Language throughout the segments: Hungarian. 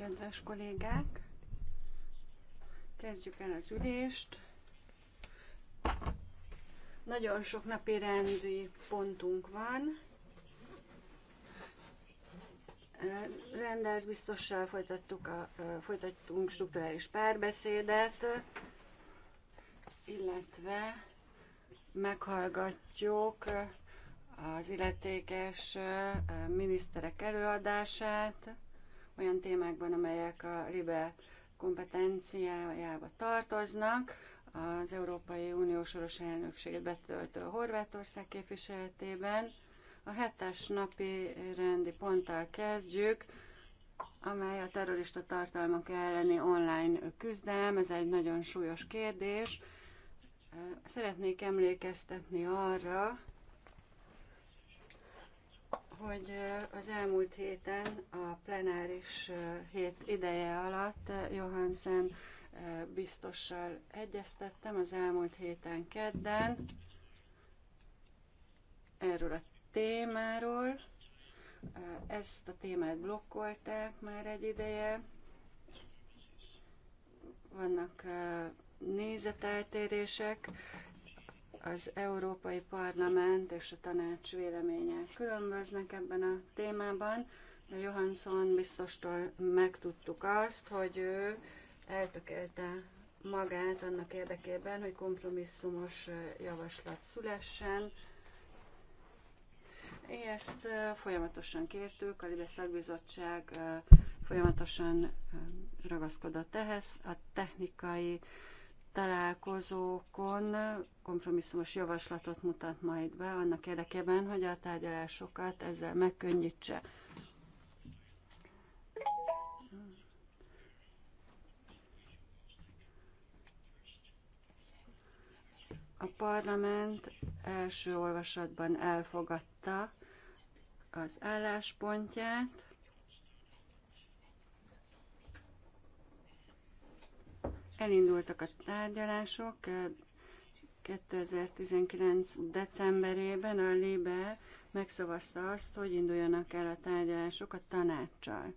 kedves kollégák! Kezdjük el az ülést. Nagyon sok napi rendi pontunk van. Rendelsz biztossal folytattuk a, folytattunk struktúrális párbeszédet, illetve meghallgatjuk az illetékes miniszterek előadását olyan témákban, amelyek a LIBE kompetenciájába tartoznak. Az Európai Unió soros elnökséget betöltő Horvátország képviseletében. A hetes napi rendi ponttal kezdjük, amely a terrorista tartalmak elleni online küzdelem. Ez egy nagyon súlyos kérdés. Szeretnék emlékeztetni arra, hogy az elmúlt héten a plenáris hét ideje alatt Johansen biztossal egyeztettem az elmúlt héten kedden erről a témáról. Ezt a témát blokkolták már egy ideje. Vannak nézeteltérések, az Európai Parlament és a tanács véleménye különböznek ebben a témában, de Johansson biztostól megtudtuk azt, hogy ő eltökélte magát annak érdekében, hogy kompromisszumos javaslat szülessen. Ezt folyamatosan kértük, a Libe folyamatosan ragaszkodott ehhez. A technikai találkozókon kompromisszumos javaslatot mutat majd be annak érdekében, hogy a tárgyalásokat ezzel megkönnyítse. A parlament első olvasatban elfogadta az álláspontját, Elindultak a tárgyalások 2019. Eh, decemberében a Libe megszavazta azt, hogy induljanak el a tárgyalások a tanácssal.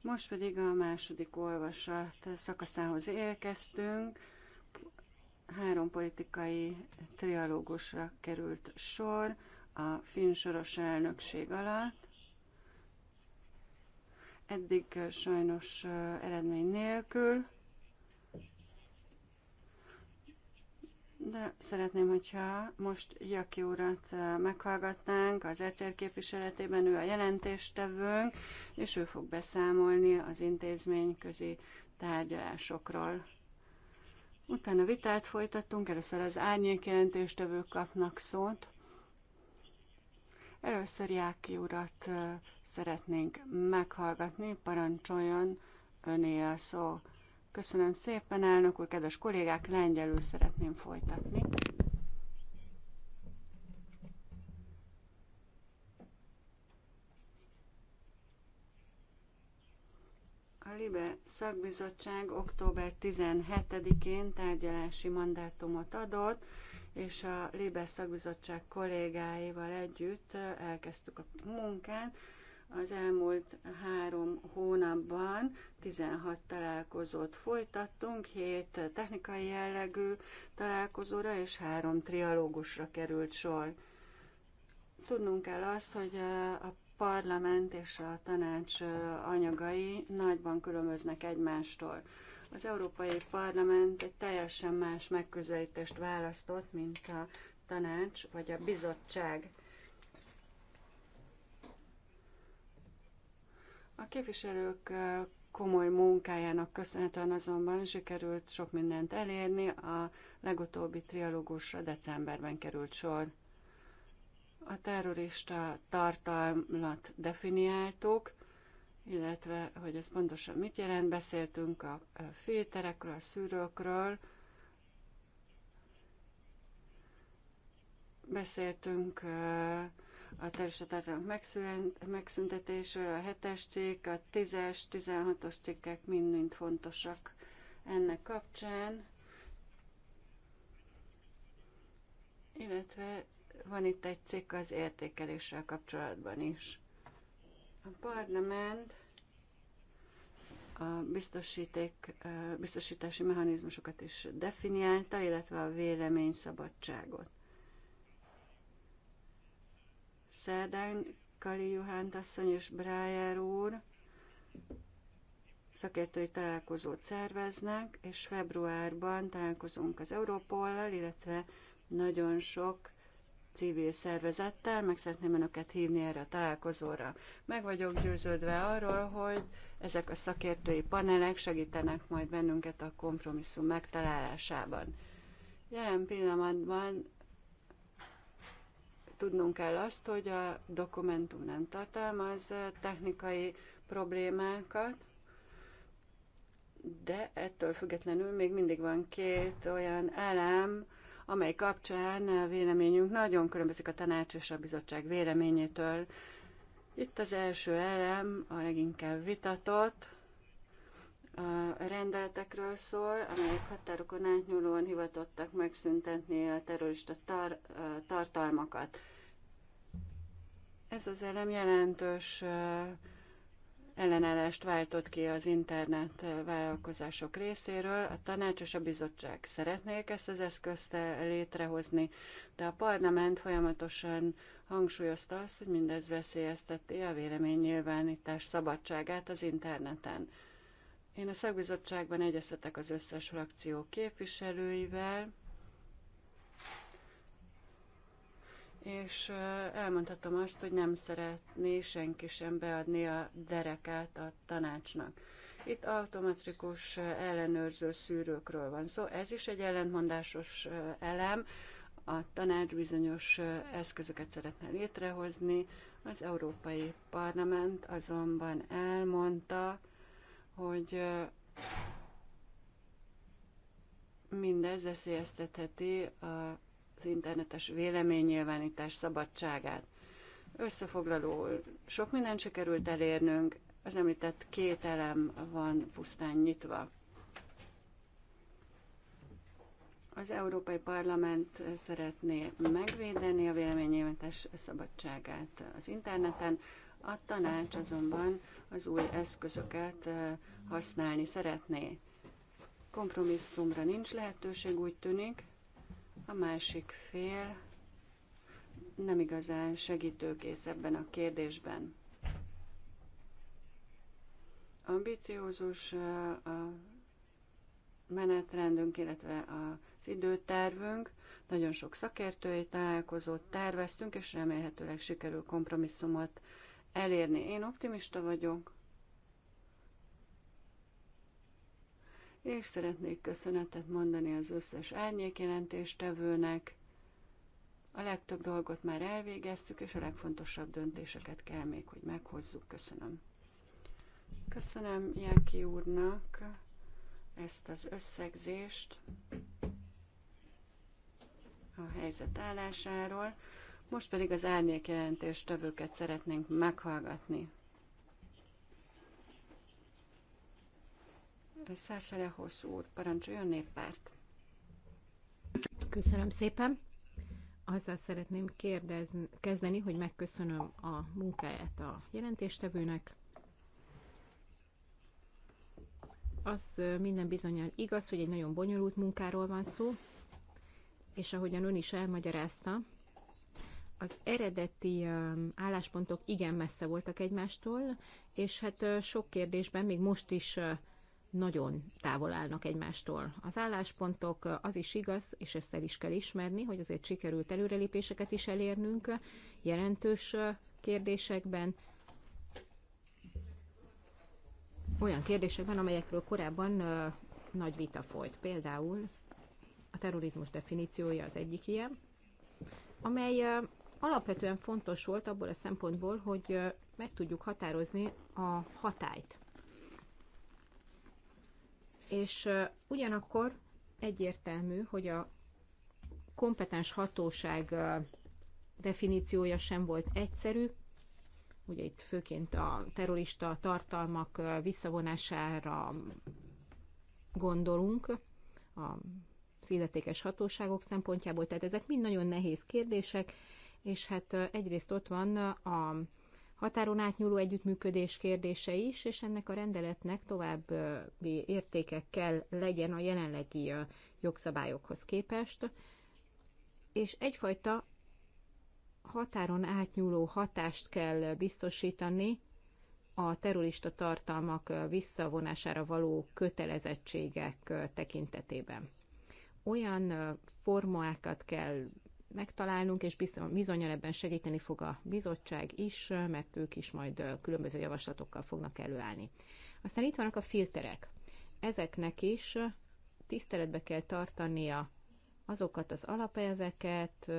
Most pedig a második olvasat szakaszához érkeztünk. Három politikai trialógusra került sor a finn soros elnökség alatt. Eddig sajnos eh, eredmény nélkül. De szeretném, hogyha most Jaki urat meghallgatnánk, az ECR e képviseletében ő a jelentéstevőnk, és ő fog beszámolni az intézmény közi tárgyalásokról. Utána vitát folytattunk, először az árnyék jelentéstevők kapnak szót. Először Jáki urat szeretnénk meghallgatni, parancsoljon öné a szó. Köszönöm szépen, elnök úr, kedves kollégák, lengyelül szeretném folytatni. A LIBE szakbizottság október 17-én tárgyalási mandátumot adott, és a LIBE szakbizottság kollégáival együtt elkezdtük a munkát. Az elmúlt három hónapban 16 találkozót folytattunk, 7 technikai jellegű találkozóra és 3 trialógusra került sor. Tudnunk kell azt, hogy a parlament és a tanács anyagai nagyban különböznek egymástól. Az Európai Parlament egy teljesen más megközelítést választott, mint a tanács vagy a bizottság. A képviselők komoly munkájának köszönhetően azonban sikerült sok mindent elérni, a legutóbbi trialógusra decemberben került sor. A terrorista tartalmat definiáltuk, illetve hogy ez pontosan mit jelent, beszéltünk a filterekről, a szűrőkről, beszéltünk uh, a terrorista megszüntetésről, a hetes cikk, a tízes, tizenhatos cikkek mind-mind fontosak ennek kapcsán. Illetve van itt egy cikk az értékeléssel kapcsolatban is. A parlament a biztosíték, biztosítási mechanizmusokat is definiálta, illetve a vélemény szabadságot. Szerdán Kali Juhánt asszony és Brájer úr szakértői találkozót szerveznek, és februárban találkozunk az Európollal, illetve nagyon sok civil szervezettel, meg szeretném önöket hívni erre a találkozóra. Meg vagyok győződve arról, hogy ezek a szakértői panelek segítenek majd bennünket a kompromisszum megtalálásában. Jelen pillanatban tudnunk kell azt, hogy a dokumentum nem tartalmaz eh, technikai problémákat, de ettől függetlenül még mindig van két olyan elem, amely kapcsán eh, véleményünk nagyon különbözik a tanács és a bizottság véleményétől. Itt az első elem a leginkább vitatott, a rendeletekről szól, amelyek határokon átnyúlóan hivatottak megszüntetni a terrorista tar- tartalmakat. Ez az elem jelentős ellenállást váltott ki az internet vállalkozások részéről. A tanács és a bizottság szeretnék ezt az eszközt létrehozni, de a parlament folyamatosan hangsúlyozta azt, hogy mindez veszélyezteti a véleménynyilvánítás szabadságát az interneten. Én a szakbizottságban egyeztetek az összes frakció képviselőivel, és elmondhatom azt, hogy nem szeretné senki sem beadni a derekát a tanácsnak. Itt automatikus ellenőrző szűrőkről van szó. Ez is egy ellentmondásos elem. A tanács bizonyos eszközöket szeretne létrehozni. Az Európai Parlament azonban elmondta, hogy mindez veszélyeztetheti az internetes véleménynyilvánítás szabadságát. Összefoglalóul sok mindent sikerült elérnünk, az említett két elem van pusztán nyitva. Az Európai Parlament szeretné megvédeni a véleménynyilvánítás szabadságát az interneten, a tanács azonban az új eszközöket használni szeretné. Kompromisszumra nincs lehetőség, úgy tűnik. A másik fél nem igazán segítőkész ebben a kérdésben. Ambiciózus a menetrendünk, illetve az időtervünk. Nagyon sok szakértői találkozót terveztünk, és remélhetőleg sikerül kompromisszumot elérni. Én optimista vagyok, és szeretnék köszönetet mondani az összes árnyékjelentéstevőnek. A legtöbb dolgot már elvégeztük, és a legfontosabb döntéseket kell még, hogy meghozzuk. Köszönöm. Köszönöm Jáki úrnak ezt az összegzést a helyzet állásáról. Most pedig az jelentés tevőket szeretnénk meghallgatni. Száfele Hosszú úr, parancsoljon néppárt! Köszönöm szépen! Azzal szeretném kérdezni, kezdeni, hogy megköszönöm a munkáját a jelentéstevőnek. Az minden bizonyal igaz, hogy egy nagyon bonyolult munkáról van szó, és ahogyan ön is elmagyarázta, az eredeti um, álláspontok igen messze voltak egymástól, és hát sok kérdésben még most is nagyon távol állnak egymástól. Az álláspontok az is igaz, és ezt el is kell ismerni, hogy azért sikerült előrelépéseket is elérnünk jelentős kérdésekben, olyan kérdésekben, amelyekről korábban nagy vita folyt. Például a terrorizmus definíciója az egyik ilyen, amely alapvetően fontos volt abból a szempontból, hogy meg tudjuk határozni a hatályt. És ugyanakkor egyértelmű, hogy a kompetens hatóság definíciója sem volt egyszerű. Ugye itt főként a terrorista tartalmak visszavonására gondolunk az illetékes hatóságok szempontjából. Tehát ezek mind nagyon nehéz kérdések, és hát egyrészt ott van a határon átnyúló együttműködés kérdése is, és ennek a rendeletnek további értékekkel legyen a jelenlegi jogszabályokhoz képest, és egyfajta határon átnyúló hatást kell biztosítani a terrorista tartalmak visszavonására való kötelezettségek tekintetében. Olyan formákat kell megtalálnunk, és bizonyan ebben segíteni fog a bizottság is, mert ők is majd különböző javaslatokkal fognak előállni. Aztán itt vannak a filterek. Ezeknek is tiszteletbe kell tartania azokat az alapelveket,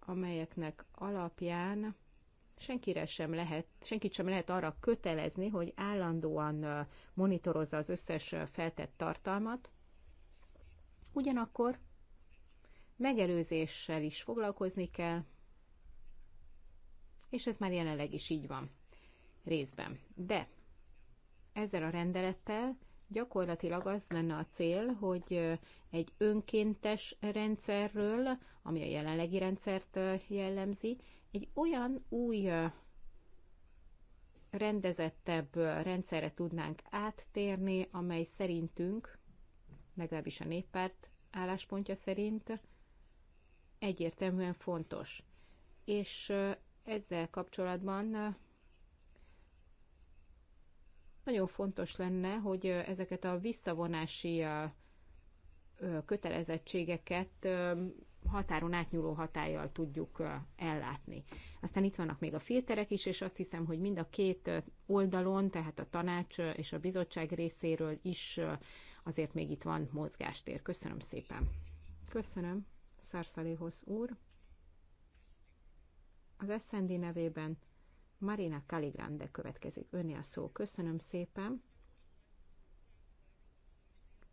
amelyeknek alapján senkire sem lehet, senkit sem lehet arra kötelezni, hogy állandóan monitorozza az összes feltett tartalmat. Ugyanakkor megelőzéssel is foglalkozni kell, és ez már jelenleg is így van részben. De ezzel a rendelettel gyakorlatilag az lenne a cél, hogy egy önkéntes rendszerről, ami a jelenlegi rendszert jellemzi, egy olyan új rendezettebb rendszerre tudnánk áttérni, amely szerintünk, legalábbis a néppárt álláspontja szerint egyértelműen fontos. És ezzel kapcsolatban nagyon fontos lenne, hogy ezeket a visszavonási kötelezettségeket határon átnyúló hatállyal tudjuk ellátni. Aztán itt vannak még a filterek is, és azt hiszem, hogy mind a két oldalon, tehát a tanács és a bizottság részéről is azért még itt van mozgástér. Köszönöm szépen. Köszönöm. Szarszalihoz úr. Az SND nevében Marina Caligrande következik. Önni a szó. Köszönöm szépen.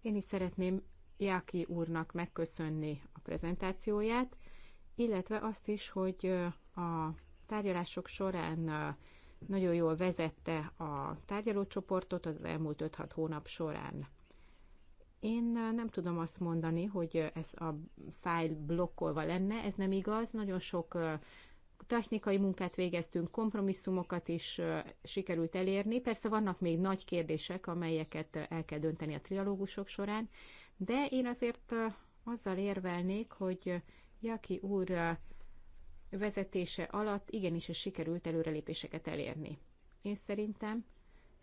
Én is szeretném Jáki úrnak megköszönni a prezentációját, illetve azt is, hogy a tárgyalások során nagyon jól vezette a tárgyalócsoportot az elmúlt 5-6 hónap során. Én nem tudom azt mondani, hogy ez a fájl blokkolva lenne, ez nem igaz. Nagyon sok technikai munkát végeztünk, kompromisszumokat is sikerült elérni. Persze vannak még nagy kérdések, amelyeket el kell dönteni a trialógusok során, de én azért azzal érvelnék, hogy Jaki úr vezetése alatt igenis sikerült előrelépéseket elérni. Én szerintem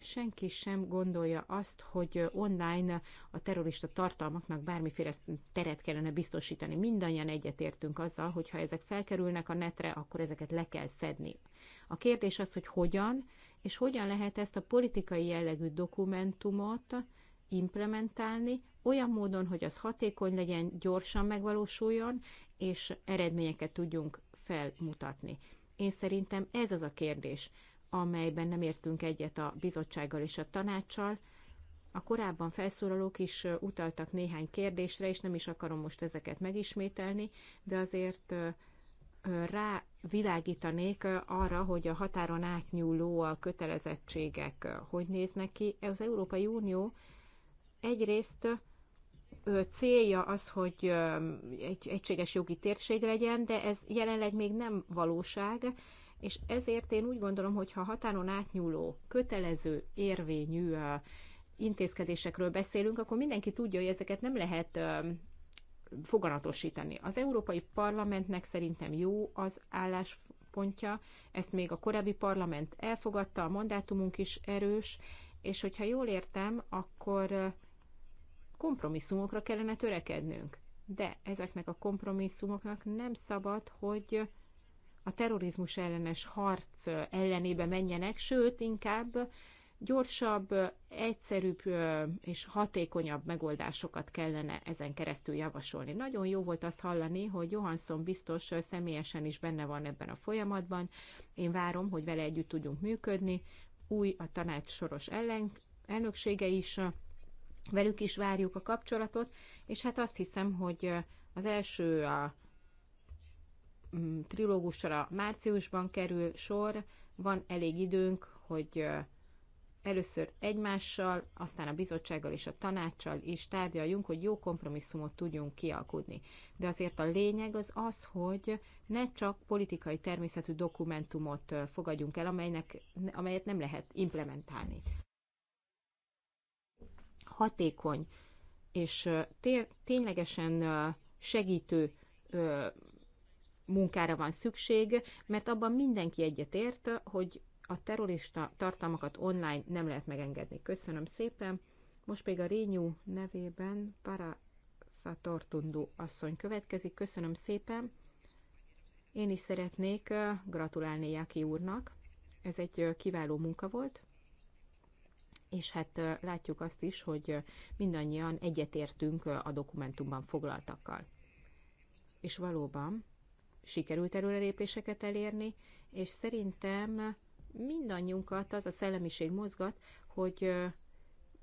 senki sem gondolja azt, hogy online a terrorista tartalmaknak bármiféle teret kellene biztosítani. Mindannyian egyetértünk azzal, hogy ha ezek felkerülnek a netre, akkor ezeket le kell szedni. A kérdés az, hogy hogyan, és hogyan lehet ezt a politikai jellegű dokumentumot implementálni olyan módon, hogy az hatékony legyen, gyorsan megvalósuljon, és eredményeket tudjunk felmutatni. Én szerintem ez az a kérdés amelyben nem értünk egyet a bizottsággal és a tanácssal. A korábban felszólalók is utaltak néhány kérdésre, és nem is akarom most ezeket megismételni, de azért rávilágítanék arra, hogy a határon átnyúló a kötelezettségek hogy néznek ki. Az Európai Unió egyrészt célja az, hogy egy egységes jogi térség legyen, de ez jelenleg még nem valóság, és ezért én úgy gondolom, hogy ha határon átnyúló, kötelező, érvényű intézkedésekről beszélünk, akkor mindenki tudja, hogy ezeket nem lehet foganatosítani. Az Európai Parlamentnek szerintem jó az álláspontja, ezt még a korábbi parlament elfogadta, a mandátumunk is erős, és hogyha jól értem, akkor kompromisszumokra kellene törekednünk. De ezeknek a kompromisszumoknak nem szabad, hogy a terrorizmus ellenes harc ellenébe menjenek, sőt, inkább gyorsabb, egyszerűbb és hatékonyabb megoldásokat kellene ezen keresztül javasolni. Nagyon jó volt azt hallani, hogy Johansson biztos személyesen is benne van ebben a folyamatban. Én várom, hogy vele együtt tudjunk működni. Új a tanács soros ellen, elnöksége is, velük is várjuk a kapcsolatot, és hát azt hiszem, hogy az első a Mm, trilógusra márciusban kerül sor, van elég időnk, hogy először egymással, aztán a bizottsággal és a tanácssal is tárgyaljunk, hogy jó kompromisszumot tudjunk kialkudni. De azért a lényeg az az, hogy ne csak politikai természetű dokumentumot fogadjunk el, amelynek, amelyet nem lehet implementálni. Hatékony és ténylegesen segítő munkára van szükség, mert abban mindenki egyetért, hogy a terrorista tartalmakat online nem lehet megengedni. Köszönöm szépen. Most még a Rényú nevében para Tortundu asszony következik. Köszönöm szépen. Én is szeretnék gratulálni Jaki úrnak. Ez egy kiváló munka volt, és hát látjuk azt is, hogy mindannyian egyetértünk a dokumentumban foglaltakkal. És valóban sikerült előrelépéseket elérni, és szerintem mindannyiunkat az a szellemiség mozgat, hogy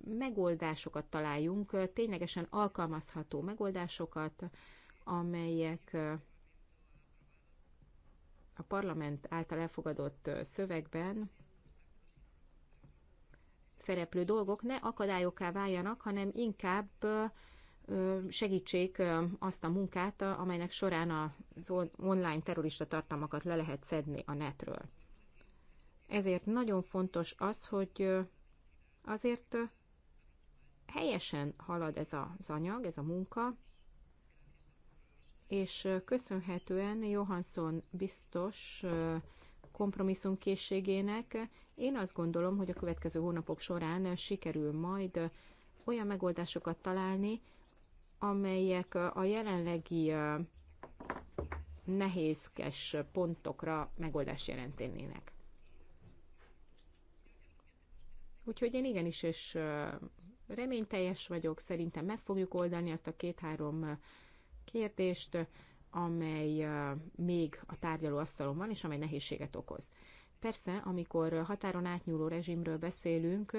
megoldásokat találjunk, ténylegesen alkalmazható megoldásokat, amelyek a parlament által elfogadott szövegben szereplő dolgok ne akadályokká váljanak, hanem inkább segítsék azt a munkát, amelynek során az online terrorista tartalmakat le lehet szedni a netről. Ezért nagyon fontos az, hogy azért helyesen halad ez az anyag, ez a munka, és köszönhetően Johansson biztos kompromisszumkészségének én azt gondolom, hogy a következő hónapok során sikerül majd olyan megoldásokat találni, amelyek a jelenlegi nehézkes pontokra megoldás jelentenének. Úgyhogy én igenis, és reményteljes vagyok, szerintem meg fogjuk oldani azt a két-három kérdést, amely még a tárgyalóasztalon van, és amely nehézséget okoz. Persze, amikor határon átnyúló rezsimről beszélünk,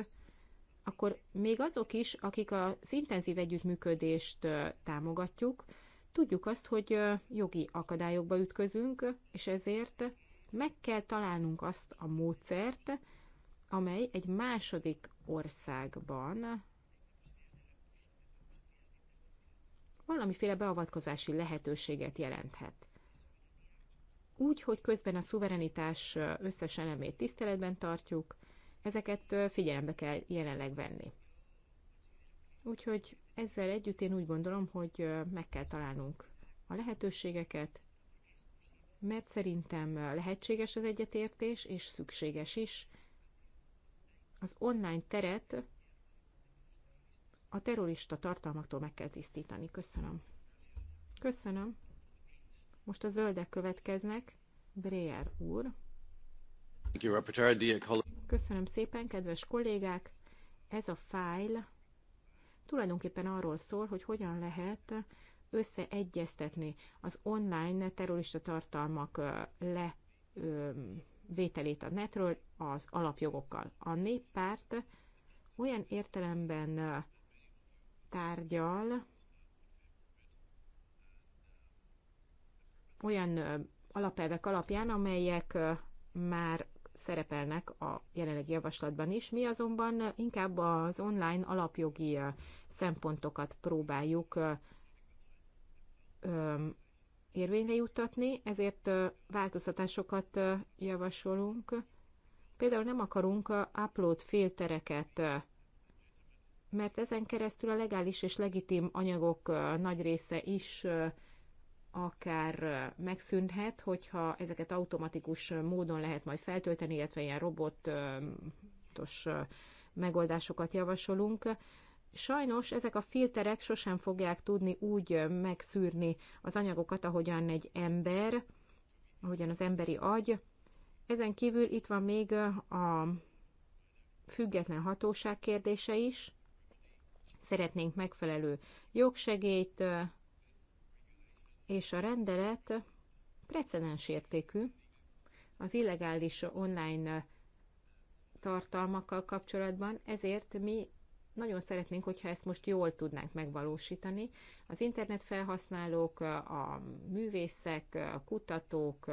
akkor még azok is, akik az intenzív együttműködést támogatjuk, tudjuk azt, hogy jogi akadályokba ütközünk, és ezért meg kell találnunk azt a módszert, amely egy második országban valamiféle beavatkozási lehetőséget jelenthet. Úgy, hogy közben a szuverenitás összes elemét tiszteletben tartjuk, ezeket figyelembe kell jelenleg venni. Úgyhogy ezzel együtt én úgy gondolom, hogy meg kell találnunk a lehetőségeket, mert szerintem lehetséges az egyetértés, és szükséges is. Az online teret a terrorista tartalmaktól meg kell tisztítani. Köszönöm. Köszönöm. Most a zöldek következnek. Breyer úr. Köszönöm szépen, kedves kollégák! Ez a fájl tulajdonképpen arról szól, hogy hogyan lehet összeegyeztetni az online terrorista tartalmak levételét a netről az alapjogokkal. A néppárt olyan értelemben tárgyal, olyan alapelvek alapján, amelyek már szerepelnek a jelenlegi javaslatban is. Mi azonban inkább az online alapjogi szempontokat próbáljuk érvényre juttatni, ezért változtatásokat javasolunk. Például nem akarunk upload filtereket, mert ezen keresztül a legális és legitim anyagok nagy része is akár megszűnhet, hogyha ezeket automatikus módon lehet majd feltölteni, illetve ilyen robotos megoldásokat javasolunk. Sajnos ezek a filterek sosem fogják tudni úgy megszűrni az anyagokat, ahogyan egy ember, ahogyan az emberi agy. Ezen kívül itt van még a független hatóság kérdése is. Szeretnénk megfelelő jogsegélyt, és a rendelet precedens értékű az illegális online tartalmakkal kapcsolatban, ezért mi nagyon szeretnénk, hogyha ezt most jól tudnánk megvalósítani. Az internetfelhasználók, a művészek, a kutatók,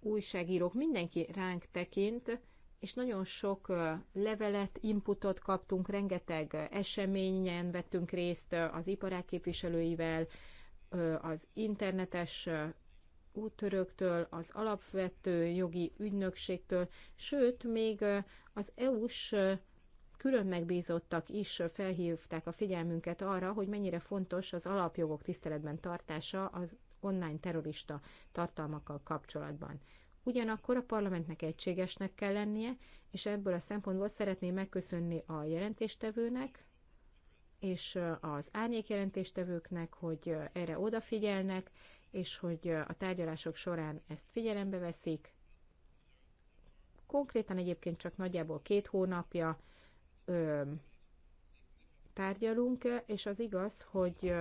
újságírók, mindenki ránk tekint, és nagyon sok levelet, inputot kaptunk, rengeteg eseményen vettünk részt az iparák képviselőivel, az internetes úttöröktől, az alapvető jogi ügynökségtől, sőt, még az EU-s külön megbízottak is felhívták a figyelmünket arra, hogy mennyire fontos az alapjogok tiszteletben tartása az online terrorista tartalmakkal kapcsolatban. Ugyanakkor a parlamentnek egységesnek kell lennie, és ebből a szempontból szeretném megköszönni a jelentéstevőnek és az árnyékjelentéstevőknek, hogy erre odafigyelnek, és hogy a tárgyalások során ezt figyelembe veszik. Konkrétan egyébként csak nagyjából két hónapja ö, tárgyalunk, és az igaz, hogy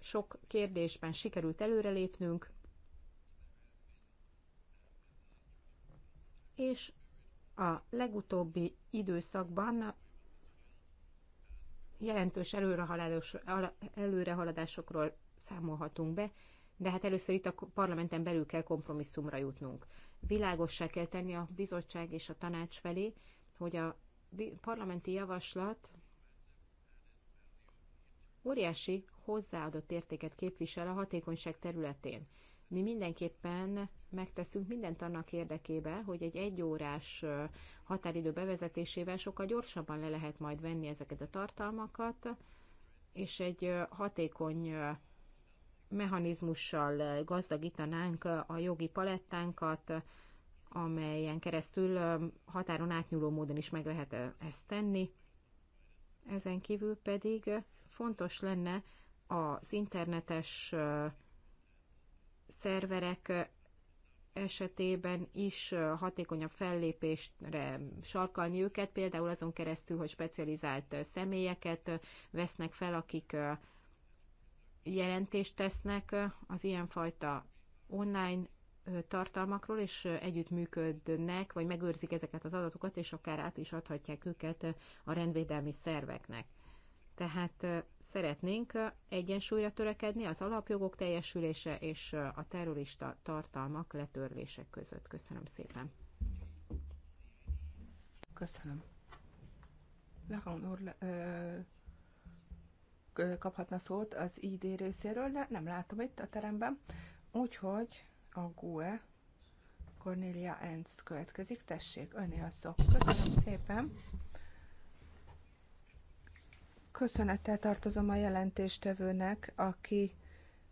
sok kérdésben sikerült előrelépnünk, és a legutóbbi időszakban jelentős előrehaladásokról számolhatunk be, de hát először itt a parlamenten belül kell kompromisszumra jutnunk. Világossá kell tenni a bizottság és a tanács felé, hogy a parlamenti javaslat óriási hozzáadott értéket képvisel a hatékonyság területén. Mi mindenképpen megteszünk mindent annak érdekébe, hogy egy egyórás határidő bevezetésével sokkal gyorsabban le lehet majd venni ezeket a tartalmakat, és egy hatékony mechanizmussal gazdagítanánk a jogi palettánkat, amelyen keresztül határon átnyúló módon is meg lehet ezt tenni. Ezen kívül pedig fontos lenne az internetes szerverek esetében is hatékonyabb fellépésre sarkalni őket, például azon keresztül, hogy specializált személyeket vesznek fel, akik jelentést tesznek az ilyenfajta online tartalmakról, és együttműködnek, vagy megőrzik ezeket az adatokat, és akár át is adhatják őket a rendvédelmi szerveknek. Tehát szeretnénk egyensúlyra törekedni az alapjogok teljesülése és a terrorista tartalmak letörlése között. Köszönöm szépen. Köszönöm. Lehan úr ö, kaphatna szót az ID részéről, de nem látom itt a teremben. Úgyhogy a GUE Cornelia Ernst következik. Tessék, öné a szó. Köszönöm szépen. Köszönettel tartozom a jelentéstevőnek, aki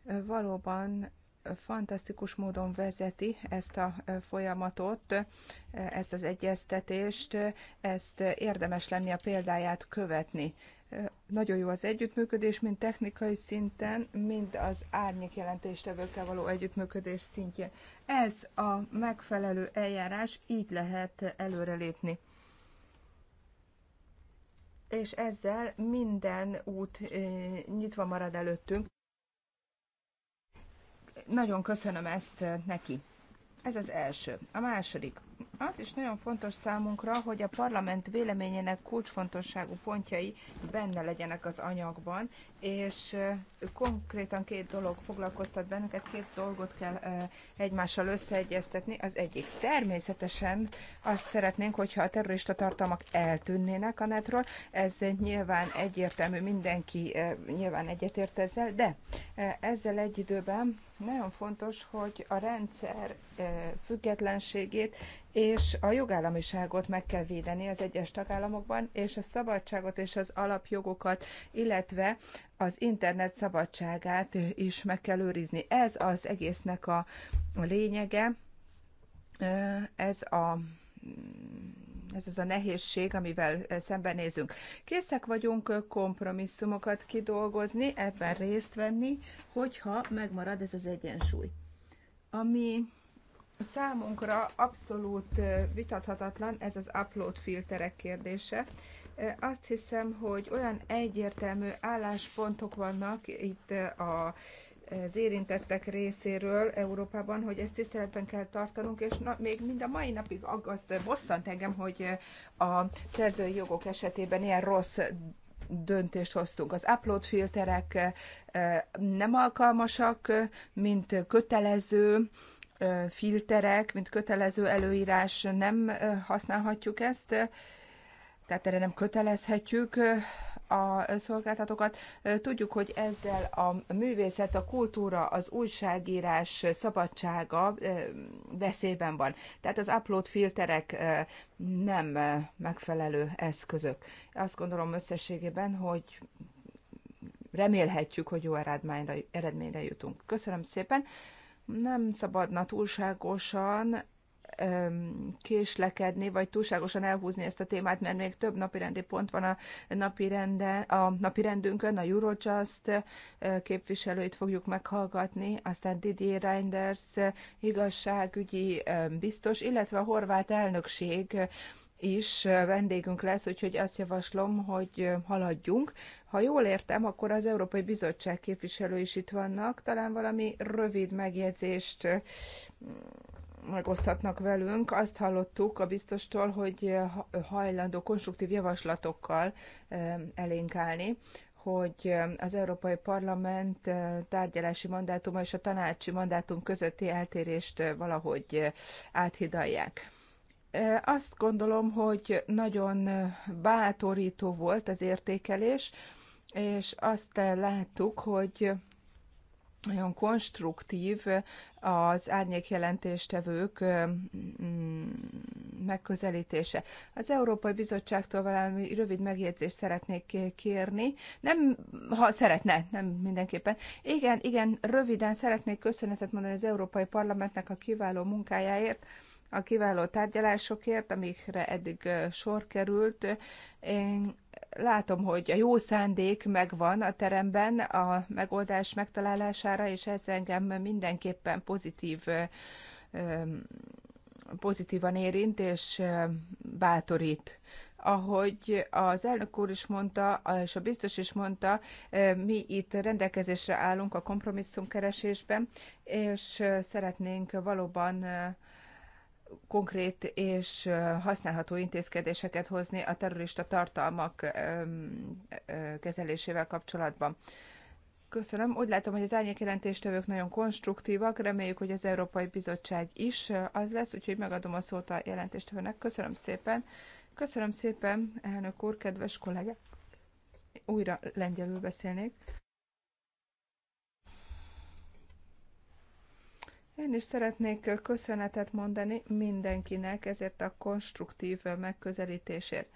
valóban fantasztikus módon vezeti ezt a folyamatot, ezt az egyeztetést, ezt érdemes lenni a példáját követni. Nagyon jó az együttműködés, mind technikai szinten, mind az árnyék jelentéstevőkkel való együttműködés szintjén. Ez a megfelelő eljárás, így lehet előrelépni és ezzel minden út eh, nyitva marad előttünk. Nagyon köszönöm ezt eh, neki. Ez az első. A második. Az is nagyon fontos számunkra, hogy a parlament véleményének kulcsfontosságú pontjai benne legyenek az anyagban, és konkrétan két dolog foglalkoztat bennünket, két dolgot kell egymással összeegyeztetni. Az egyik természetesen azt szeretnénk, hogyha a terrorista tartalmak eltűnnének a netről, ez nyilván egyértelmű, mindenki nyilván egyetért ezzel, de ezzel egy időben nagyon fontos, hogy a rendszer függetlenségét és a jogállamiságot meg kell védeni az egyes tagállamokban, és a szabadságot és az alapjogokat, illetve az internet szabadságát is meg kell őrizni. Ez az egésznek a, a lényege, ez a ez az a nehézség, amivel szembenézünk. Készek vagyunk kompromisszumokat kidolgozni, ebben részt venni, hogyha megmarad ez az egyensúly. Ami Számunkra abszolút vitathatatlan ez az upload filterek kérdése. Azt hiszem, hogy olyan egyértelmű álláspontok vannak itt a az érintettek részéről Európában, hogy ezt tiszteletben kell tartanunk, és na, még mind a mai napig aggaszt, bosszant engem, hogy a szerzői jogok esetében ilyen rossz döntést hoztunk. Az upload filterek nem alkalmasak, mint kötelező filterek, mint kötelező előírás, nem használhatjuk ezt, tehát erre nem kötelezhetjük a szolgáltatókat. Tudjuk, hogy ezzel a művészet, a kultúra, az újságírás szabadsága veszélyben van. Tehát az upload filterek nem megfelelő eszközök. Azt gondolom összességében, hogy remélhetjük, hogy jó eredményre, jutunk. Köszönöm szépen! Nem szabadna túlságosan késlekedni, vagy túlságosan elhúzni ezt a témát, mert még több napirendi pont van a napirende, a napirendünkön, a Eurojust képviselőit fogjuk meghallgatni, aztán Didier Reinders igazságügyi biztos, illetve a horvát elnökség is vendégünk lesz, úgyhogy azt javaslom, hogy haladjunk. Ha jól értem, akkor az Európai Bizottság képviselő is itt vannak. Talán valami rövid megjegyzést megoszthatnak velünk. Azt hallottuk a biztostól, hogy hajlandó konstruktív javaslatokkal elénk állni hogy az Európai Parlament tárgyalási mandátuma és a tanácsi mandátum közötti eltérést valahogy áthidalják. Azt gondolom, hogy nagyon bátorító volt az értékelés, és azt láttuk, hogy nagyon konstruktív az árnyékjelentéstevők megközelítése. Az Európai Bizottságtól valami rövid megjegyzést szeretnék kérni. Nem, ha szeretne, nem mindenképpen. Igen, igen, röviden szeretnék köszönetet mondani az Európai Parlamentnek a kiváló munkájáért a kiváló tárgyalásokért, amikre eddig sor került. Én látom, hogy a jó szándék megvan a teremben a megoldás megtalálására, és ez engem mindenképpen pozitív pozitívan érint és bátorít. Ahogy az elnök úr is mondta, és a biztos is mondta, mi itt rendelkezésre állunk a kompromisszum keresésben, és szeretnénk valóban konkrét és használható intézkedéseket hozni a terrorista tartalmak kezelésével kapcsolatban. Köszönöm. Úgy látom, hogy az árnyék jelentéstevők nagyon konstruktívak. Reméljük, hogy az Európai Bizottság is az lesz, úgyhogy megadom a szót a jelentéstevőnek. Köszönöm szépen. Köszönöm szépen, elnök úr, kedves kollégák. Újra lengyelül beszélnék. Én is szeretnék köszönetet mondani mindenkinek ezért a konstruktív megközelítésért.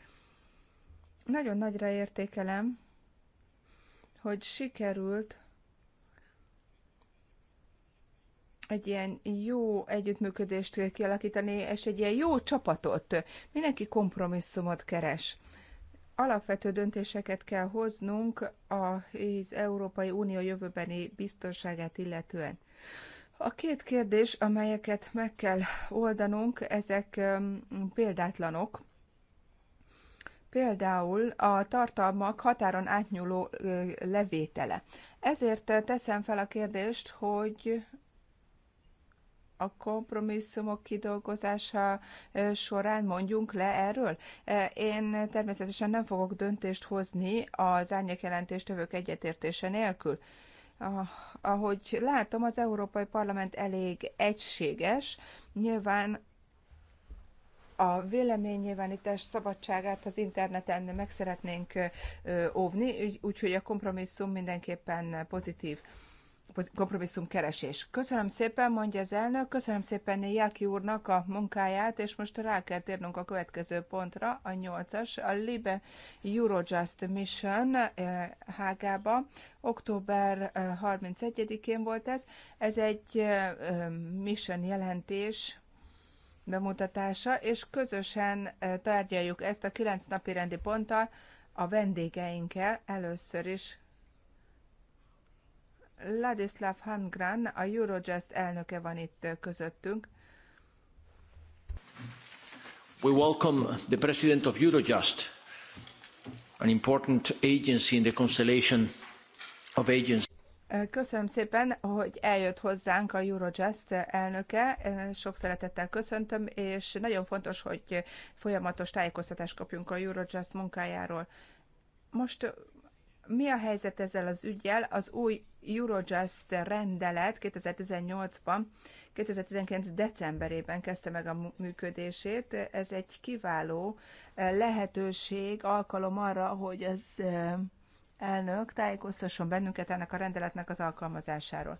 Nagyon nagyra értékelem, hogy sikerült egy ilyen jó együttműködést kialakítani, és egy ilyen jó csapatot. Mindenki kompromisszumot keres. Alapvető döntéseket kell hoznunk az Európai Unió jövőbeni biztonságát illetően. A két kérdés, amelyeket meg kell oldanunk, ezek um, példátlanok. Például a tartalmak határon átnyúló levétele. Ezért teszem fel a kérdést, hogy a kompromisszumok kidolgozása során mondjunk le erről? Én természetesen nem fogok döntést hozni az árnyékjelentéstevők egyetértése nélkül. Ah, ahogy látom, az Európai Parlament elég egységes. Nyilván a véleménynyilvánítás szabadságát az interneten meg szeretnénk óvni, úgyhogy a kompromisszum mindenképpen pozitív kompromisszum keresés. Köszönöm szépen, mondja az elnök, köszönöm szépen Jáki úrnak a munkáját, és most rá kell térnünk a következő pontra, a nyolcas, a Libe Eurojust Mission eh, Hágába. Október 31-én eh, volt ez. Ez egy eh, mission jelentés, bemutatása, és közösen tárgyaljuk ezt a kilenc napi rendi ponttal a vendégeinkkel először is Ladislav Hangran, a Eurojust elnöke van itt közöttünk. We welcome the president of Eurojust, an important agency in the constellation of agencies. Köszönöm szépen, hogy eljött hozzánk a Eurojust elnöke. Sok szeretettel köszöntöm, és nagyon fontos, hogy folyamatos tájékoztatást kapjunk a Eurojust munkájáról. Most mi a helyzet ezzel az ügyel? Az új Eurojust rendelet 2018-ban, 2019. decemberében kezdte meg a működését. Ez egy kiváló eh, lehetőség, alkalom arra, hogy az eh, elnök tájékoztasson bennünket ennek a rendeletnek az alkalmazásáról.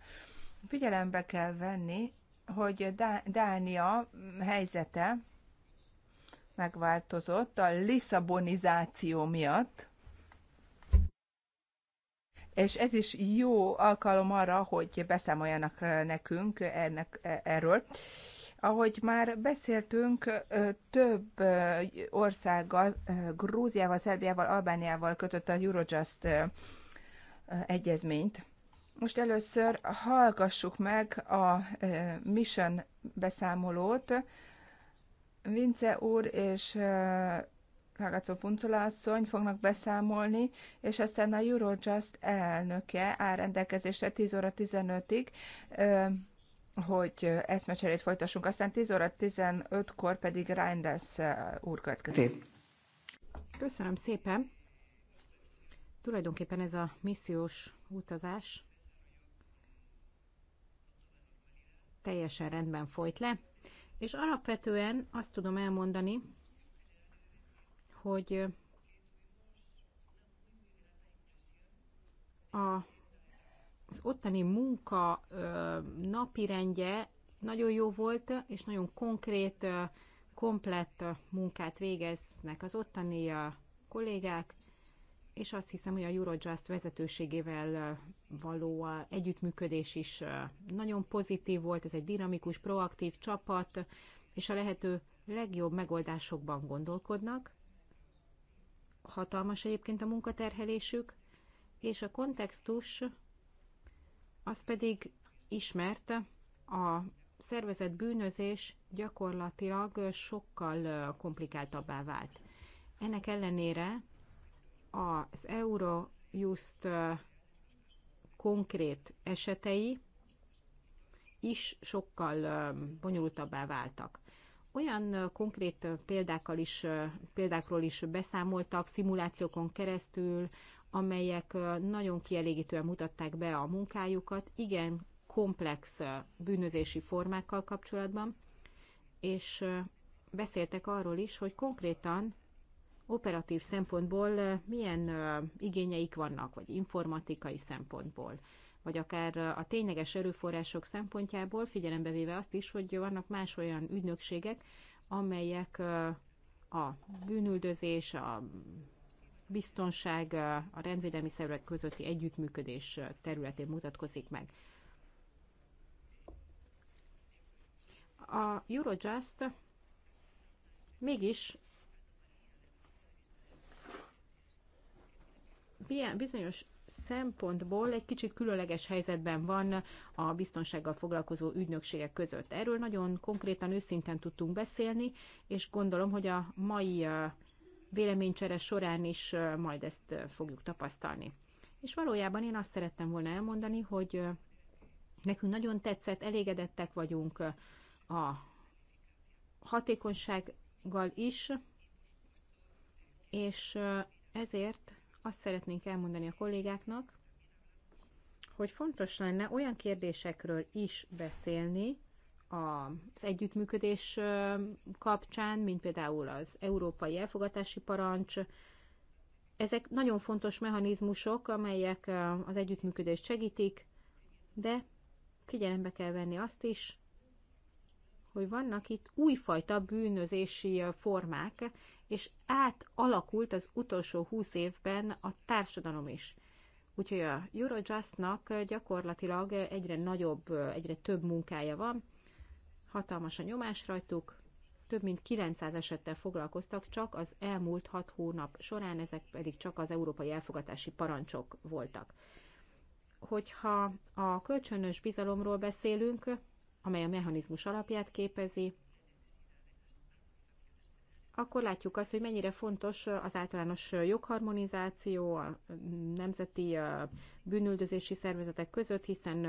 Figyelembe kell venni, hogy Dánia helyzete megváltozott a Lisszabonizáció miatt, és ez is jó alkalom arra, hogy beszámoljanak nekünk ennek, e, erről. Ahogy már beszéltünk, több országgal, Grúziával, Szerbiával, Albániával kötött a Eurojust egyezményt. Most először hallgassuk meg a Mission beszámolót. Vince úr és Ragazzo Puncula asszony fognak beszámolni, és aztán a Eurojust elnöke áll rendelkezésre 10 óra 15-ig, hogy eszmecserét folytassunk. Aztán 10 óra 15-kor pedig Reinders úr következik. Köszönöm szépen. Tulajdonképpen ez a missziós utazás teljesen rendben folyt le, és alapvetően azt tudom elmondani, hogy a, az ottani munka napirendje nagyon jó volt, és nagyon konkrét, komplett munkát végeznek az ottani kollégák, és azt hiszem, hogy a Eurojust vezetőségével való együttműködés is nagyon pozitív volt, ez egy dinamikus, proaktív csapat, és a lehető legjobb megoldásokban gondolkodnak hatalmas egyébként a munkaterhelésük, és a kontextus az pedig ismert, a szervezett bűnözés gyakorlatilag sokkal komplikáltabbá vált. Ennek ellenére az Eurojust konkrét esetei is sokkal bonyolultabbá váltak olyan konkrét példákkal is, példákról is beszámoltak, szimulációkon keresztül, amelyek nagyon kielégítően mutatták be a munkájukat, igen, komplex bűnözési formákkal kapcsolatban, és beszéltek arról is, hogy konkrétan operatív szempontból milyen igényeik vannak, vagy informatikai szempontból vagy akár a tényleges erőforrások szempontjából, figyelembe véve azt is, hogy vannak más olyan ügynökségek, amelyek a bűnüldözés, a biztonság, a rendvédelmi szervek közötti együttműködés területén mutatkozik meg. A Eurojust mégis bizonyos szempontból egy kicsit különleges helyzetben van a biztonsággal foglalkozó ügynökségek között. Erről nagyon konkrétan, őszinten tudtunk beszélni, és gondolom, hogy a mai véleménycsere során is majd ezt fogjuk tapasztalni. És valójában én azt szerettem volna elmondani, hogy nekünk nagyon tetszett, elégedettek vagyunk a hatékonysággal is, és ezért azt szeretnénk elmondani a kollégáknak, hogy fontos lenne olyan kérdésekről is beszélni az együttműködés kapcsán, mint például az európai elfogatási parancs. Ezek nagyon fontos mechanizmusok, amelyek az együttműködést segítik, de figyelembe kell venni azt is, hogy vannak itt újfajta bűnözési formák, és átalakult az utolsó húsz évben a társadalom is. Úgyhogy a Eurojustnak gyakorlatilag egyre nagyobb, egyre több munkája van, hatalmas a nyomás rajtuk, több mint 900 esettel foglalkoztak csak az elmúlt 6 hónap során, ezek pedig csak az európai elfogadási parancsok voltak. Hogyha a kölcsönös bizalomról beszélünk, amely a mechanizmus alapját képezi, akkor látjuk azt, hogy mennyire fontos az általános jogharmonizáció a nemzeti bűnüldözési szervezetek között, hiszen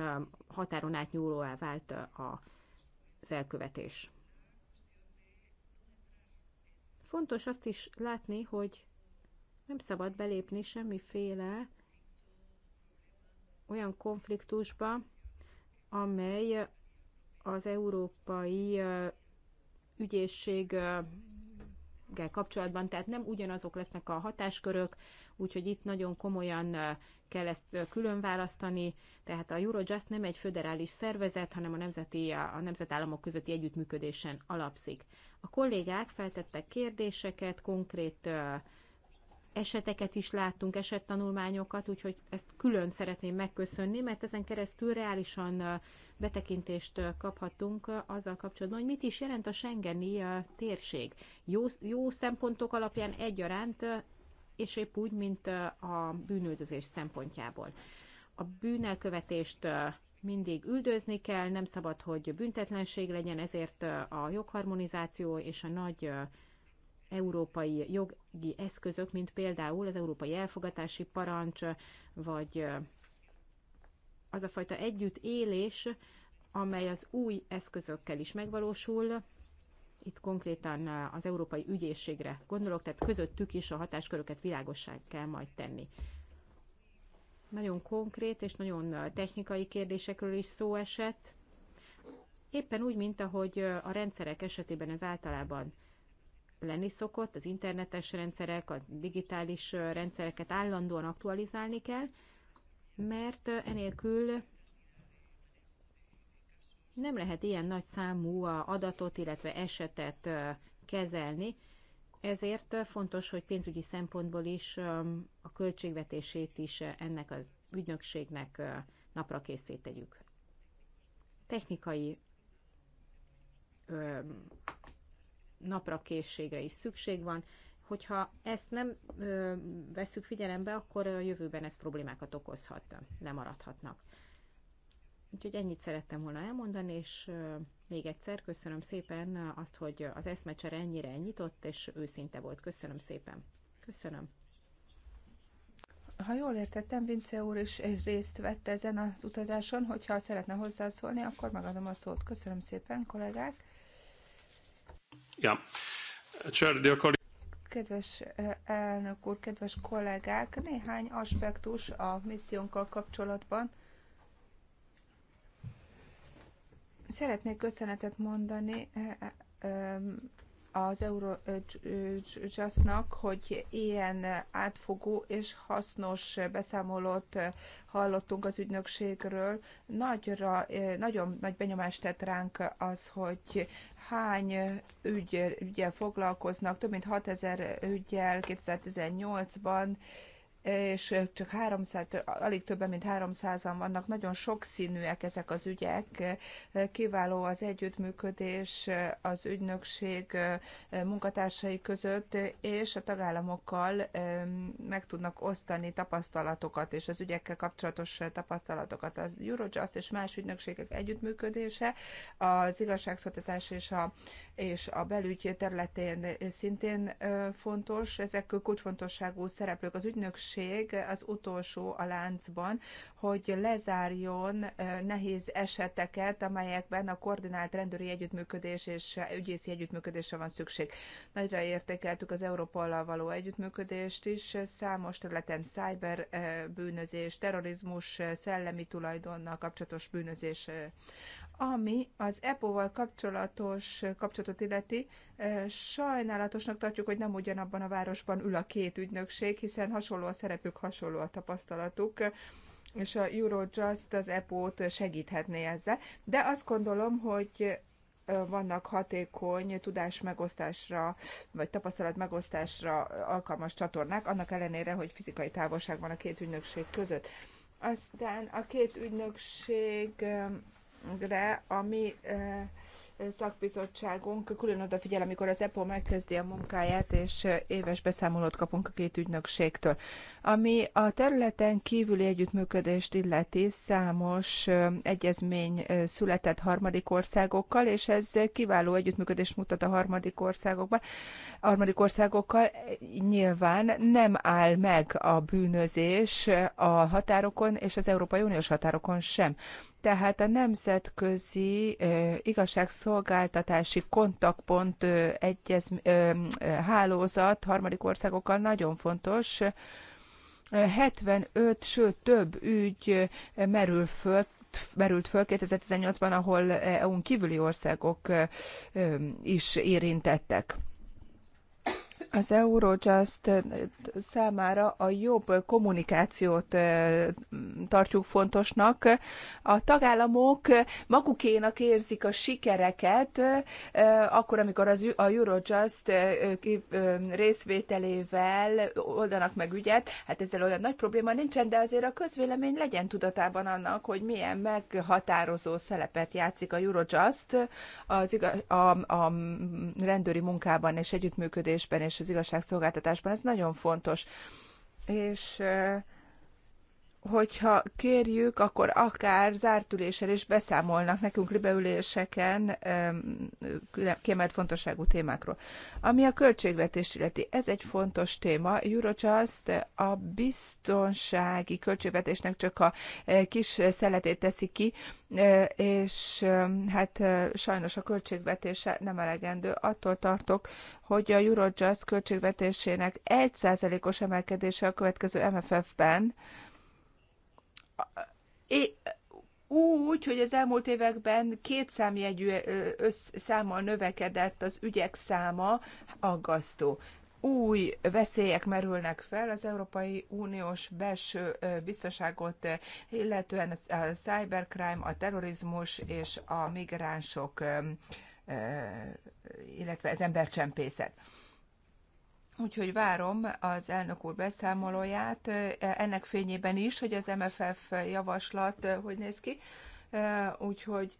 határon átnyúlóá vált az elkövetés. Fontos azt is látni, hogy nem szabad belépni semmiféle olyan konfliktusba, amely az európai ügyészség kapcsolatban, tehát nem ugyanazok lesznek a hatáskörök, úgyhogy itt nagyon komolyan kell ezt külön választani, tehát a Eurojust nem egy föderális szervezet, hanem a, nemzeti, a nemzetállamok közötti együttműködésen alapszik. A kollégák feltettek kérdéseket, konkrét uh, eseteket is láttunk, esettanulmányokat, úgyhogy ezt külön szeretném megköszönni, mert ezen keresztül reálisan betekintést kaphatunk azzal kapcsolatban, hogy mit is jelent a Schengeni térség. Jó, jó szempontok alapján egyaránt, és épp úgy, mint a bűnöldözés szempontjából. A bűnelkövetést mindig üldözni kell, nem szabad, hogy büntetlenség legyen, ezért a jogharmonizáció és a nagy európai jogi eszközök, mint például az európai elfogatási parancs, vagy az a fajta együttélés, amely az új eszközökkel is megvalósul, itt konkrétan az európai ügyészségre gondolok, tehát közöttük is a hatásköröket világossá kell majd tenni. Nagyon konkrét és nagyon technikai kérdésekről is szó esett. Éppen úgy, mint ahogy a rendszerek esetében ez általában lenni szokott, az internetes rendszerek, a digitális rendszereket állandóan aktualizálni kell, mert enélkül nem lehet ilyen nagy számú adatot, illetve esetet kezelni, ezért fontos, hogy pénzügyi szempontból is a költségvetését is ennek az ügynökségnek napra készítegyük. Technikai napra készségre is szükség van. Hogyha ezt nem ö, veszük figyelembe, akkor a jövőben ez problémákat okozhat, nem maradhatnak. Úgyhogy ennyit szerettem volna elmondani, és még egyszer köszönöm szépen azt, hogy az eszmecsere ennyire nyitott és őszinte volt. Köszönöm szépen. Köszönöm. Ha jól értettem, Vince úr is részt vett ezen az utazáson, hogyha szeretne hozzászólni, akkor megadom a szót. Köszönöm szépen, kollégák. Kedves eh, elnök úr, kedves kollégák, néhány aspektus a missziónkkal kapcsolatban. Szeretnék köszönetet mondani eh, eh, az Eurojust-nak, hogy ilyen átfogó és hasznos beszámolót hallottunk az ügynökségről. Nagyra, nagyon nagy benyomást tett ránk az, hogy hány ügy, ügyel foglalkoznak, több mint 6000 ügyel 2018-ban, és csak 300, alig többen, mint 300-an vannak, nagyon sokszínűek ezek az ügyek, kiváló az együttműködés az ügynökség munkatársai között, és a tagállamokkal meg tudnak osztani tapasztalatokat, és az ügyekkel kapcsolatos tapasztalatokat. Az Eurojust és más ügynökségek együttműködése az igazságszoltatás és a, és a belügy területén szintén fontos, ezek kulcsfontosságú szereplők az ügynökség, szükség az utolsó a láncban, hogy lezárjon nehéz eseteket, amelyekben a koordinált rendőri együttműködés és ügyészi együttműködésre van szükség. Nagyra értékeltük az Európollal való együttműködést is, számos területen cyber bűnözés, terrorizmus, szellemi tulajdonnal kapcsolatos bűnözés ami az EPO-val kapcsolatos kapcsolatot illeti, sajnálatosnak tartjuk, hogy nem ugyanabban a városban ül a két ügynökség, hiszen hasonló a szerepük, hasonló a tapasztalatuk és a Eurojust az EPO-t segíthetné ezzel. De azt gondolom, hogy vannak hatékony tudás megosztásra, vagy tapasztalat megosztásra alkalmas csatornák, annak ellenére, hogy fizikai távolság van a két ügynökség között. Aztán a két ügynökség de ami e, szakbizottságunk külön odafigyel, amikor az EPO megkezdi a munkáját, és e, éves beszámolót kapunk a két ügynökségtől. Ami a területen kívüli együttműködést illeti, számos egyezmény született harmadik országokkal, és ez kiváló együttműködést mutat a harmadik országokban. A harmadik országokkal nyilván nem áll meg a bűnözés a határokon és az Európai Uniós határokon sem. Tehát a nemzetközi igazságszolgáltatási kontaktpont egyez, hálózat harmadik országokkal nagyon fontos, 75, sőt több ügy eh, merül föl, merült föl 2018-ban, ahol eh, EU-n kívüli országok eh, is érintettek az Eurojust eh, számára a jobb kommunikációt eh, tartjuk fontosnak. A tagállamok magukénak érzik a sikereket, eh, akkor, amikor az a Eurojust részvételével oldanak meg ügyet, hát ezzel olyan nagy probléma nincsen, de azért a közvélemény legyen tudatában annak, hogy milyen meghatározó szerepet játszik a Eurojust az, a, a rendőri munkában és együttműködésben és az igazságszolgáltatásban. Ez nagyon fontos. És hogyha kérjük, akkor akár zártüléssel is beszámolnak nekünk libeüléseken kiemelt fontosságú témákról. Ami a költségvetés illeti, ez egy fontos téma. Eurojust a biztonsági költségvetésnek csak a e, kis szeletét teszi ki, e, és e, hát sajnos a költségvetése nem elegendő. Attól tartok, hogy a Eurojust költségvetésének 1%-os emelkedése a következő MFF-ben, úgy, hogy az elmúlt években két számjegyű számmal növekedett az ügyek száma, aggasztó. Új veszélyek merülnek fel az Európai Uniós belső biztonságot, illetően a cybercrime, a terrorizmus és a migránsok, illetve az embercsempészet. Úgyhogy várom az elnök úr beszámolóját, ennek fényében is, hogy az MFF javaslat hogy néz ki. Úgyhogy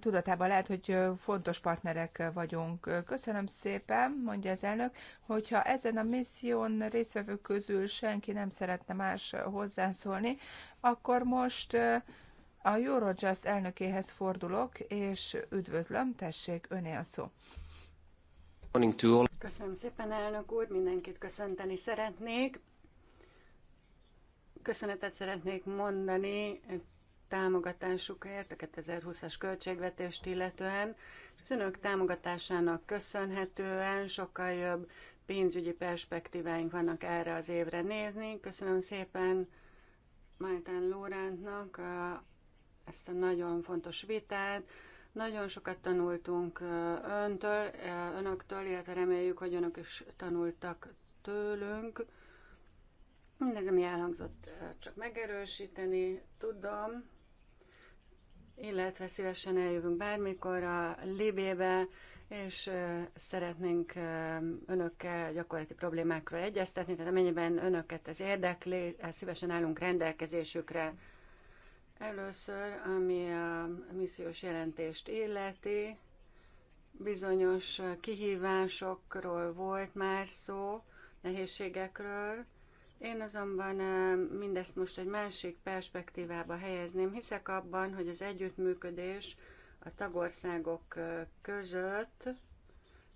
tudatában lehet, hogy fontos partnerek vagyunk. Köszönöm szépen, mondja az elnök, hogyha ezen a misszión résztvevők közül senki nem szeretne más hozzászólni, akkor most a Eurojust elnökéhez fordulok, és üdvözlöm, tessék, öné a szó. Köszönöm szépen, elnök úr, mindenkit köszönteni szeretnék. Köszönetet szeretnék mondani támogatásukért, a 2020-as költségvetést illetően. Az önök támogatásának köszönhetően sokkal jobb pénzügyi perspektíváink vannak erre az évre nézni. Köszönöm szépen Máltán Lórántnak a, ezt a nagyon fontos vitát. Nagyon sokat tanultunk öntől, önöktől, illetve reméljük, hogy önök is tanultak tőlünk. Mindez, ami elhangzott, csak megerősíteni tudom, illetve szívesen eljövünk bármikor a Libébe, és szeretnénk önökkel gyakorlati problémákról egyeztetni, tehát amennyiben önöket ez érdekli, szívesen állunk rendelkezésükre. Először, ami a missziós jelentést illeti, bizonyos kihívásokról volt már szó, nehézségekről. Én azonban mindezt most egy másik perspektívába helyezném. Hiszek abban, hogy az együttműködés a tagországok között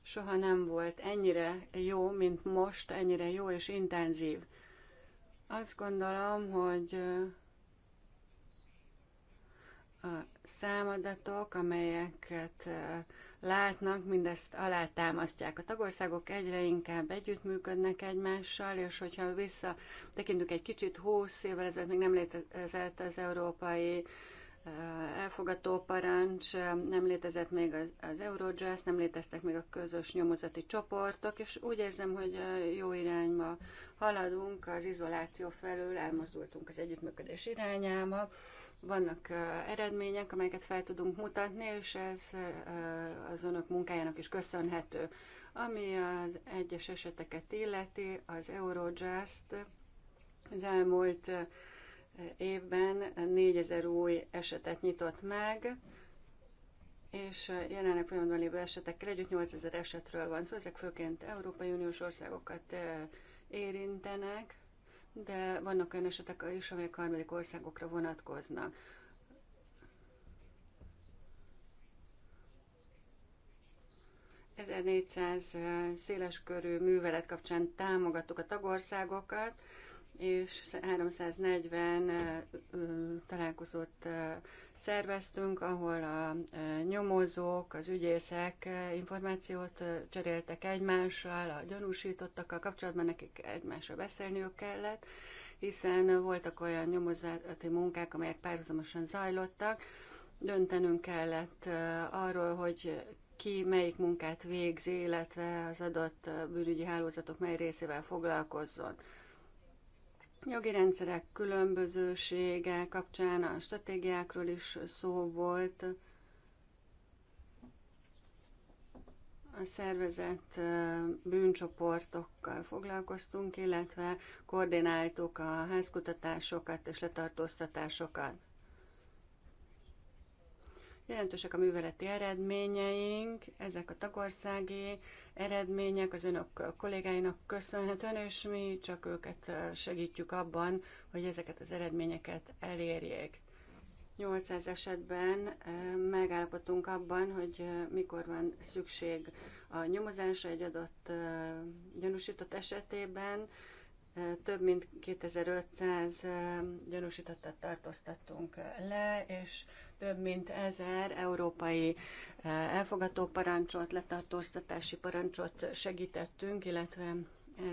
soha nem volt ennyire jó, mint most, ennyire jó és intenzív. Azt gondolom, hogy a számadatok, amelyeket látnak, mindezt alátámasztják. A tagországok egyre inkább együttműködnek egymással, és hogyha vissza tekintünk egy kicsit, húsz évvel ezelőtt még nem létezett az európai elfogató parancs, nem létezett még az, az Eurojust, nem léteztek még a közös nyomozati csoportok, és úgy érzem, hogy jó irányba haladunk, az izoláció felől elmozdultunk az együttműködés irányába vannak eredmények, amelyeket fel tudunk mutatni, és ez az önök munkájának is köszönhető. Ami az egyes eseteket illeti, az Eurojust az elmúlt évben 4000 új esetet nyitott meg, és jelenleg folyamatban lévő esetekkel együtt 8000 esetről van szó, szóval ezek főként Európai Uniós országokat érintenek, de vannak olyan esetek is, amelyek harmadik országokra vonatkoznak. széles széleskörű művelet kapcsán támogattuk a tagországokat, és 340 találkozót szerveztünk, ahol a nyomozók, az ügyészek információt cseréltek egymással, a gyanúsítottakkal kapcsolatban nekik egymással beszélniük kellett, hiszen voltak olyan nyomozati munkák, amelyek párhuzamosan zajlottak, döntenünk kellett arról, hogy ki melyik munkát végzi, illetve az adott bűnügyi hálózatok mely részével foglalkozzon jogi rendszerek különbözősége kapcsán a stratégiákról is szó volt. A szervezett bűncsoportokkal foglalkoztunk, illetve koordináltuk a házkutatásokat és letartóztatásokat. Jelentősek a műveleti eredményeink, ezek a tagországi eredmények az önök kollégáinak köszönhetően, és mi csak őket segítjük abban, hogy ezeket az eredményeket elérjék. 800 esetben megállapodtunk abban, hogy mikor van szükség a nyomozásra egy adott gyanúsított esetében, több mint 2500 gyanúsítottat tartóztattunk le, és több mint 1000 európai elfogató parancsot, letartóztatási parancsot segítettünk, illetve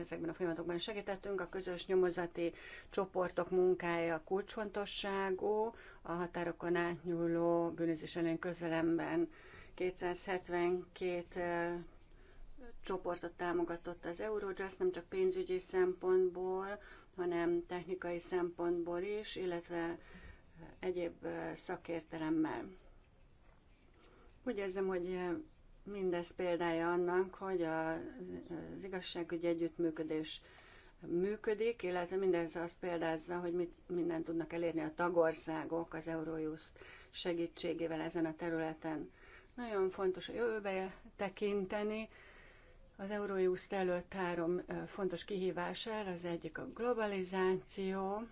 ezekben a folyamatokban segítettünk. A közös nyomozati csoportok munkája kulcsfontosságú, a határokon átnyúló bűnözés ellen közelemben 272 csoportot támogatott az Eurojazz, nem csak pénzügyi szempontból, hanem technikai szempontból is, illetve eh, egyéb eh, szakértelemmel. Úgy érzem, hogy eh, mindez példája annak, hogy az igazságügyi együttműködés működik, illetve mindez azt példázza, hogy mit mindent tudnak elérni a tagországok az Eurojust segítségével ezen a területen. Nagyon fontos a jövőbe tekinteni, az Eurojust előtt három fontos kihívás áll, az egyik a globalizáció,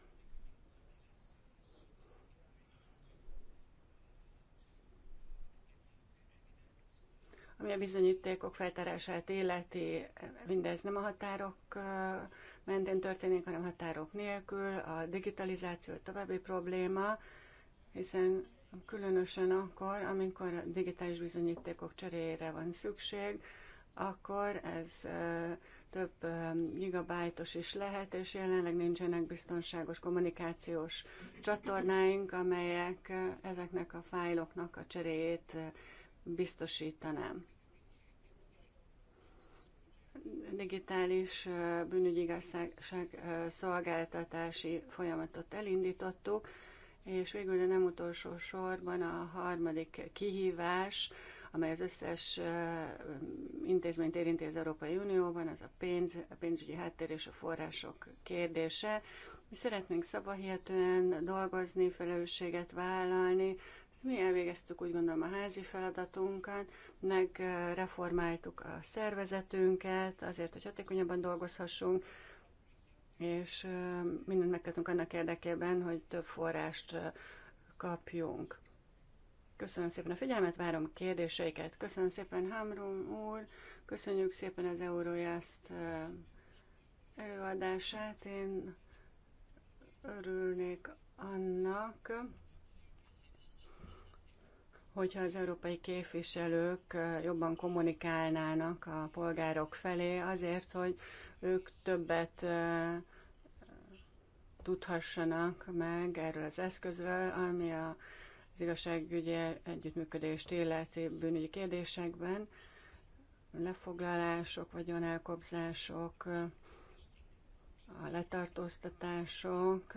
ami a bizonyítékok feltárását életi mindez nem a határok mentén történik, hanem határok nélkül. A digitalizáció a további probléma, hiszen különösen akkor, amikor a digitális bizonyítékok cseréjére van szükség, akkor ez több gigabájtos is lehet, és jelenleg nincsenek biztonságos kommunikációs csatornáink, amelyek ezeknek a fájloknak a cseréjét biztosítanám. Digitális bűnügyigazság szolgáltatási folyamatot elindítottuk, és végül, de nem utolsó sorban a harmadik kihívás amely az összes intézményt érinti az Európai Unióban, ez a pénz, a pénzügyi háttér és a források kérdése. Mi szeretnénk szabahihetően dolgozni, felelősséget vállalni, mi elvégeztük úgy gondolom a házi feladatunkat, meg reformáltuk a szervezetünket azért, hogy hatékonyabban dolgozhassunk, és mindent megtettünk annak érdekében, hogy több forrást kapjunk. Köszönöm szépen a figyelmet, várom kérdéseiket. Köszönöm szépen Hamrum úr, köszönjük szépen az Eurojust előadását. Én örülnék annak, hogyha az európai képviselők jobban kommunikálnának a polgárok felé azért, hogy ők többet tudhassanak meg erről az eszközről, ami a az igazságügyi együttműködést illeti bűnügyi kérdésekben, lefoglalások, vagyonelkobzások, a letartóztatások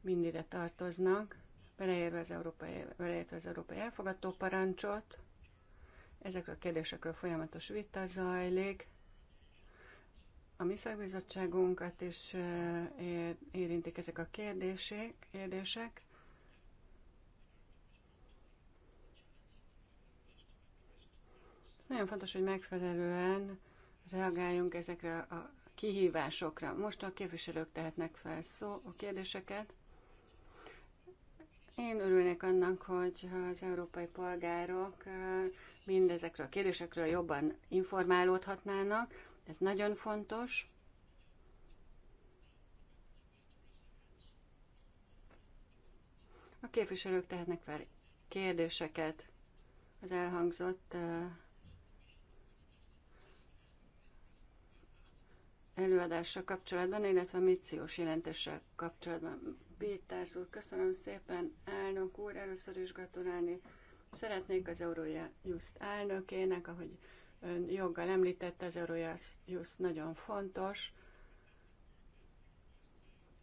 mind ide tartoznak, beleértve az európai, beleértve az európai elfogadó parancsot. Ezekről a kérdésekről folyamatos vita zajlik. A mi szakbizottságunkat is eh, érintik ezek a kérdések. kérdések. Nagyon fontos, hogy megfelelően reagáljunk ezekre a kihívásokra. Most a képviselők tehetnek fel szó a kérdéseket. Én örülnék annak, hogy az európai polgárok mindezekről a kérdésekről jobban informálódhatnának. Ez nagyon fontos. A képviselők tehetnek fel kérdéseket az elhangzott előadással kapcsolatban, illetve a missziós jelentéssel kapcsolatban. Péter úr, köszönöm szépen, elnök úr, először is gratulálni szeretnék az Just elnökének, ahogy ön joggal említette, az Eurója Just nagyon fontos,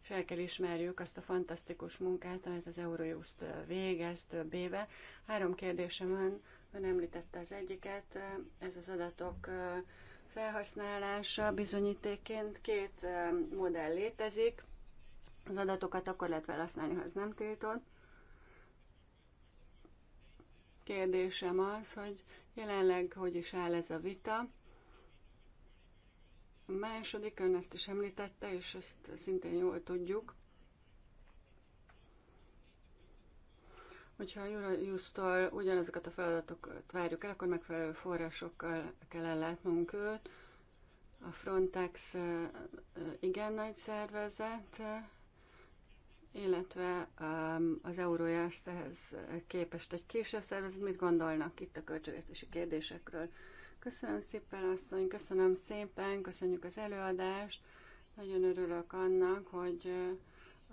és el kell ismerjük azt a fantasztikus munkát, amit az Eurojust végez több éve. Három kérdésem van, ön említette az egyiket, ez az adatok felhasználása bizonyítéként két modell létezik. Az adatokat akkor lehet felhasználni, ha ez nem tiltott. Kérdésem az, hogy jelenleg hogy is áll ez a vita. A második, ön ezt is említette, és ezt szintén jól tudjuk, Hogyha a Eurojust-tól ugyanezeket a feladatokat várjuk el, akkor megfelelő forrásokkal kell ellátnunk őt. A Frontex eh, igen nagy szervezet, eh, illetve um, az Eurojust ehhez képest egy kisebb szervezet. Mit gondolnak itt a költségvetési kérdésekről? Köszönöm szépen, asszony, köszönöm szépen, köszönjük az előadást. Nagyon örülök annak, hogy eh,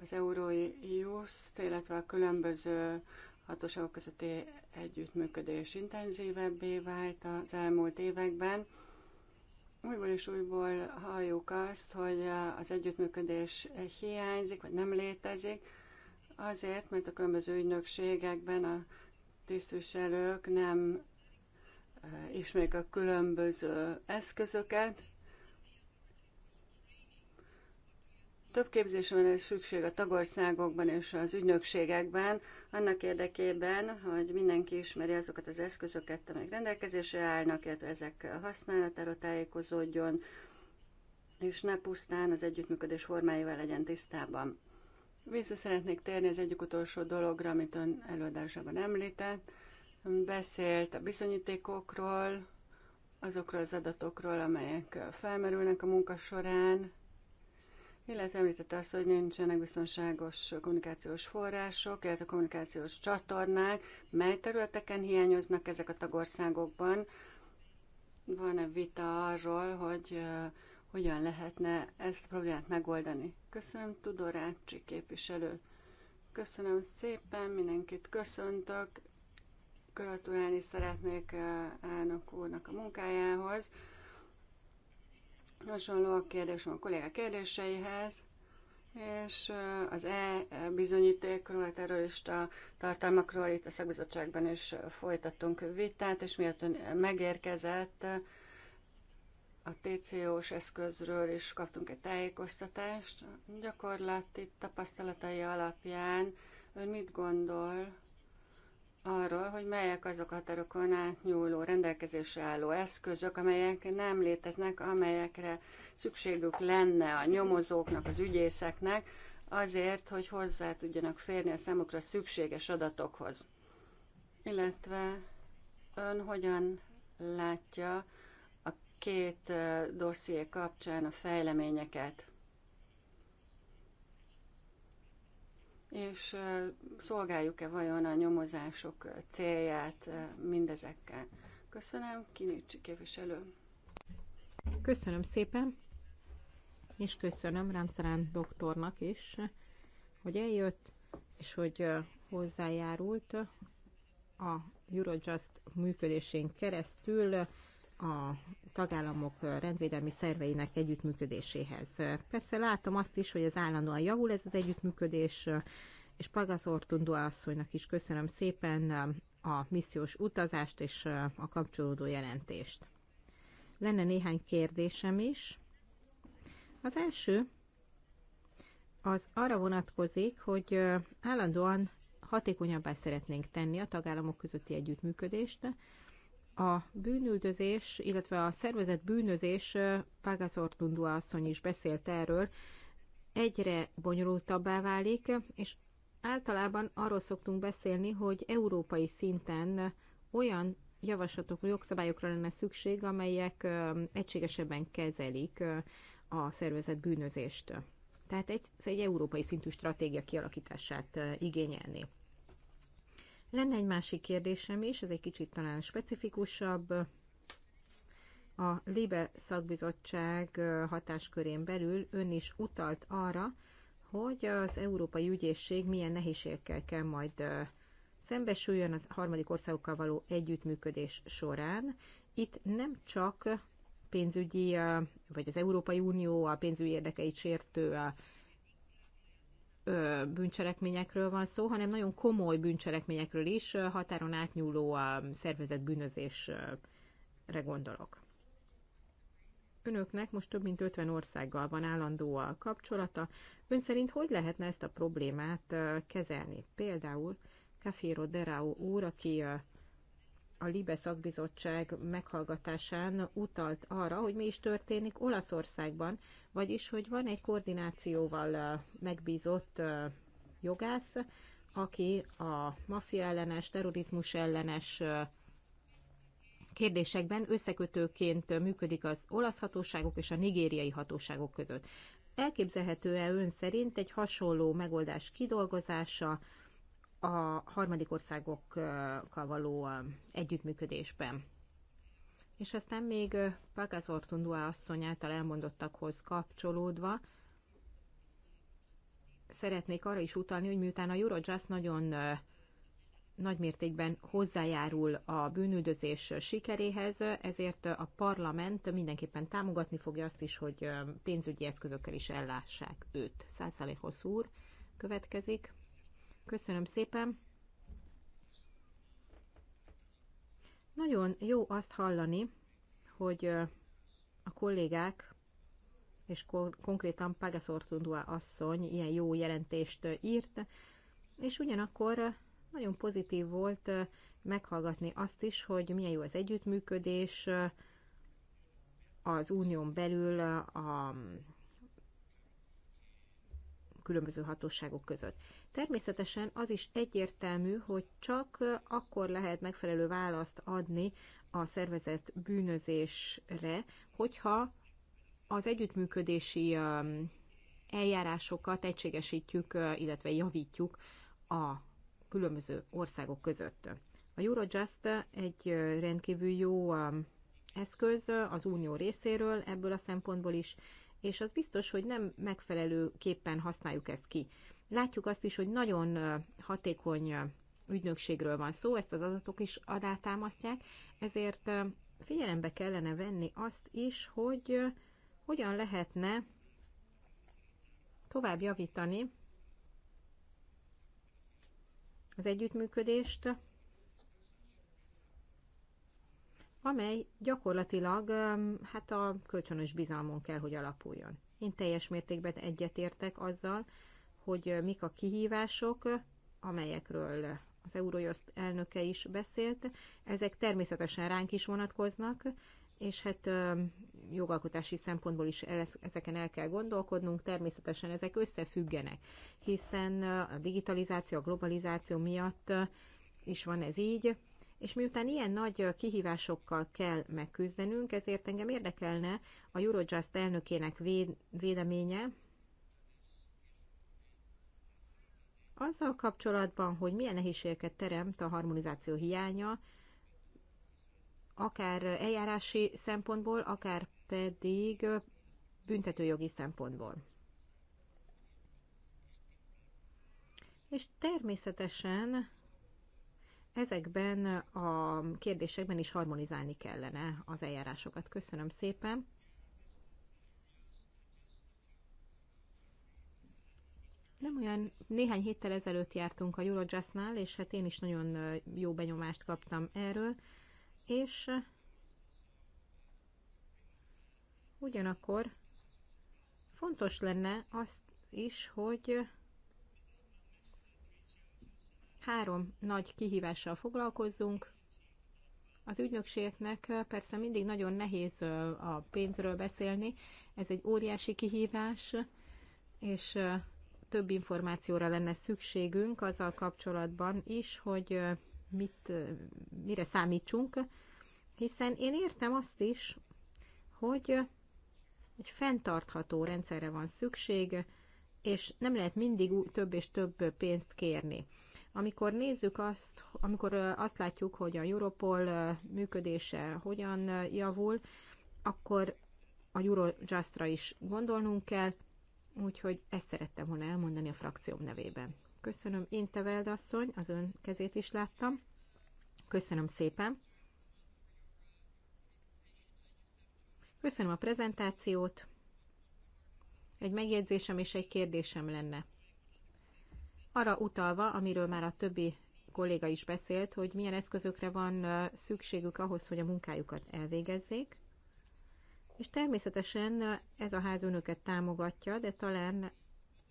az Eurojust, illetve a különböző hatóságok közötti együttműködés intenzívebbé vált az elmúlt években. Újból és újból halljuk azt, hogy az együttműködés hiányzik, vagy nem létezik, azért, mert a különböző ügynökségekben a tisztviselők nem eh, ismerik a különböző eszközöket, Több képzésre van ez szükség a tagországokban és az ügynökségekben, annak érdekében, hogy mindenki ismeri azokat az eszközöket, amelyek rendelkezésre állnak, illetve ezek használatára tájékozódjon, és ne pusztán az együttműködés formáival legyen tisztában. Vissza szeretnék térni az egyik utolsó dologra, amit ön előadásában említett. Beszélt a bizonyítékokról, azokról az adatokról, amelyek felmerülnek a munka során, illetve említette azt, hogy nincsenek biztonságos kommunikációs források, illetve kommunikációs csatornák, mely területeken hiányoznak ezek a tagországokban. Van-e vita arról, hogy uh, hogyan lehetne ezt a problémát megoldani? Köszönöm, Tudorácsi képviselő. Köszönöm szépen, mindenkit köszöntök. Gratulálni szeretnék elnök úrnak a munkájához. Hasonló a kérdésem a kolléga kérdéseihez, és az e-bizonyítékról, a terrorista tartalmakról itt a szakbizottságban is folytattunk vitát, és miatt megérkezett a TCO-s eszközről is kaptunk egy tájékoztatást. Gyakorlati tapasztalatai alapján ön mit gondol arról, hogy melyek azok a határokon átnyúló rendelkezésre álló eszközök, amelyek nem léteznek, amelyekre szükségük lenne a nyomozóknak, az ügyészeknek, azért, hogy hozzá tudjanak férni a számukra szükséges adatokhoz. Illetve ön hogyan látja a két dosszié kapcsán a fejleményeket? és szolgáljuk-e vajon a nyomozások célját mindezekkel. Köszönöm, Kinicsi képviselő. Köszönöm szépen, és köszönöm Rámszerán doktornak is, hogy eljött, és hogy hozzájárult a Eurojust működésén keresztül a tagállamok rendvédelmi szerveinek együttműködéséhez. Persze látom azt is, hogy az állandóan javul ez az együttműködés, és Pagazor Tundua asszonynak is köszönöm szépen a missziós utazást és a kapcsolódó jelentést. Lenne néhány kérdésem is. Az első az arra vonatkozik, hogy állandóan hatékonyabbá szeretnénk tenni a tagállamok közötti együttműködést, a bűnüldözés, illetve a szervezet bűnözés, Págász Ortundua asszony is beszélt erről, egyre bonyolultabbá válik, és általában arról szoktunk beszélni, hogy európai szinten olyan javaslatok, jogszabályokra lenne szükség, amelyek egységesebben kezelik a szervezet bűnözést. Tehát egy, egy európai szintű stratégia kialakítását igényelni. Lenne egy másik kérdésem is, ez egy kicsit talán specifikusabb. A Libe szakbizottság hatáskörén belül ön is utalt arra, hogy az Európai Ügyészség milyen nehézségekkel kell majd szembesüljön a harmadik országokkal való együttműködés során. Itt nem csak pénzügyi, vagy az Európai Unió a pénzügyi érdekeit sértő bűncselekményekről van szó, hanem nagyon komoly bűncselekményekről is, határon átnyúló a szervezett bűnözésre gondolok. Önöknek most több mint 50 országgal van állandó a kapcsolata. Ön szerint hogy lehetne ezt a problémát kezelni? Például Café Derao úr, aki a Libe szakbizottság meghallgatásán utalt arra, hogy mi is történik Olaszországban, vagyis, hogy van egy koordinációval megbízott jogász, aki a maffia ellenes, terrorizmus ellenes kérdésekben összekötőként működik az olasz hatóságok és a nigériai hatóságok között. Elképzelhető-e ön szerint egy hasonló megoldás kidolgozása, a harmadik országokkal való együttműködésben. És aztán még Pagaz Ortundua asszony által elmondottakhoz kapcsolódva, szeretnék arra is utalni, hogy miután a Eurojust nagyon nagymértékben hozzájárul a bűnüldözés sikeréhez, ezért a parlament mindenképpen támogatni fogja azt is, hogy pénzügyi eszközökkel is ellássák őt. Százalékos úr következik. Köszönöm szépen. Nagyon jó azt hallani, hogy a kollégák, és konkrétan Pagasortundua asszony ilyen jó jelentést írt, és ugyanakkor nagyon pozitív volt meghallgatni azt is, hogy milyen jó az együttműködés az unión belül a különböző hatóságok között. Természetesen az is egyértelmű, hogy csak akkor lehet megfelelő választ adni a szervezet bűnözésre, hogyha az együttműködési um, eljárásokat egységesítjük, uh, illetve javítjuk a különböző országok között. A Eurojust egy uh, rendkívül jó um, eszköz az unió részéről ebből a szempontból is, és az biztos, hogy nem megfelelőképpen használjuk ezt ki. Látjuk azt is, hogy nagyon hatékony ügynökségről van szó, ezt az adatok is adátámasztják, ezért figyelembe kellene venni azt is, hogy hogyan lehetne tovább javítani az együttműködést amely gyakorlatilag hát a kölcsönös bizalmon kell, hogy alapuljon. Én teljes mértékben egyetértek azzal, hogy mik a kihívások, amelyekről az Eurojust elnöke is beszélt. Ezek természetesen ránk is vonatkoznak, és hát jogalkotási szempontból is ezeken el kell gondolkodnunk, természetesen ezek összefüggenek, hiszen a digitalizáció, a globalizáció miatt is van ez így, és miután ilyen nagy kihívásokkal kell megküzdenünk, ezért engem érdekelne a Eurojust elnökének véleménye azzal kapcsolatban, hogy milyen nehézségeket teremt a harmonizáció hiánya, akár eljárási szempontból, akár pedig büntetőjogi szempontból. És természetesen ezekben a kérdésekben is harmonizálni kellene az eljárásokat. Köszönöm szépen! Nem olyan, néhány héttel ezelőtt jártunk a Eurojustnál, és hát én is nagyon jó benyomást kaptam erről, és ugyanakkor fontos lenne azt is, hogy Három nagy kihívással foglalkozzunk. Az ügynökségeknek eh, persze mindig nagyon nehéz eh, a pénzről beszélni, ez egy óriási kihívás, és eh, több információra lenne szükségünk azzal kapcsolatban is, hogy mit, mire számítsunk, hiszen én értem azt is, hogy egy fenntartható rendszerre van szükség, és nem lehet mindig több és több pénzt kérni. Amikor nézzük azt, amikor azt látjuk, hogy a Europol működése hogyan javul, akkor a Eurojustra is gondolnunk kell, úgyhogy ezt szerettem volna elmondani a frakcióm nevében. Köszönöm, Inteveld asszony, az ön kezét is láttam. Köszönöm szépen. Köszönöm a prezentációt. Egy megjegyzésem és egy kérdésem lenne arra utalva, amiről már a többi kolléga is beszélt, hogy milyen eszközökre van szükségük ahhoz, hogy a munkájukat elvégezzék. És természetesen ez a ház önöket támogatja, de talán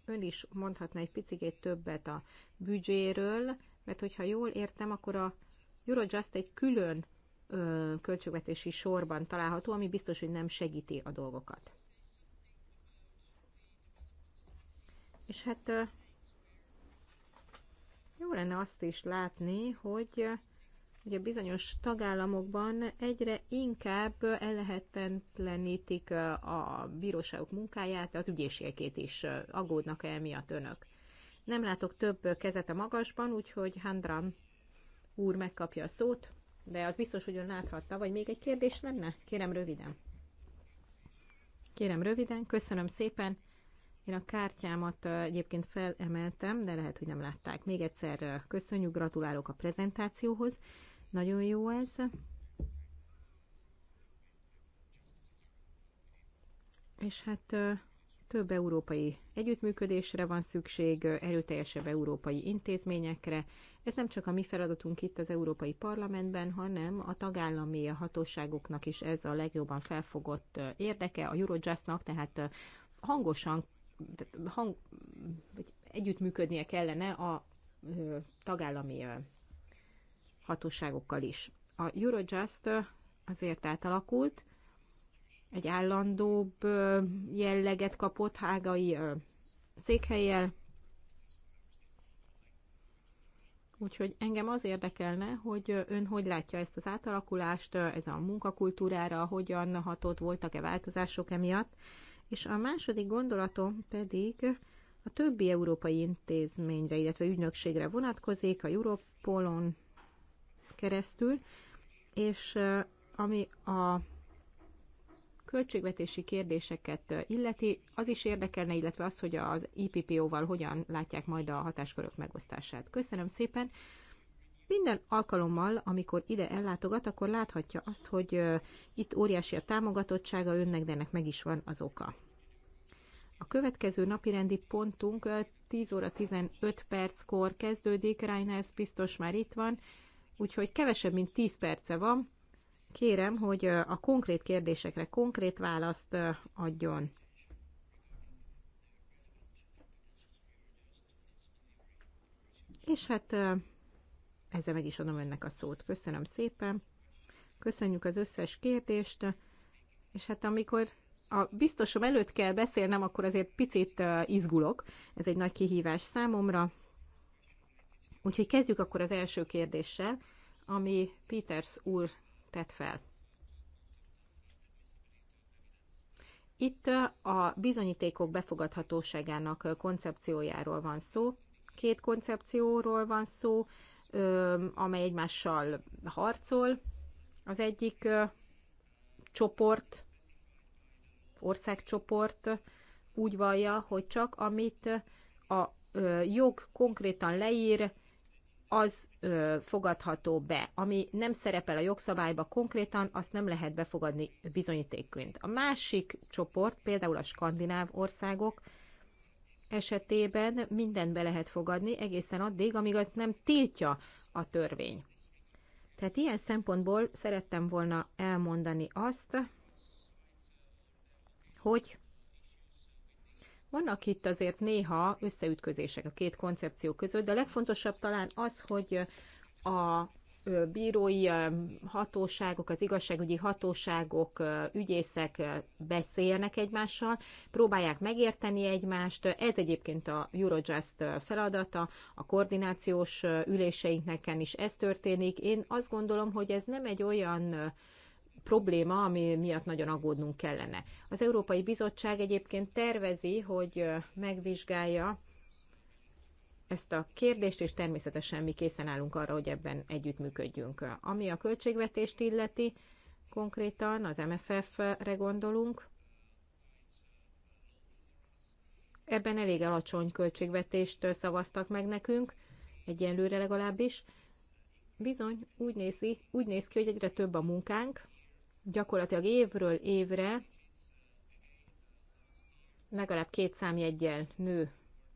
ön is mondhatna egy picit többet a büdzséről, mert hogyha jól értem, akkor a Eurojust egy külön ö, költségvetési sorban található, ami biztos, hogy nem segíti a dolgokat. És hát jó lenne azt is látni, hogy ugye bizonyos tagállamokban egyre inkább ellehetetlenítik a bíróságok munkáját, az ügyészségét is aggódnak el miatt önök. Nem látok több kezet a magasban, úgyhogy Handram úr megkapja a szót, de az biztos, hogy ön láthatta, vagy még egy kérdés lenne? Kérem röviden. Kérem röviden, köszönöm szépen. Én a kártyámat egyébként felemeltem, de lehet, hogy nem látták. Még egyszer köszönjük, gratulálok a prezentációhoz. Nagyon jó ez. És hát több európai együttműködésre van szükség, erőteljesebb európai intézményekre. Ez nem csak a mi feladatunk itt az Európai Parlamentben, hanem a tagállami hatóságoknak is ez a legjobban felfogott érdeke, a Eurojustnak, tehát hangosan hang, vagy együttműködnie kellene a tagállami hatóságokkal is. A Eurojust azért átalakult, egy állandóbb jelleget kapott hágai székhelyjel, Úgyhogy engem az érdekelne, hogy ön hogy látja ezt az átalakulást, ez a munkakultúrára hogyan hatott, voltak-e változások emiatt, és a második gondolatom pedig a többi európai intézményre, illetve ügynökségre vonatkozik, a Europolon keresztül, és ami a költségvetési kérdéseket illeti, az is érdekelne, illetve az, hogy az IPPO-val hogyan látják majd a hatáskörök megosztását. Köszönöm szépen! Minden alkalommal, amikor ide ellátogat, akkor láthatja azt, hogy itt óriási a támogatottsága önnek, de ennek meg is van az oka. A következő napirendi pontunk 10 óra 15 perckor kezdődik, Reiners biztos már itt van, úgyhogy kevesebb, mint 10 perce van. Kérem, hogy a konkrét kérdésekre konkrét választ adjon. És hát ezzel meg is adom önnek a szót. Köszönöm szépen. Köszönjük az összes kérdést. És hát amikor a biztosom előtt kell beszélnem, akkor azért picit izgulok. Ez egy nagy kihívás számomra. Úgyhogy kezdjük akkor az első kérdéssel, ami Peters úr tett fel. Itt a bizonyítékok befogadhatóságának koncepciójáról van szó. Két koncepcióról van szó, amely egymással harcol. Az egyik csoport, országcsoport úgy vallja, hogy csak amit a jog konkrétan leír, az ö, fogadható be. Ami nem szerepel a jogszabályba konkrétan, azt nem lehet befogadni bizonyítékként. A másik csoport, például a skandináv országok, esetében mindent be lehet fogadni egészen addig, amíg azt nem tiltja a törvény. Tehát ilyen szempontból szerettem volna elmondani azt, hogy vannak itt azért néha összeütközések a két koncepció között, de a legfontosabb talán az, hogy a bírói hatóságok, az igazságügyi hatóságok, ügyészek beszéljenek egymással, próbálják megérteni egymást. Ez egyébként a Eurojust feladata, a koordinációs üléseinknek is ez történik. Én azt gondolom, hogy ez nem egy olyan probléma, ami miatt nagyon aggódnunk kellene. Az Európai Bizottság egyébként tervezi, hogy megvizsgálja ezt a kérdést, és természetesen mi készen állunk arra, hogy ebben együttműködjünk. Ami a költségvetést illeti, konkrétan az MFF-re gondolunk, ebben elég alacsony költségvetést szavaztak meg nekünk, egyenlőre legalábbis. Bizony, úgy, nézi, úgy néz ki, hogy egyre több a munkánk, gyakorlatilag évről évre legalább két számjegyel nő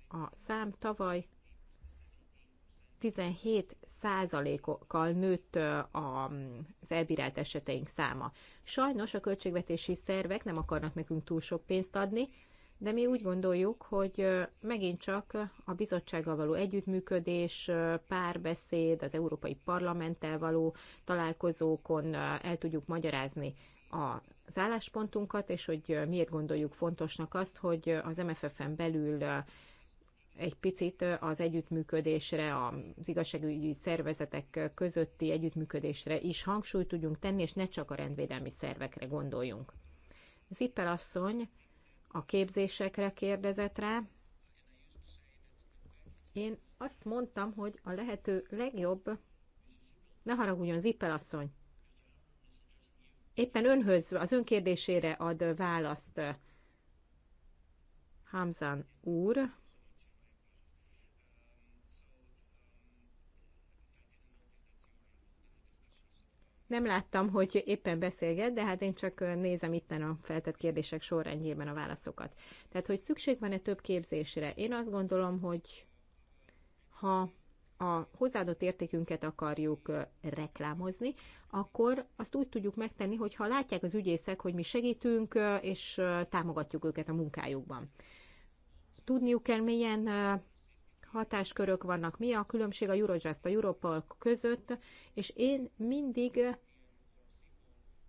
a szám. Tavaly 17%-kal nőtt az elbírált eseteink száma. Sajnos a költségvetési szervek nem akarnak nekünk túl sok pénzt adni, de mi úgy gondoljuk, hogy megint csak a bizottsággal való együttműködés, párbeszéd, az Európai Parlamenttel való találkozókon el tudjuk magyarázni az álláspontunkat, és hogy miért gondoljuk fontosnak azt, hogy az MFF-en belül egy picit az együttműködésre, az igazságügyi szervezetek közötti együttműködésre is hangsúlyt tudjunk tenni, és ne csak a rendvédelmi szervekre gondoljunk. Zippel asszony a képzésekre kérdezett rá. Én azt mondtam, hogy a lehető legjobb, ne haragudjon, Zippel asszony, éppen önhöz, az ön kérdésére ad választ Hamzan úr. Nem láttam, hogy éppen beszélget, de hát én csak nézem itten a feltett kérdések sorrendjében a válaszokat. Tehát, hogy szükség van-e több képzésre? Én azt gondolom, hogy ha a hozzáadott értékünket akarjuk reklámozni, akkor azt úgy tudjuk megtenni, hogy ha látják az ügyészek, hogy mi segítünk, és támogatjuk őket a munkájukban. Tudniuk kell, milyen hatáskörök vannak, mi a különbség a Eurojust, a Europol között, és én mindig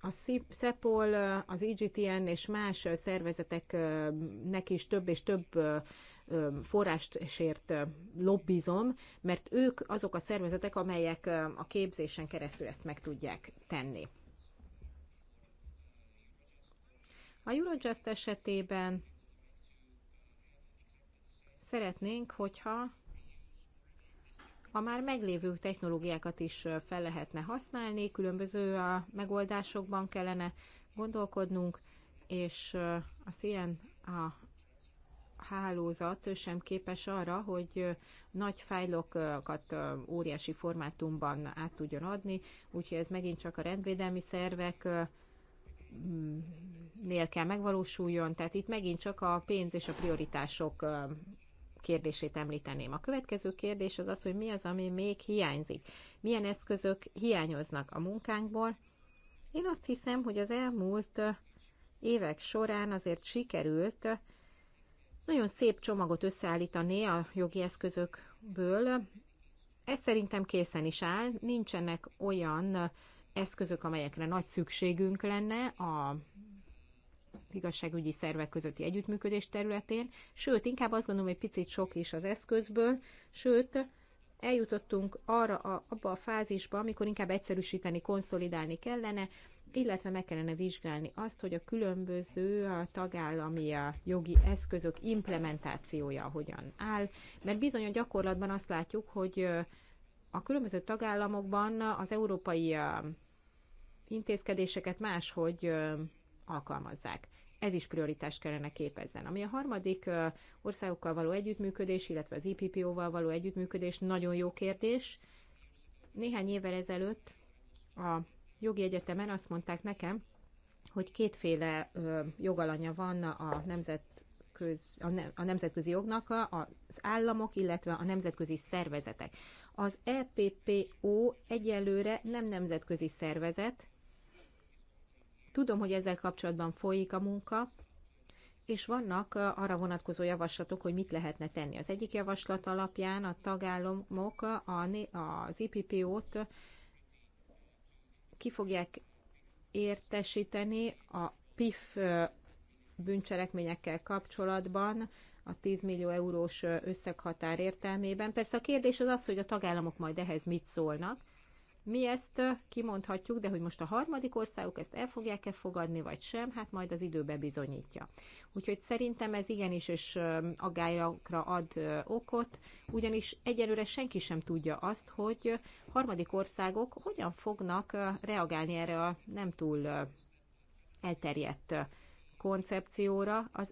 a CEPOL, az EGTN és más szervezeteknek is több és több forrásért lobbizom, mert ők azok a szervezetek, amelyek a képzésen keresztül ezt meg tudják tenni. A Eurojust esetében Szeretnénk, hogyha a már meglévő technológiákat is fel lehetne használni, különböző a megoldásokban kellene gondolkodnunk, és a ilyen a hálózat sem képes arra, hogy nagy fájlokat óriási formátumban át tudjon adni, úgyhogy ez megint csak a rendvédelmi szervek nél kell megvalósuljon, tehát itt megint csak a pénz és a prioritások kérdését említeném. A következő kérdés az az, hogy mi az, ami még hiányzik. Milyen eszközök hiányoznak a munkánkból. Én azt hiszem, hogy az elmúlt évek során azért sikerült nagyon szép csomagot összeállítani a jogi eszközökből. Ez szerintem készen is áll, nincsenek olyan eszközök, amelyekre nagy szükségünk lenne a igazságügyi szervek közötti együttműködés területén, sőt, inkább azt gondolom, hogy picit sok is az eszközből, sőt, eljutottunk arra a, abba a fázisba, amikor inkább egyszerűsíteni, konszolidálni kellene, illetve meg kellene vizsgálni azt, hogy a különböző a tagállami a jogi eszközök implementációja hogyan áll, mert bizony a gyakorlatban azt látjuk, hogy a különböző tagállamokban az európai intézkedéseket máshogy alkalmazzák. Ez is prioritást kellene képezzen. Ami a harmadik országokkal való együttműködés, illetve az IPPO-val való együttműködés nagyon jó kérdés. Néhány évvel ezelőtt a jogi egyetemen azt mondták nekem, hogy kétféle jogalanya van a nemzet köz, a, ne, a nemzetközi jognak az államok, illetve a nemzetközi szervezetek. Az EPPO egyelőre nem nemzetközi szervezet, Tudom, hogy ezzel kapcsolatban folyik a munka, és vannak arra vonatkozó javaslatok, hogy mit lehetne tenni. Az egyik javaslat alapján a tagállamok az IPPO-t ki fogják értesíteni a PIF bűncselekményekkel kapcsolatban a 10 millió eurós összeghatár értelmében. Persze a kérdés az az, hogy a tagállamok majd ehhez mit szólnak, mi ezt kimondhatjuk, de hogy most a harmadik országok ezt el fogják-e fogadni, vagy sem, hát majd az időbe bizonyítja. Úgyhogy szerintem ez igenis és agályokra ad okot, ugyanis egyelőre senki sem tudja azt, hogy harmadik országok hogyan fognak reagálni erre a nem túl elterjedt koncepcióra az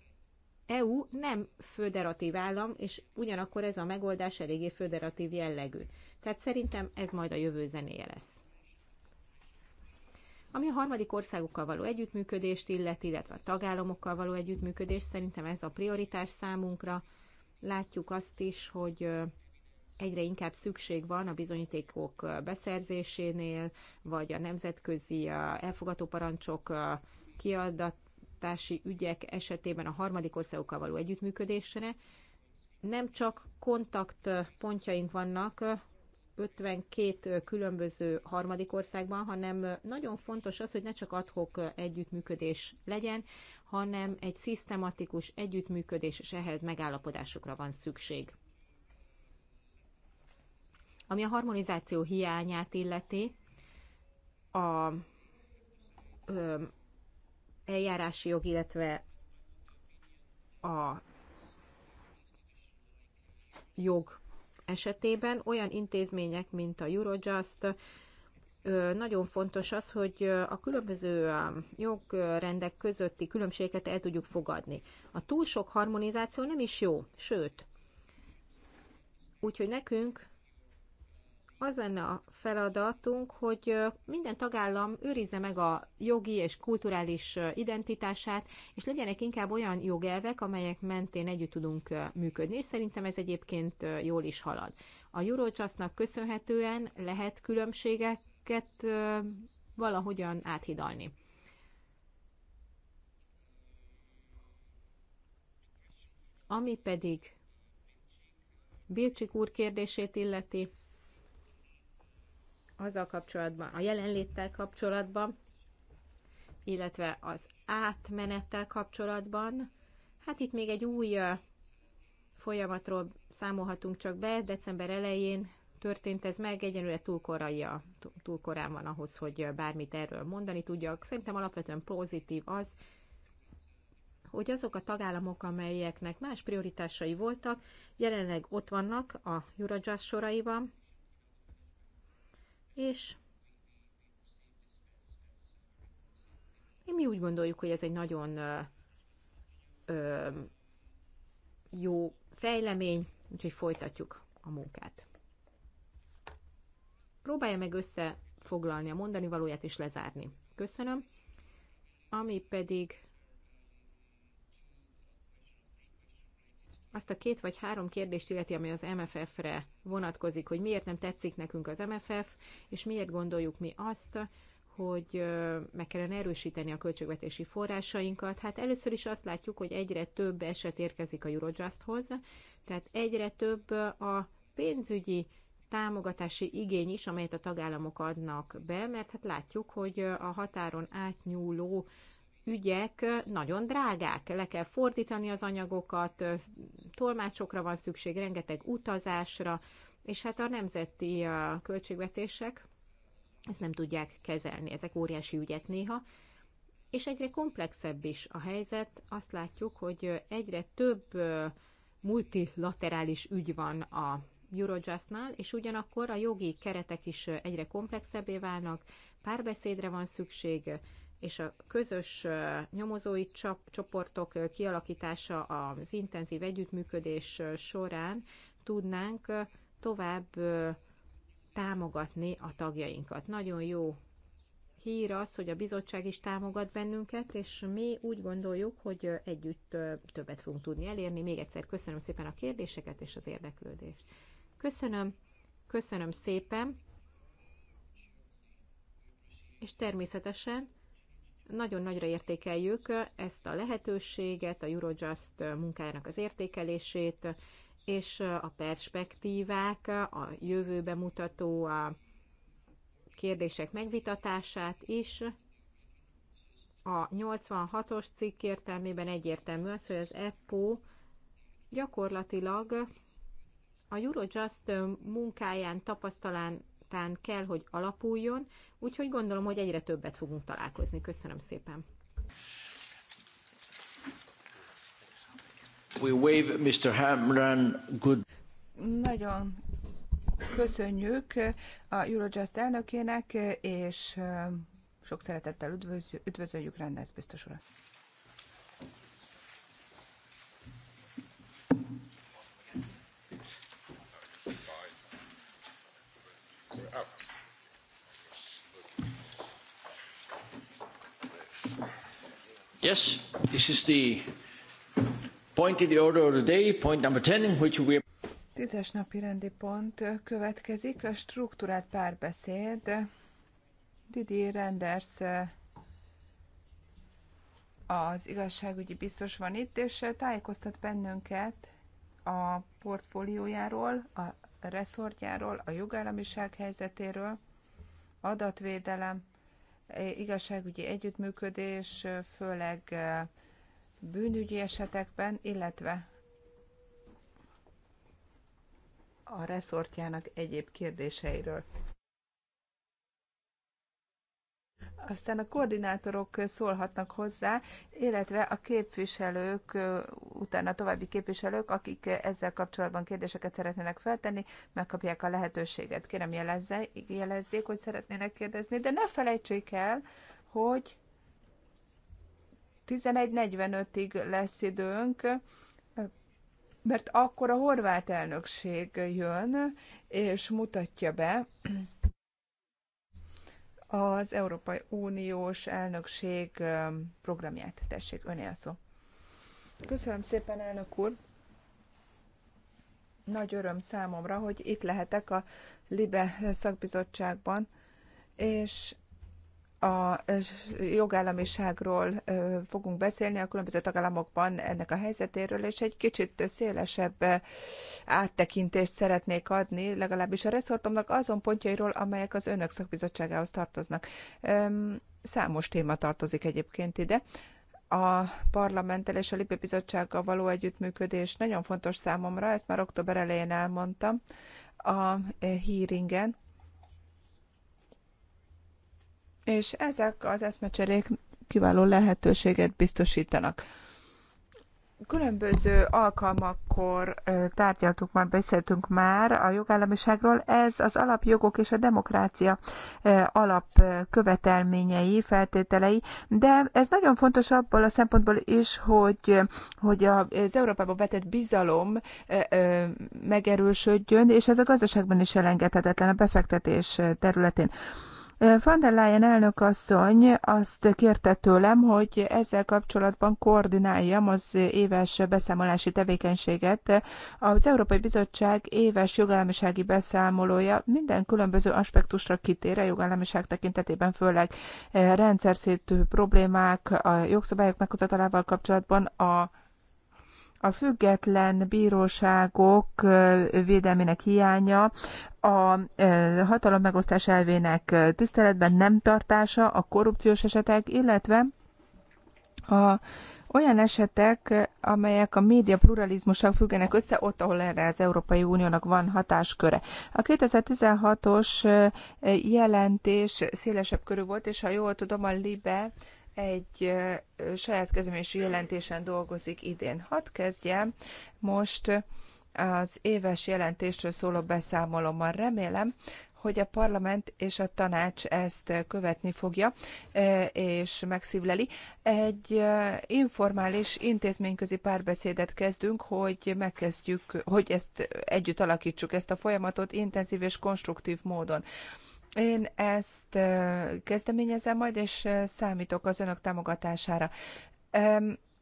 EU nem föderatív állam, és ugyanakkor ez a megoldás eléggé föderatív jellegű. Tehát szerintem ez majd a jövő zenéje lesz. Ami a harmadik országokkal való együttműködést illeti, illetve a tagállamokkal való együttműködést, szerintem ez a prioritás számunkra. Látjuk azt is, hogy egyre inkább szükség van a bizonyítékok beszerzésénél, vagy a nemzetközi elfogató parancsok kiadat, szolgáltatási ügyek esetében a harmadik országokkal való együttműködésre. Nem csak kontaktpontjaink vannak 52 különböző harmadik országban, hanem nagyon fontos az, hogy ne csak adhok együttműködés legyen, hanem egy szisztematikus együttműködés, és ehhez megállapodásokra van szükség. Ami a harmonizáció hiányát illeti, a eljárási jog, illetve a jog esetében olyan intézmények, mint a Eurojust, nagyon fontos az, hogy a különböző jogrendek közötti különbségeket el tudjuk fogadni. A túl sok harmonizáció nem is jó, sőt. Úgyhogy nekünk az lenne a feladatunk, hogy minden tagállam őrizze meg a jogi és kulturális identitását, és legyenek inkább olyan jogelvek, amelyek mentén együtt tudunk működni, és szerintem ez egyébként jól is halad. A Eurojustnak köszönhetően lehet különbségeket valahogyan áthidalni. Ami pedig Bilcsik úr kérdését illeti, azzal kapcsolatban, a jelenléttel kapcsolatban, illetve az átmenettel kapcsolatban. Hát itt még egy új folyamatról számolhatunk csak be, december elején történt ez meg, egyenlőre túl, korai a, túl korán van ahhoz, hogy bármit erről mondani tudjak. Szerintem alapvetően pozitív az, hogy azok a tagállamok, amelyeknek más prioritásai voltak, jelenleg ott vannak a Eurojust soraiban, és mi úgy gondoljuk, hogy ez egy nagyon ö, jó fejlemény, úgyhogy folytatjuk a munkát. Próbálja meg összefoglalni a mondani valóját és lezárni. Köszönöm. Ami pedig azt a két vagy három kérdést illeti, ami az MFF-re vonatkozik, hogy miért nem tetszik nekünk az MFF, és miért gondoljuk mi azt, hogy meg kellene erősíteni a költségvetési forrásainkat. Hát először is azt látjuk, hogy egyre több eset érkezik a Eurojusthoz, tehát egyre több a pénzügyi támogatási igény is, amelyet a tagállamok adnak be, mert hát látjuk, hogy a határon átnyúló ügyek nagyon drágák, le kell fordítani az anyagokat, tolmácsokra van szükség, rengeteg utazásra, és hát a nemzeti költségvetések ezt nem tudják kezelni, ezek óriási ügyek néha, és egyre komplexebb is a helyzet. Azt látjuk, hogy egyre több multilaterális ügy van a Eurojustnál, és ugyanakkor a jogi keretek is egyre komplexebbé válnak, párbeszédre van szükség, és a közös nyomozói csoportok kialakítása az intenzív együttműködés során tudnánk tovább támogatni a tagjainkat. Nagyon jó hír az, hogy a bizottság is támogat bennünket, és mi úgy gondoljuk, hogy együtt többet fogunk tudni elérni. Még egyszer köszönöm szépen a kérdéseket és az érdeklődést. Köszönöm, köszönöm szépen, és természetesen nagyon nagyra értékeljük ezt a lehetőséget, a Eurojust munkájának az értékelését, és a perspektívák, a jövőbe mutató a kérdések megvitatását is. A 86-os cikk értelmében egyértelmű az, hogy az EPPO gyakorlatilag a Eurojust munkáján tapasztalán kapcsán kell, hogy alapuljon, úgyhogy gondolom, hogy egyre többet fogunk találkozni. Köszönöm szépen! We wave Mr. Hamran good. Nagyon köszönjük a Eurojust elnökének, és sok szeretettel üdvözöljük Rendez biztos urat. Yes, this is the point in the order of the day, point number 10, in which we... Tízes napi rendi pont következik, a struktúrált párbeszéd. Didi Renders eh, az igazságügyi biztos van itt, és eh, tájékoztat bennünket a portfóliójáról, a reszortjáról, a jogállamiság helyzetéről, adatvédelem, E, igazságügyi együttműködés, főleg bűnügyi esetekben, illetve a reszortjának egyéb kérdéseiről. Aztán a koordinátorok szólhatnak hozzá, illetve a képviselők, utána további képviselők, akik ezzel kapcsolatban kérdéseket szeretnének feltenni, megkapják a lehetőséget. Kérem jelezze, jelezzék, hogy szeretnének kérdezni, de ne felejtsék el, hogy 11.45-ig lesz időnk, mert akkor a horvát elnökség jön, és mutatja be az Európai Uniós elnökség programját. Tessék, öné a szó. Köszönöm szépen, elnök úr! Nagy öröm számomra, hogy itt lehetek a LIBE szakbizottságban, és a jogállamiságról fogunk beszélni a különböző tagállamokban ennek a helyzetéről, és egy kicsit szélesebb áttekintést szeretnék adni, legalábbis a reszortomnak azon pontjairól, amelyek az önök szakbizottságához tartoznak. Számos téma tartozik egyébként ide a parlamenttel és a Libé Bizottsággal való együttműködés nagyon fontos számomra, ezt már október elején elmondtam a e, hearingen és ezek az eszmecserék kiváló lehetőséget biztosítanak. Különböző alkalmakkor tárgyaltuk már, beszéltünk már a jogállamiságról. Ez az alapjogok és a demokrácia alapkövetelményei, feltételei, de ez nagyon fontos abból a szempontból is, hogy, hogy az Európában vetett bizalom megerősödjön, és ez a gazdaságban is elengedhetetlen a befektetés területén. Van der Leyen asszony azt kérte tőlem, hogy ezzel kapcsolatban koordináljam az éves beszámolási tevékenységet. Az Európai Bizottság éves jogállamisági beszámolója minden különböző aspektusra kitér a jogállamiság tekintetében, főleg eh, rendszer problémák, a jogszabályok meghozatalával kapcsolatban a a független bíróságok védelmének hiánya, a megosztás elvének tiszteletben nem tartása, a korrupciós esetek, illetve a olyan esetek, amelyek a média pluralizmussal függenek össze, ott, ahol erre az Európai Uniónak van hatásköre. A 2016-os jelentés szélesebb körű volt, és ha jól tudom, a LIBE egy saját kezemésű jelentésen dolgozik idén. Hadd kezdjem most az éves jelentésről szóló beszámolommal. Remélem, hogy a parlament és a tanács ezt követni fogja, és megszívleli. Egy informális intézményközi párbeszédet kezdünk, hogy megkezdjük, hogy ezt együtt alakítsuk, ezt a folyamatot intenzív és konstruktív módon. Én ezt kezdeményezem majd, és számítok az önök támogatására.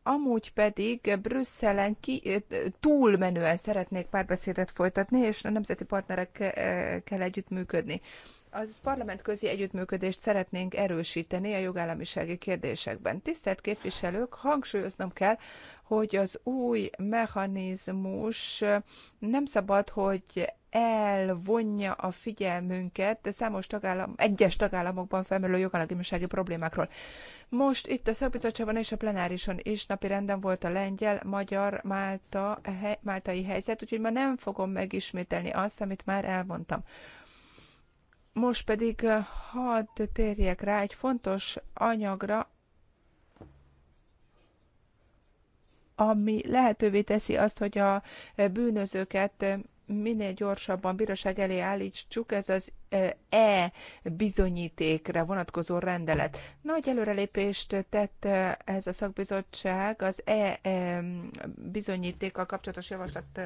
Amúgy pedig Brüsszelen ki, túlmenően szeretnék párbeszédet folytatni, és a nemzeti partnerekkel együttműködni. Az parlamentközi együttműködést szeretnénk erősíteni a jogállamisági kérdésekben. Tisztelt képviselők, hangsúlyoznom kell, hogy az új mechanizmus nem szabad, hogy elvonja a figyelmünket de számos tagállam, egyes tagállamokban felmerülő jogalagimisági problémákról. Most itt a szakbizottságban és a plenárison is napi renden volt a lengyel, magyar, málta, he, máltai helyzet, úgyhogy ma nem fogom megismételni azt, amit már elmondtam. Most pedig eh, hadd térjek rá egy fontos anyagra, ami lehetővé teszi azt, hogy a bűnözőket minél gyorsabban bíróság elé állítsuk, ez az E, e bizonyítékra vonatkozó rendelet. Nagy előrelépést tett e, ez a szakbizottság az E, e bizonyítékkal kapcsolatos javaslat,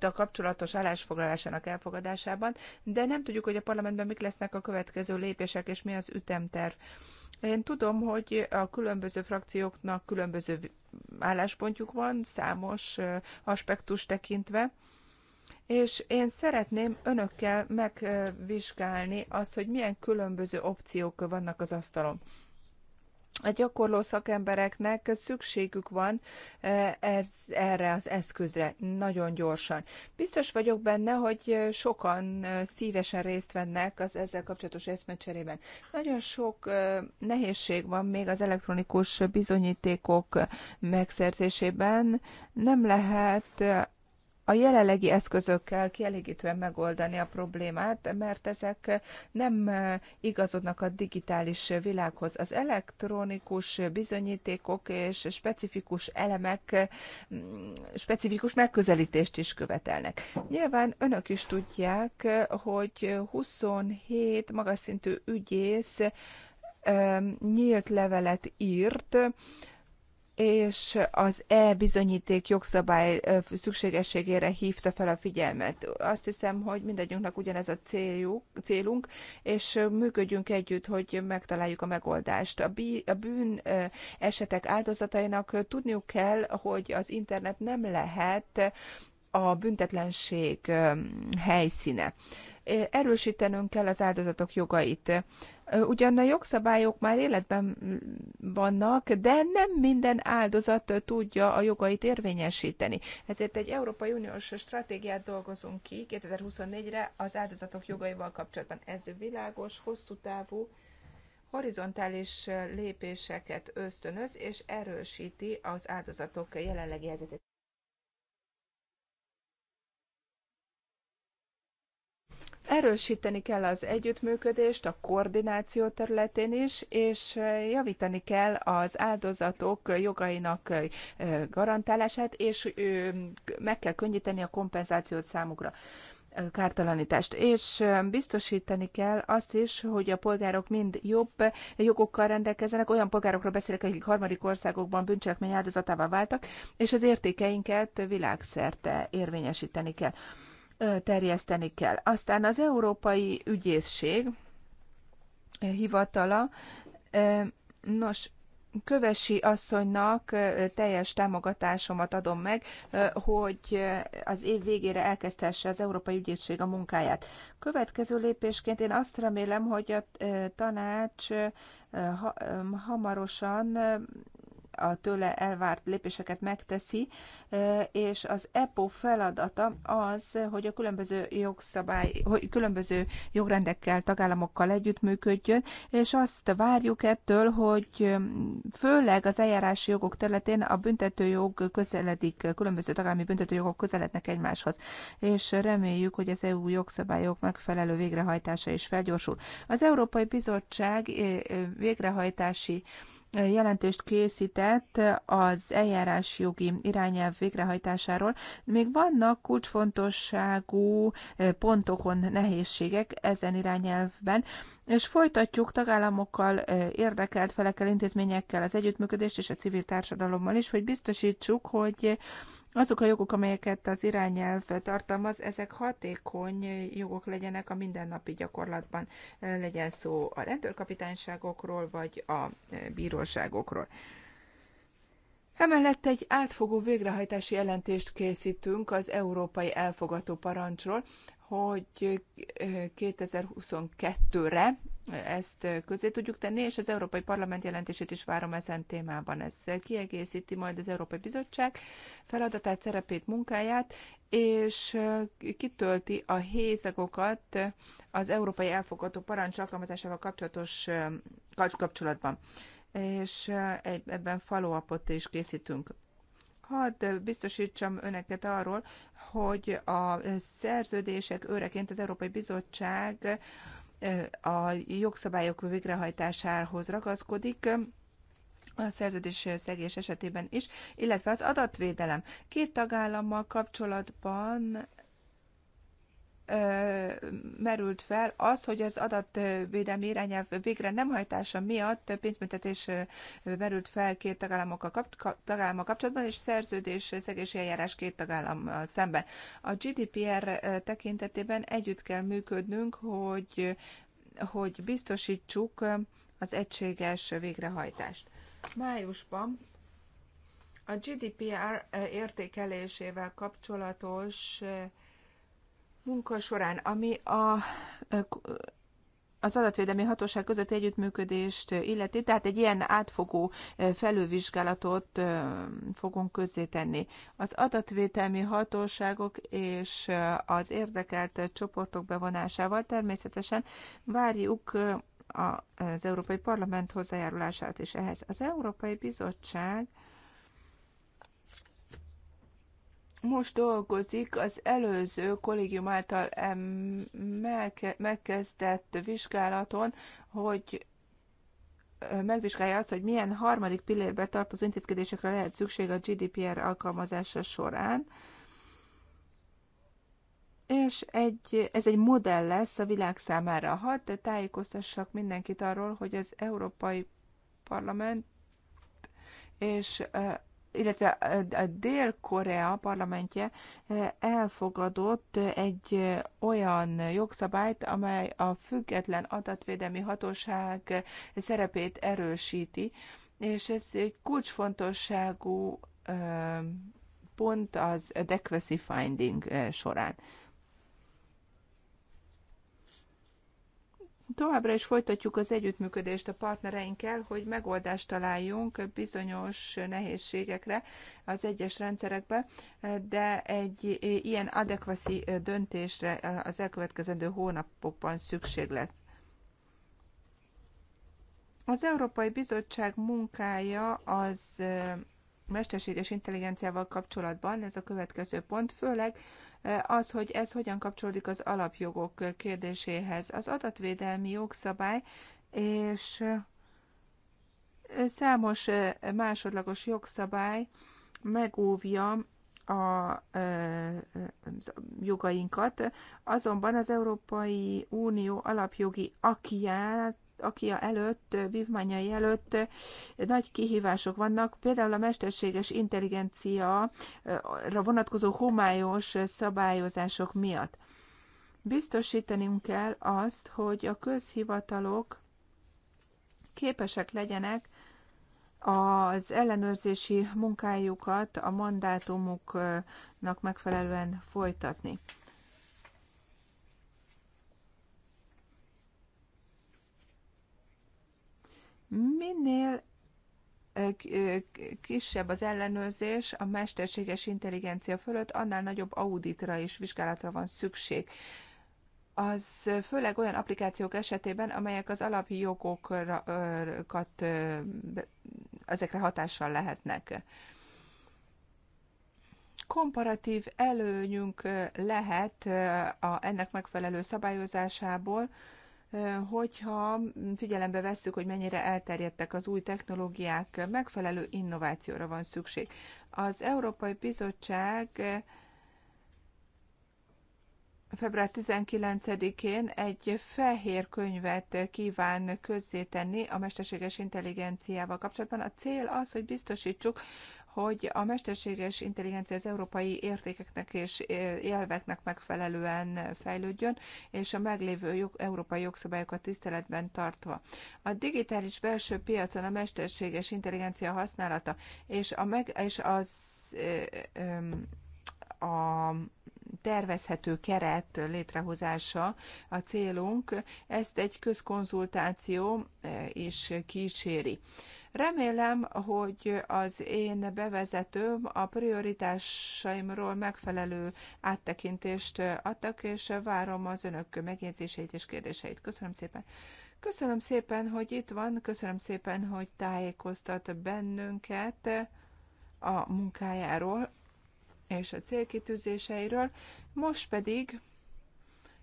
a kapcsolatos állásfoglalásának elfogadásában, de nem tudjuk, hogy a parlamentben mik lesznek a következő lépések és mi az ütemterv. Én tudom, hogy a különböző frakcióknak különböző álláspontjuk van, számos aspektus tekintve, és én szeretném önökkel megvizsgálni azt, hogy milyen különböző opciók vannak az asztalon a gyakorló szakembereknek szükségük van eh, ez, erre az eszközre nagyon gyorsan. Biztos vagyok benne, hogy sokan eh, szívesen részt vennek az ezzel kapcsolatos eszmecserében. Nagyon sok eh, nehézség van még az elektronikus bizonyítékok megszerzésében. Nem lehet a jelenlegi eszközökkel kielégítően megoldani a problémát, mert ezek nem igazodnak a digitális világhoz. Az elektronikus bizonyítékok és specifikus elemek specifikus megközelítést is követelnek. Nyilván önök is tudják, hogy 27 magas szintű ügyész nyílt levelet írt, és az e-bizonyíték jogszabály szükségességére hívta fel a figyelmet. Azt hiszem, hogy mindegyünknek ugyanez a céljuk, célunk, és működjünk együtt, hogy megtaláljuk a megoldást. A bűn esetek áldozatainak tudniuk kell, hogy az internet nem lehet a büntetlenség helyszíne erősítenünk kell az áldozatok jogait. Ugyan a jogszabályok már életben vannak, de nem minden áldozat tudja a jogait érvényesíteni. Ezért egy Európai Uniós stratégiát dolgozunk ki 2024-re az áldozatok jogaival kapcsolatban. Ez világos, hosszú távú, horizontális lépéseket ösztönöz és erősíti az áldozatok jelenlegi helyzetét. Erősíteni kell az együttműködést a koordináció területén is, és javítani kell az áldozatok jogainak garantálását, és meg kell könnyíteni a kompenzációt számukra kártalanítást, és biztosítani kell azt is, hogy a polgárok mind jobb jogokkal rendelkezzenek, olyan polgárokról beszélek, akik harmadik országokban bűncselekmény áldozatává váltak, és az értékeinket világszerte érvényesíteni kell terjeszteni kell. Aztán az Európai Ügyészség hivatala, nos, Kövesi asszonynak teljes támogatásomat adom meg, hogy az év végére elkezdhesse az Európai Ügyészség a munkáját. Következő lépésként én azt remélem, hogy a tanács hamarosan a tőle elvárt lépéseket megteszi, és az EPO feladata az, hogy a különböző jogszabály, hogy különböző jogrendekkel, tagállamokkal együttműködjön, és azt várjuk ettől, hogy főleg az eljárási jogok területén a büntetőjog közeledik, különböző tagállami büntetőjogok közelednek egymáshoz, és reméljük, hogy az EU jogszabályok megfelelő végrehajtása is felgyorsul. Az Európai Bizottság végrehajtási jelentést készített az jogi irányelv végrehajtásáról. Még vannak kulcsfontosságú eh, pontokon nehézségek ezen irányelvben, és folytatjuk tagállamokkal, eh, érdekelt felekkel, intézményekkel az együttműködést és a civil társadalommal is, hogy biztosítsuk, hogy azok a jogok, amelyeket az irányelv tartalmaz, ezek hatékony jogok legyenek a mindennapi gyakorlatban, legyen szó a rendőrkapitányságokról vagy a bíróságokról. Emellett egy átfogó végrehajtási jelentést készítünk az európai elfogató parancsról, hogy 2022-re eh, ezt eh, közé tudjuk tenni, és az Európai Parlament jelentését is várom ezen témában. Ez kiegészíti majd az Európai Bizottság feladatát, szerepét, munkáját, és eh, kitölti a hézagokat az Európai Elfogadó Parancs alkalmazásával kapcsolatos kapcsolatban. És ebben follow is készítünk. Hadd biztosítsam önöket arról, hogy a szerződések őreként az Európai Bizottság a jogszabályok végrehajtásához ragaszkodik, a szerződés szegés esetében is, illetve az adatvédelem. Két tagállammal kapcsolatban merült fel az, hogy az adatvédelmi irányelv végre nem hajtása miatt pénzbüntetés merült fel két tagállamokkal kap, tagállammal kapcsolatban, és szerződés szegési eljárás két tagállammal szemben. A GDPR tekintetében együtt kell működnünk, hogy, hogy biztosítsuk az egységes végrehajtást. Májusban a GDPR értékelésével kapcsolatos munka során, ami a az adatvédelmi hatóság között együttműködést illeti, tehát egy ilyen átfogó felülvizsgálatot fogunk közzétenni. Az adatvédelmi hatóságok és az érdekelt csoportok bevonásával természetesen várjuk az Európai Parlament hozzájárulását is ehhez. Az Európai Bizottság most dolgozik az előző kollégium által megkezdett vizsgálaton, hogy megvizsgálja azt, hogy milyen harmadik pillérbe tartozó intézkedésekre lehet szükség a GDPR alkalmazása során. És egy, ez egy modell lesz a világ számára. Hadd tájékoztassak mindenkit arról, hogy az Európai Parlament és illetve a Dél-Korea parlamentje eh, elfogadott egy eh, olyan jogszabályt, amely a független adatvédelmi hatóság eh, szerepét erősíti, és ez egy kulcsfontosságú pont az adequacy finding során. Továbbra is folytatjuk az együttműködést a partnereinkkel, hogy megoldást találjunk bizonyos nehézségekre az egyes rendszerekbe, de egy ilyen adekvaszi döntésre az elkövetkezendő hónapokban szükség lesz. Az Európai Bizottság munkája az mesterséges intelligenciával kapcsolatban, ez a következő pont, főleg Eh, az, hogy ez hogyan kapcsolódik az alapjogok kérdéséhez. Az adatvédelmi jogszabály és eh, számos eh, másodlagos jogszabály megóvja a jogainkat, azonban az Európai Unió alapjogi akiát akia előtt, vívmányai előtt eh, nagy kihívások vannak, például a mesterséges intelligencia eh, vonatkozó homályos szabályozások miatt. Biztosítanunk kell azt, hogy a közhivatalok képesek legyenek az ellenőrzési munkájukat a mandátumuknak megfelelően folytatni. Minél kisebb az ellenőrzés a mesterséges intelligencia fölött, annál nagyobb auditra és vizsgálatra van szükség. Az főleg olyan applikációk esetében, amelyek az jogokat ezekre hatással lehetnek. Komparatív előnyünk lehet a ennek megfelelő szabályozásából, hogyha figyelembe vesszük, hogy mennyire elterjedtek az új technológiák, megfelelő innovációra van szükség. Az Európai Bizottság február 19-én egy fehér könyvet kíván közzétenni a mesterséges intelligenciával kapcsolatban. A cél az, hogy biztosítsuk, hogy a mesterséges intelligencia az európai értékeknek és jelveknek eh, megfelelően fejlődjön, és a meglévő jog, európai jogszabályokat tiszteletben tartva. A digitális belső piacon a mesterséges intelligencia használata és, a meg, és az eh, a tervezhető keret létrehozása a célunk. Ezt egy közkonzultáció eh, is kíséri. Remélem, hogy az én bevezetőm a prioritásaimról megfelelő áttekintést adtak, és várom az önök megjegyzéseit és kérdéseit. Köszönöm szépen! Köszönöm szépen, hogy itt van, köszönöm szépen, hogy tájékoztat bennünket a munkájáról és a célkitűzéseiről. Most pedig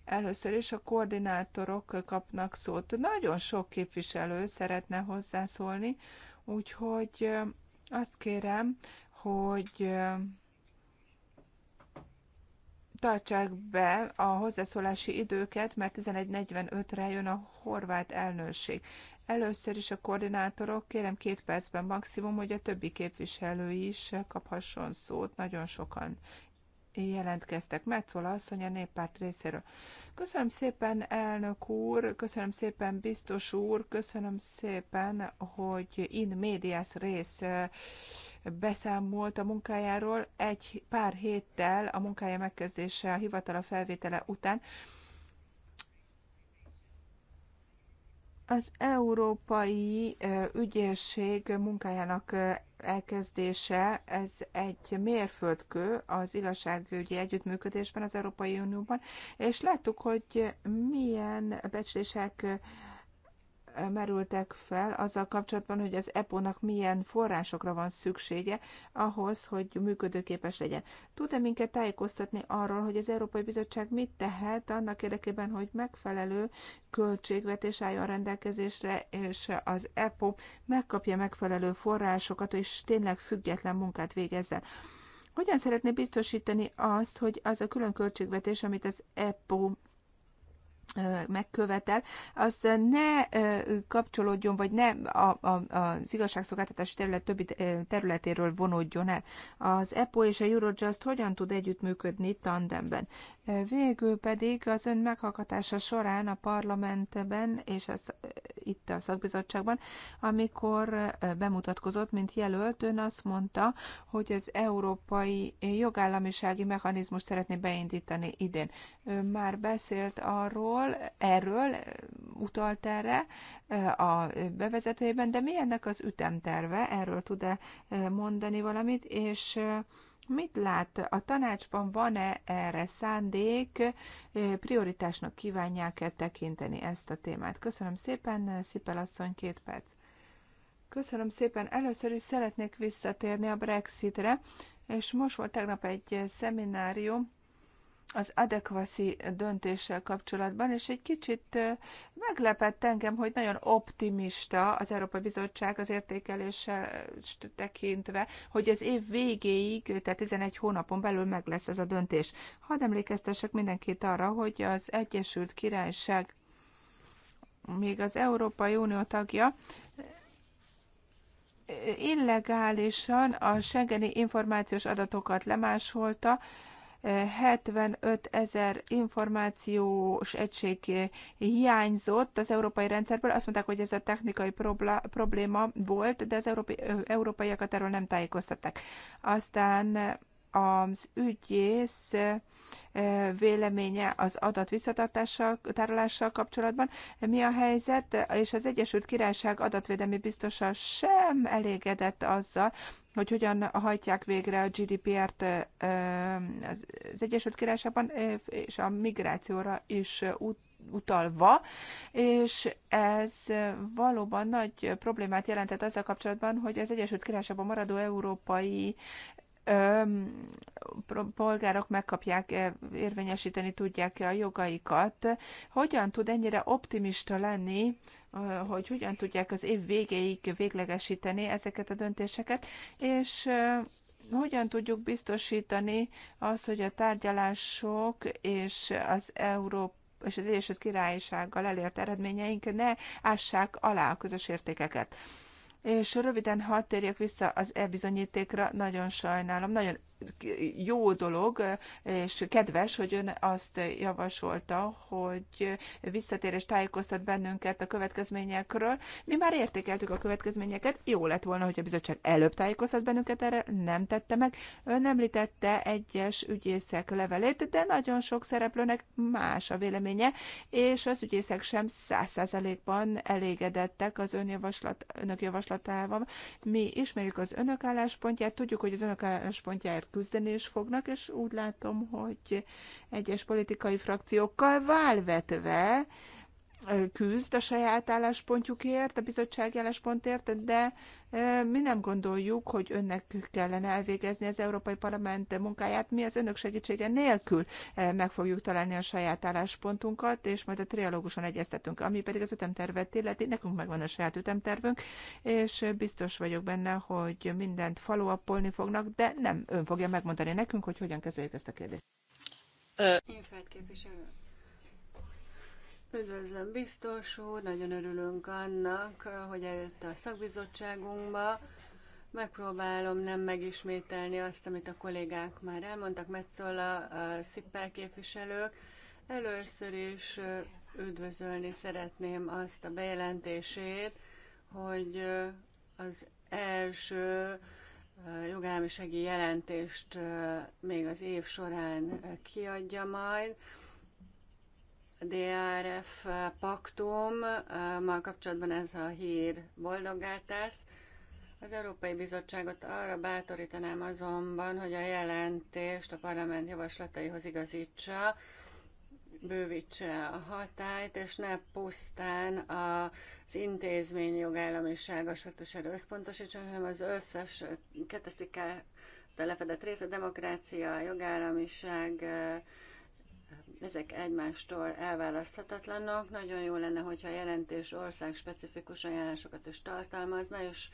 Először is a koordinátorok kapnak szót. Nagyon sok képviselő szeretne hozzászólni, úgyhogy azt kérem, hogy tartsák be a hozzászólási időket, mert 11.45-re jön a horvát elnőség. Először is a koordinátorok, kérem két percben maximum, hogy a többi képviselő is kaphasson szót, nagyon sokan jelentkeztek. Metzola asszony a néppárt részéről. Köszönöm szépen, elnök úr, köszönöm szépen, biztos úr, köszönöm szépen, hogy in medias rész beszámolt a munkájáról egy pár héttel a munkája megkezdése, a hivatala felvétele után. Az Európai Ügyészség munkájának elkezdése, ez egy mérföldkő az igazságügyi együttműködésben az Európai Unióban, és láttuk, hogy milyen becslések merültek fel azzal kapcsolatban, hogy az EPO-nak milyen forrásokra van szüksége ahhoz, hogy működőképes legyen. Tud-e minket tájékoztatni arról, hogy az Európai Bizottság mit tehet annak érdekében, hogy megfelelő költségvetés álljon rendelkezésre, és az EPO megkapja megfelelő forrásokat, és tényleg független munkát végezzen? Hogyan szeretné biztosítani azt, hogy az a külön költségvetés, amit az EPO megkövetel, az ne kapcsolódjon, vagy ne a, a, az igazságszolgáltatási terület többi területéről vonódjon el. Az EPO és a Eurojust hogyan tud együttműködni tandemben? Végül pedig az ön meghallgatása során a parlamentben és az, itt a szakbizottságban, amikor bemutatkozott, mint jelölt, ön azt mondta, hogy az európai jogállamisági mechanizmus szeretné beindítani idén. Ő már beszélt arról, erről, utalt erre a bevezetőjében, de mi ennek az ütemterve? Erről tud-e mondani valamit? És Mit lát? A tanácsban van-e erre szándék? Eh, prioritásnak kívánják-e tekinteni ezt a témát? Köszönöm szépen, Szipel asszony, két perc. Köszönöm szépen. Először is szeretnék visszatérni a Brexitre, és most volt tegnap egy szeminárium, az adekvaszi döntéssel kapcsolatban, és egy kicsit meglepett engem, hogy nagyon optimista az Európai Bizottság az értékeléssel tekintve, hogy az év végéig, tehát 11 hónapon belül meg lesz ez a döntés. Hadd emlékeztessek mindenkit arra, hogy az Egyesült Királyság még az Európai Unió tagja, illegálisan a Schengeni információs adatokat lemásolta, 75 ezer információs egység hiányzott az európai rendszerből. Azt mondták, hogy ez a technikai probléma volt, de az európai, európaiakat erről nem tájékoztatták. Aztán az ügyész véleménye az adat visszatartással, tárolással kapcsolatban. Mi a helyzet? És az Egyesült Királyság adatvédelmi biztosa sem elégedett azzal, hogy hogyan hajtják végre a GDPR-t az Egyesült Királyságban, és a migrációra is út utalva, és ez valóban nagy problémát jelentett azzal kapcsolatban, hogy az Egyesült Királyságban maradó európai polgárok megkapják, eh, érvényesíteni tudják-e a jogaikat. Hogyan tud ennyire optimista lenni, hogy hogyan tudják az év végéig véglegesíteni ezeket a döntéseket, és hogyan tudjuk biztosítani azt, hogy a tárgyalások és az Európa és az Egyesült Királysággal elért eredményeink ne ássák alá a közös értékeket. És röviden hadd térjek vissza az e-bizonyítékra, nagyon sajnálom, nagyon jó dolog, és kedves, hogy ön azt javasolta, hogy visszatérés tájékoztat bennünket a következményekről. Mi már értékeltük a következményeket, jó lett volna, hogy a bizottság előbb tájékoztat bennünket, erre nem tette meg. Ön említette egyes ügyészek levelét, de nagyon sok szereplőnek más a véleménye, és az ügyészek sem száz százalékban elégedettek az ön javaslat, önök javaslat csapatával. Mi ismerjük az önök álláspontját, tudjuk, hogy az önök álláspontjáért küzdeni is fognak, és úgy látom, hogy egyes politikai frakciókkal válvetve küzd a saját álláspontjukért, a bizottság álláspontért, de mi nem gondoljuk, hogy önnek kellene elvégezni az Európai Parlament munkáját. Mi az önök segítsége nélkül meg fogjuk találni a saját álláspontunkat, és majd a trialóguson egyeztetünk. Ami pedig az ütemtervet illeti, nekünk megvan a saját ütemtervünk, és biztos vagyok benne, hogy mindent faluappolni fognak, de nem ön fogja megmondani nekünk, hogy hogyan kezeljük ezt a kérdést. Én felképviselő. Üdvözlöm, biztos úr, nagyon örülünk annak, hogy eljött a szakbizottságunkba. Megpróbálom nem megismételni azt, amit a kollégák már elmondtak, Metzola, a Szippel képviselők. Először is üdvözölni szeretném azt a bejelentését, hogy az első jogállamisági jelentést még az év során kiadja majd. DRF paktummal eh, kapcsolatban ez a hír boldoggá tesz. Az Európai Bizottságot arra bátorítanám azonban, hogy a jelentést a parlament javaslataihoz igazítsa, bővítse a hatályt, és ne pusztán az intézmény jogállamisága aspektusára összpontosítson, hanem az összes kettes lefedett része, demokrácia, jogállamiság, eh, ezek egymástól elválaszthatatlanok. Nagyon jó lenne, hogyha a jelentés ország specifikus ajánlásokat is tartalmazna, és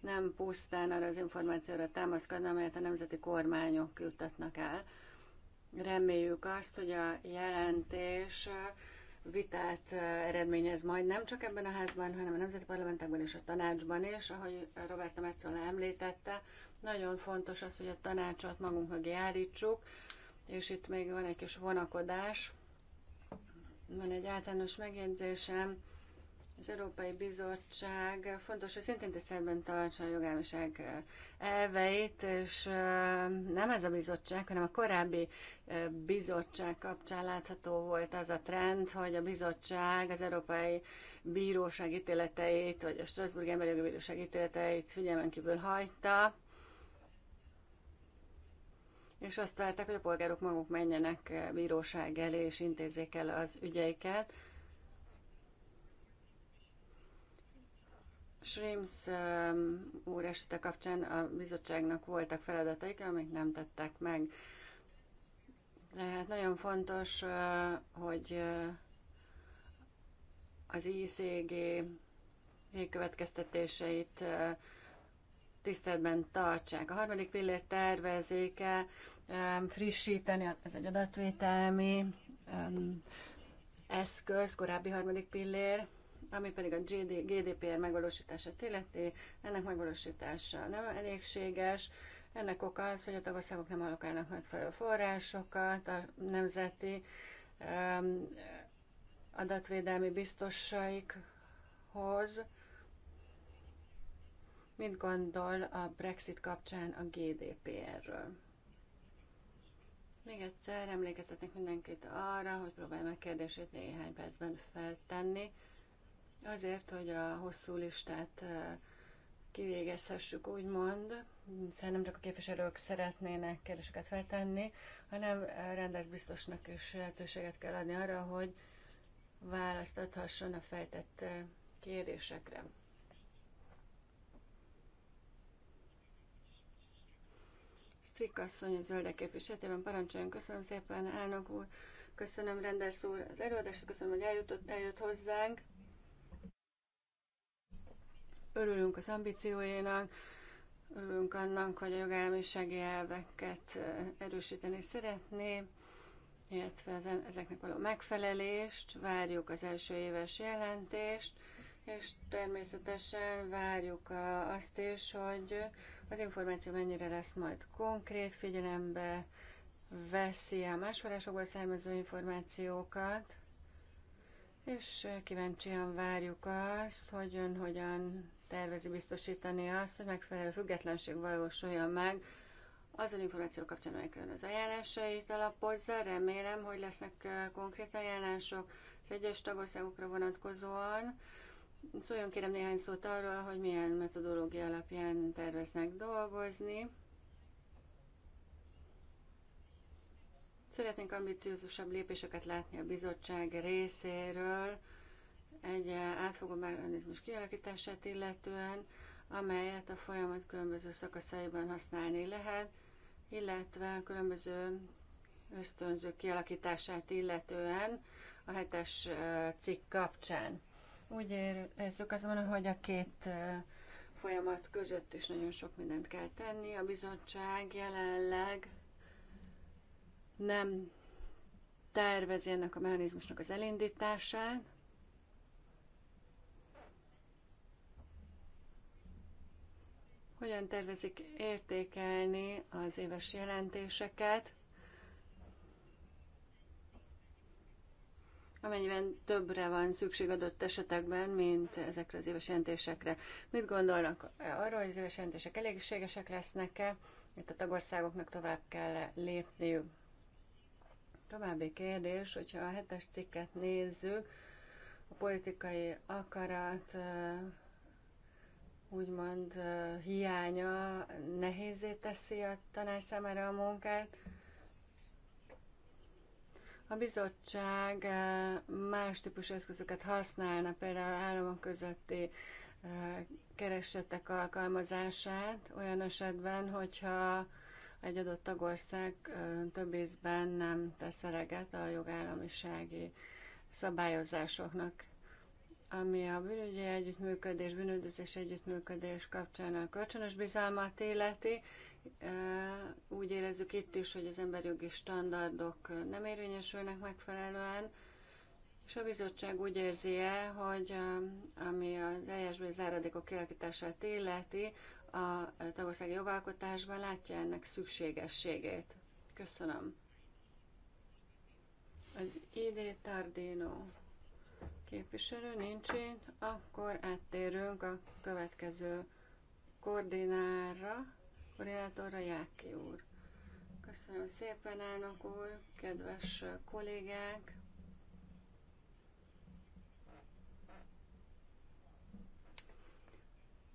nem pusztán arra az információra támaszkodna, amelyet a nemzeti kormányok juttatnak el. Reméljük azt, hogy a jelentés vitát eredményez majd nem csak ebben a házban, hanem a nemzeti parlamentekben és a tanácsban is, ahogy Roberta Metzola említette. Nagyon fontos az, hogy a tanácsot magunk mögé állítsuk, és itt még van egy kis vonakodás. Van egy általános megjegyzésem. Az Európai Bizottság fontos, hogy szintén tiszteletben tartsa a jogállamiság elveit, és nem ez a bizottság, hanem a korábbi bizottság kapcsán látható volt az a trend, hogy a bizottság az Európai Bíróság ítéleteit, vagy a Strasbourg Emberi Jogi Bíróság ítéleteit figyelmen kívül hagyta, és azt várták, hogy a polgárok maguk menjenek eh, bíróság elé, és intézzék el az ügyeiket. Schrems ehm, úr esete kapcsán a bizottságnak voltak feladataik, amik nem tettek meg. Tehát nagyon fontos, eh, hogy eh, az ICG végkövetkeztetéseit tiszteletben tartsák. A harmadik pillér tervezéke frissíteni, ez egy adatvételmi eszköz, korábbi harmadik pillér, ami pedig a GDPR megvalósítását illeti, ennek megvalósítása nem elégséges, ennek oka az, hogy a tagországok nem alokálnak megfelelő forrásokat, a nemzeti um, adatvédelmi biztosaikhoz, Mit gondol a Brexit kapcsán a GDPR-ről? Még egyszer emlékeztetnék mindenkit arra, hogy próbálj meg kérdését néhány percben feltenni, azért, hogy a hosszú listát kivégezhessük, úgymond. Szerintem csak a képviselők szeretnének kérdéseket feltenni, hanem rendes biztosnak is lehetőséget kell adni arra, hogy választathasson a feltett kérdésekre. Strik asszony a zöldek képviseletében parancsoljon. Köszönöm szépen, elnök úr. Köszönöm, Renders úr, az előadást, köszönöm, hogy eljutott, eljött hozzánk. Örülünk az ambíciójának, örülünk annak, hogy a jogállamisági elveket erősíteni szeretné, illetve ezeknek való megfelelést, várjuk az első éves jelentést, és természetesen várjuk azt is, hogy az információ mennyire lesz majd konkrét, figyelembe veszi a más forrásokból származó információkat, és kíváncsian várjuk azt, hogy ön hogyan tervezi biztosítani azt, hogy megfelelő függetlenség valósuljon meg azon információ kapcsán, amelyek ön az ajánlásait alapozza. Remélem, hogy lesznek eh, konkrét ajánlások az egyes tagországokra vonatkozóan, Szóljon kérem néhány szót arról, hogy milyen metodológia alapján terveznek dolgozni. Szeretnénk ambiciózusabb lépéseket látni a bizottság részéről egy átfogó mechanizmus kialakítását illetően, amelyet a folyamat különböző szakaszaiban használni lehet, illetve a különböző ösztönzők kialakítását illetően a hetes eh, cikk kapcsán. Úgy érezzük mondani, hogy a két folyamat között is nagyon sok mindent kell tenni. A bizottság jelenleg nem tervezi ennek a mechanizmusnak az elindítását, Hogyan tervezik értékelni az éves jelentéseket? amennyiben többre van szükség adott esetekben, mint ezekre az éves jelentésekre. Mit gondolnak arról, hogy az éves jelentések elégségesek lesznek-e, itt a tagországoknak tovább kell lépniük? További kérdés, hogyha a hetes cikket nézzük, a politikai akarat eh, úgymond eh, hiánya nehézé teszi a tanács számára a munkát, a bizottság eh, más típusú eszközöket használna, például államok közötti eh, keresetek alkalmazását olyan esetben, hogyha egy adott tagország eh, több részben nem tesz eleget a jogállamisági szabályozásoknak, ami a bűnügyi együttműködés, bűnüldözés együttműködés kapcsán a kölcsönös bizalmat életi, úgy érezzük itt is, hogy az emberjogi standardok nem érvényesülnek megfelelően, és a bizottság úgy érzi -e, hogy ami az eljárásbeli záradékok kialakítását illeti, a tagországi jogalkotásban látja ennek szükségességét. Köszönöm. Az ID Tardino képviselő nincs itt, akkor áttérünk a következő koordinára a Jáki úr. Köszönöm szépen, elnök úr, kedves kollégák!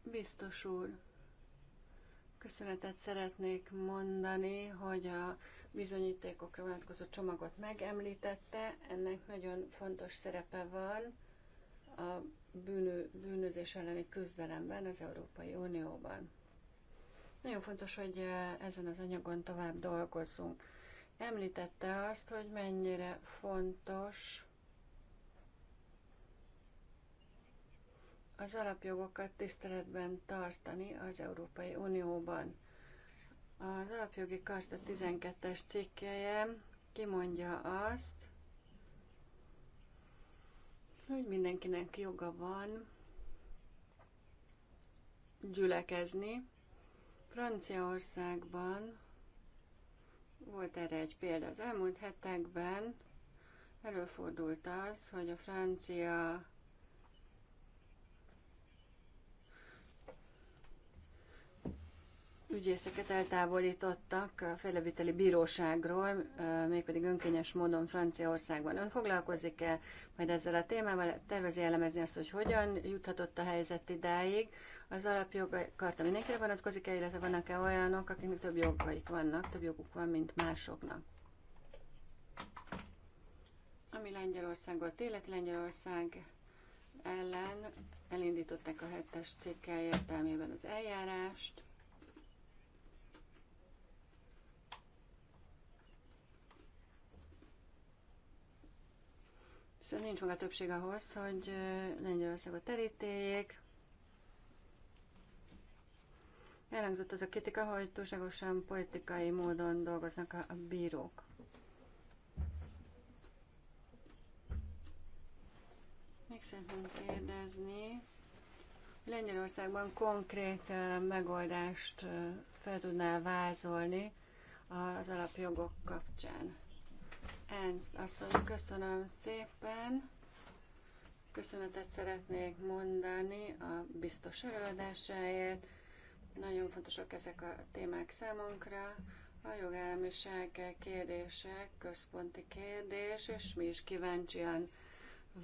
Biztos úr, köszönetet szeretnék mondani, hogy a bizonyítékokra vonatkozó csomagot megemlítette. Ennek nagyon fontos szerepe van a bűnözés elleni küzdelemben az Európai Unióban. Nagyon fontos, hogy ezen az anyagon tovább dolgozzunk. Említette azt, hogy mennyire fontos az alapjogokat tiszteletben tartani az Európai Unióban. Az alapjogi karta 12-es cikkeje kimondja azt, hogy mindenkinek joga van gyülekezni, Franciaországban volt erre egy példa. Az elmúlt hetekben előfordult az, hogy a francia ügyészeket eltávolítottak a félreviteli bíróságról, mégpedig önkényes módon Franciaországban. Ön foglalkozik-e majd ezzel a témával? Tervezi elemezni azt, hogy hogyan juthatott a helyzet idáig? Az alapjogokat mindenkire vonatkozik-e, illetve vannak-e olyanok, akiknek több jogaik vannak, több joguk van, mint másoknak? Ami Lengyelországot élet, Lengyelország ellen elindították a hetes cikkel értelmében az eljárást. Szóval nincs maga többség ahhoz, hogy Lengyelországot terítéljék. Elhangzott az a kritika, hogy túlságosan politikai módon dolgoznak a, a bírók. Még szeretném kérdezni, Lengyelországban konkrét megoldást fel tudnál vázolni az alapjogok kapcsán. Ernst asszony, köszönöm szépen. Köszönetet szeretnék mondani a biztos előadásáért nagyon fontosak ezek a témák számunkra. A jogállamiság kérdések, központi kérdés, és mi is kíváncsian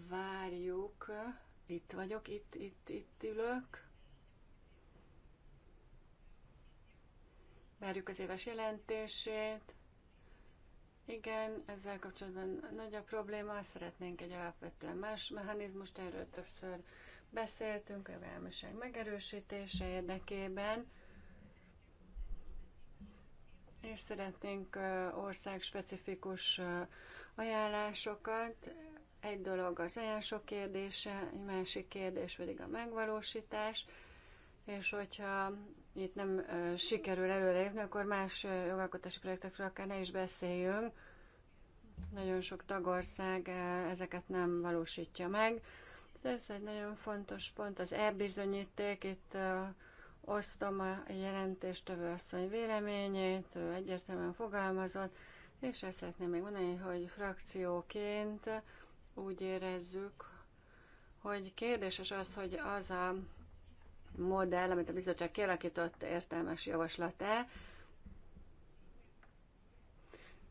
várjuk. Itt vagyok, itt, itt, itt ülök. Várjuk az éves jelentését. Igen, ezzel kapcsolatban nagy a probléma, szeretnénk egy alapvetően más mechanizmust, erről többször beszéltünk a jogállamiság megerősítése érdekében, és szeretnénk országspecifikus ajánlásokat. Egy dolog az ajánlások kérdése, egy másik kérdés pedig a megvalósítás, és hogyha itt nem sikerül előrelépni, akkor más jogalkotási projektekről akár ne is beszéljünk. Nagyon sok tagország ezeket nem valósítja meg ez egy nagyon fontos pont, az elbizonyíték. Itt uh, osztom a jelentéstevő asszony véleményét, ő egyértelműen fogalmazott, és ezt szeretném még mondani, hogy frakcióként úgy érezzük, hogy kérdéses az, hogy az a modell, amit a bizottság kialakított, értelmes javaslat-e,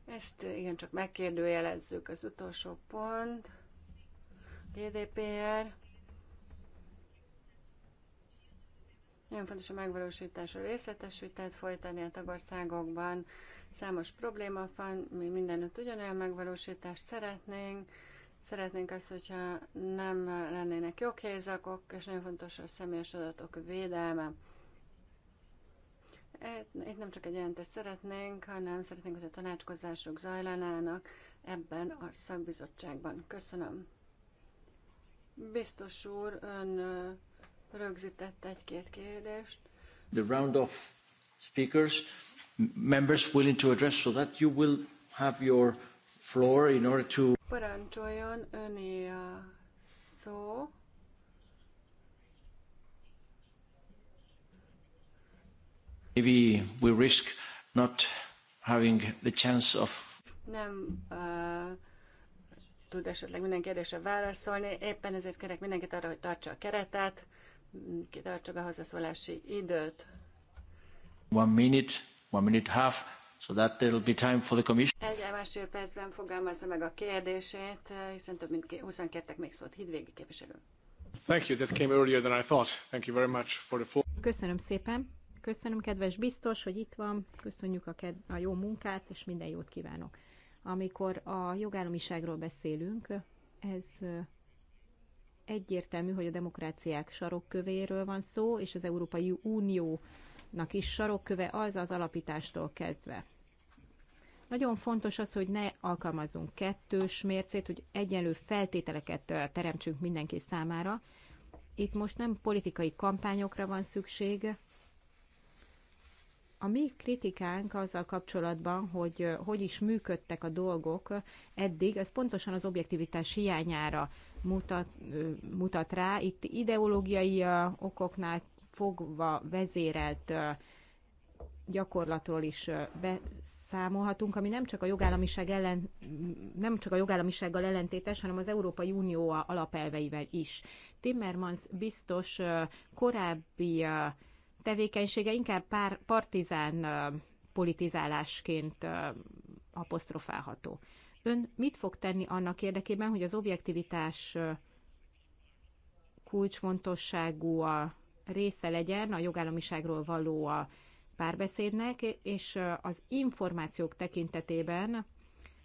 ezt igencsak megkérdőjelezzük. Az utolsó pont, GDPR. Nagyon fontos a megvalósításról részletes vitát folytani a tagországokban. Számos probléma van, mi mindenütt ugyanolyan megvalósítást szeretnénk. Szeretnénk azt, hogyha nem lennének joghézakok, és nagyon fontos a személyes adatok védelme. Itt nem csak egy jelentést szeretnénk, hanem szeretnénk, hogy a tanácskozások zajlanának ebben a szakbizottságban. Köszönöm. Biztos úr, ön rögzített egy-két kérdést. The round of speakers, members willing to address, so that you will have your floor in order to... Parancsoljon öné a szó. Maybe we risk not having the chance of... Nem uh, tud esetleg minden kérdésre válaszolni. Éppen ezért kérek mindenkit arra, hogy tartsa a keretet, kitartsa be hozzászólási időt. One minute, one minute half, so that there will be time for the commission. Egy másfél percben fogalmazza meg a kérdését, hiszen több mint 20 kértek még szót. Hidvégi képviselő. Thank you, that came earlier than I thought. Thank you very much for the full. Köszönöm szépen. Köszönöm, kedves biztos, hogy itt van. Köszönjük a, ked- a jó munkát, és minden jót kívánok. Amikor a jogállamiságról beszélünk, ez egyértelmű, hogy a demokráciák sarokkövéről van szó, és az Európai Uniónak is sarokköve az az alapítástól kezdve. Nagyon fontos az, hogy ne alkalmazzunk kettős mércét, hogy egyenlő feltételeket teremtsünk mindenki számára. Itt most nem politikai kampányokra van szükség, a mi kritikánk azzal kapcsolatban, hogy hogy is működtek a dolgok eddig, ez pontosan az objektivitás hiányára mutat, mutat rá. Itt ideológiai okoknál fogva vezérelt gyakorlatról is beszámolhatunk, ami nem csak a jogállamiság ellen, nem csak a jogállamisággal ellentétes, hanem az Európai Unió alapelveivel is. Timmermans biztos korábbi tevékenysége inkább pár partizán politizálásként apostrofálható. Ön mit fog tenni annak érdekében, hogy az objektivitás kulcsfontosságú a része legyen a jogállamiságról való a párbeszédnek, és az információk tekintetében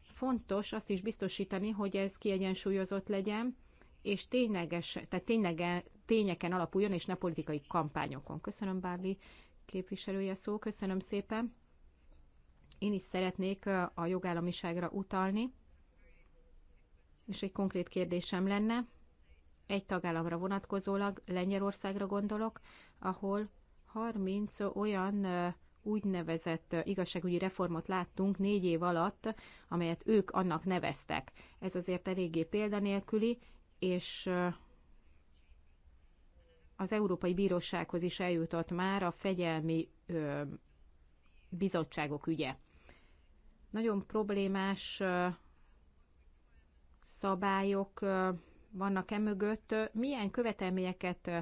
fontos azt is biztosítani, hogy ez kiegyensúlyozott legyen, és tényleges, tehát tényleg, tényeken alapuljon, és ne politikai kampányokon. Köszönöm, Bárli képviselője szó, köszönöm szépen. Én is szeretnék a jogállamiságra utalni, és egy konkrét kérdésem lenne, egy tagállamra vonatkozólag, Lengyelországra gondolok, ahol 30 olyan úgynevezett igazságügyi reformot láttunk négy év alatt, amelyet ők annak neveztek. Ez azért eléggé példanélküli, és az Európai Bírósághoz is eljutott már a fegyelmi ö, bizottságok ügye. Nagyon problémás ö, szabályok ö, vannak e mögött. Milyen követelményeket ö,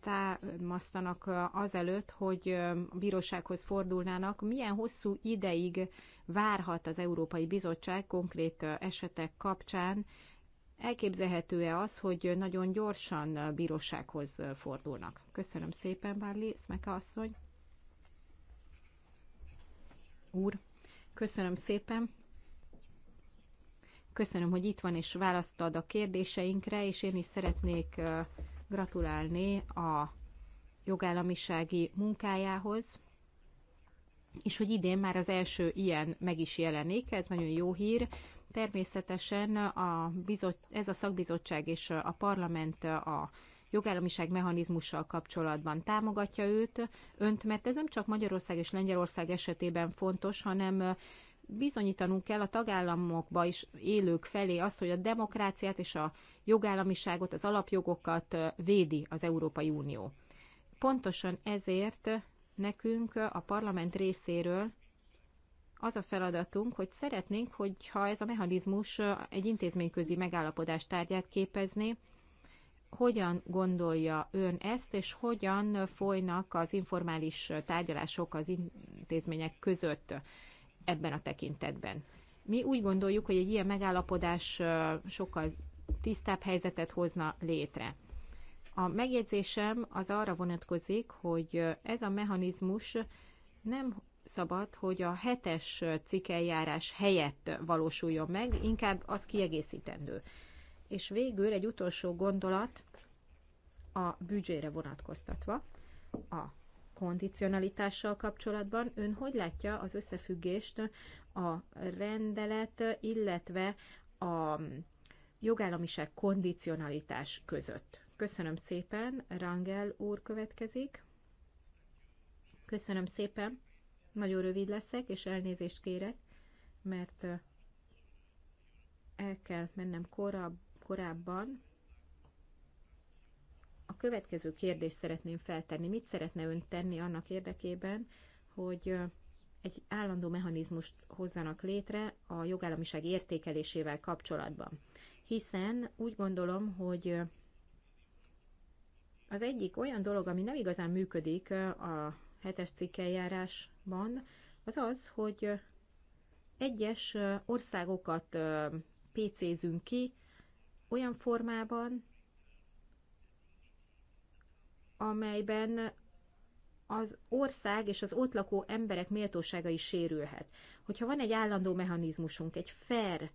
támasztanak azelőtt, hogy a bírósághoz fordulnának, milyen hosszú ideig várhat az Európai Bizottság konkrét esetek kapcsán Elképzelhető-e az, hogy nagyon gyorsan bírósághoz fordulnak? Köszönöm szépen, Bárli Szmeka asszony. Úr, köszönöm szépen. Köszönöm, hogy itt van és választ ad a kérdéseinkre, és én is szeretnék gratulálni a jogállamisági munkájához, és hogy idén már az első ilyen meg is jelenik, ez nagyon jó hír, Természetesen a bizot, ez a szakbizottság és a parlament a jogállamiság mechanizmussal kapcsolatban támogatja őt, önt, mert ez nem csak Magyarország és Lengyelország esetében fontos, hanem bizonyítanunk kell a tagállamokba is élők felé azt, hogy a demokráciát és a jogállamiságot, az alapjogokat védi az Európai Unió. Pontosan ezért nekünk a parlament részéről az a feladatunk, hogy szeretnénk, hogyha ez a mechanizmus egy intézményközi megállapodás tárgyát képezné, hogyan gondolja ön ezt, és hogyan folynak az informális tárgyalások az intézmények között ebben a tekintetben. Mi úgy gondoljuk, hogy egy ilyen megállapodás sokkal tisztább helyzetet hozna létre. A megjegyzésem az arra vonatkozik, hogy ez a mechanizmus nem szabad, hogy a hetes cikkeljárás helyett valósuljon meg, inkább az kiegészítendő. És végül egy utolsó gondolat a büdzsére vonatkoztatva, a kondicionalitással kapcsolatban. Ön hogy látja az összefüggést a rendelet, illetve a jogállamiság kondicionalitás között? Köszönöm szépen, Rangel úr következik. Köszönöm szépen. Nagyon rövid leszek, és elnézést kérek, mert el kell mennem korab, korábban. A következő kérdést szeretném feltenni. Mit szeretne ön tenni annak érdekében, hogy egy állandó mechanizmust hozzanak létre a jogállamiság értékelésével kapcsolatban. Hiszen úgy gondolom, hogy az egyik olyan dolog, ami nem igazán működik a hetes cikkeljárás van, az az, hogy egyes országokat PC-zünk ki olyan formában, amelyben az ország és az ott lakó emberek méltósága is sérülhet. Hogyha van egy állandó mechanizmusunk, egy fair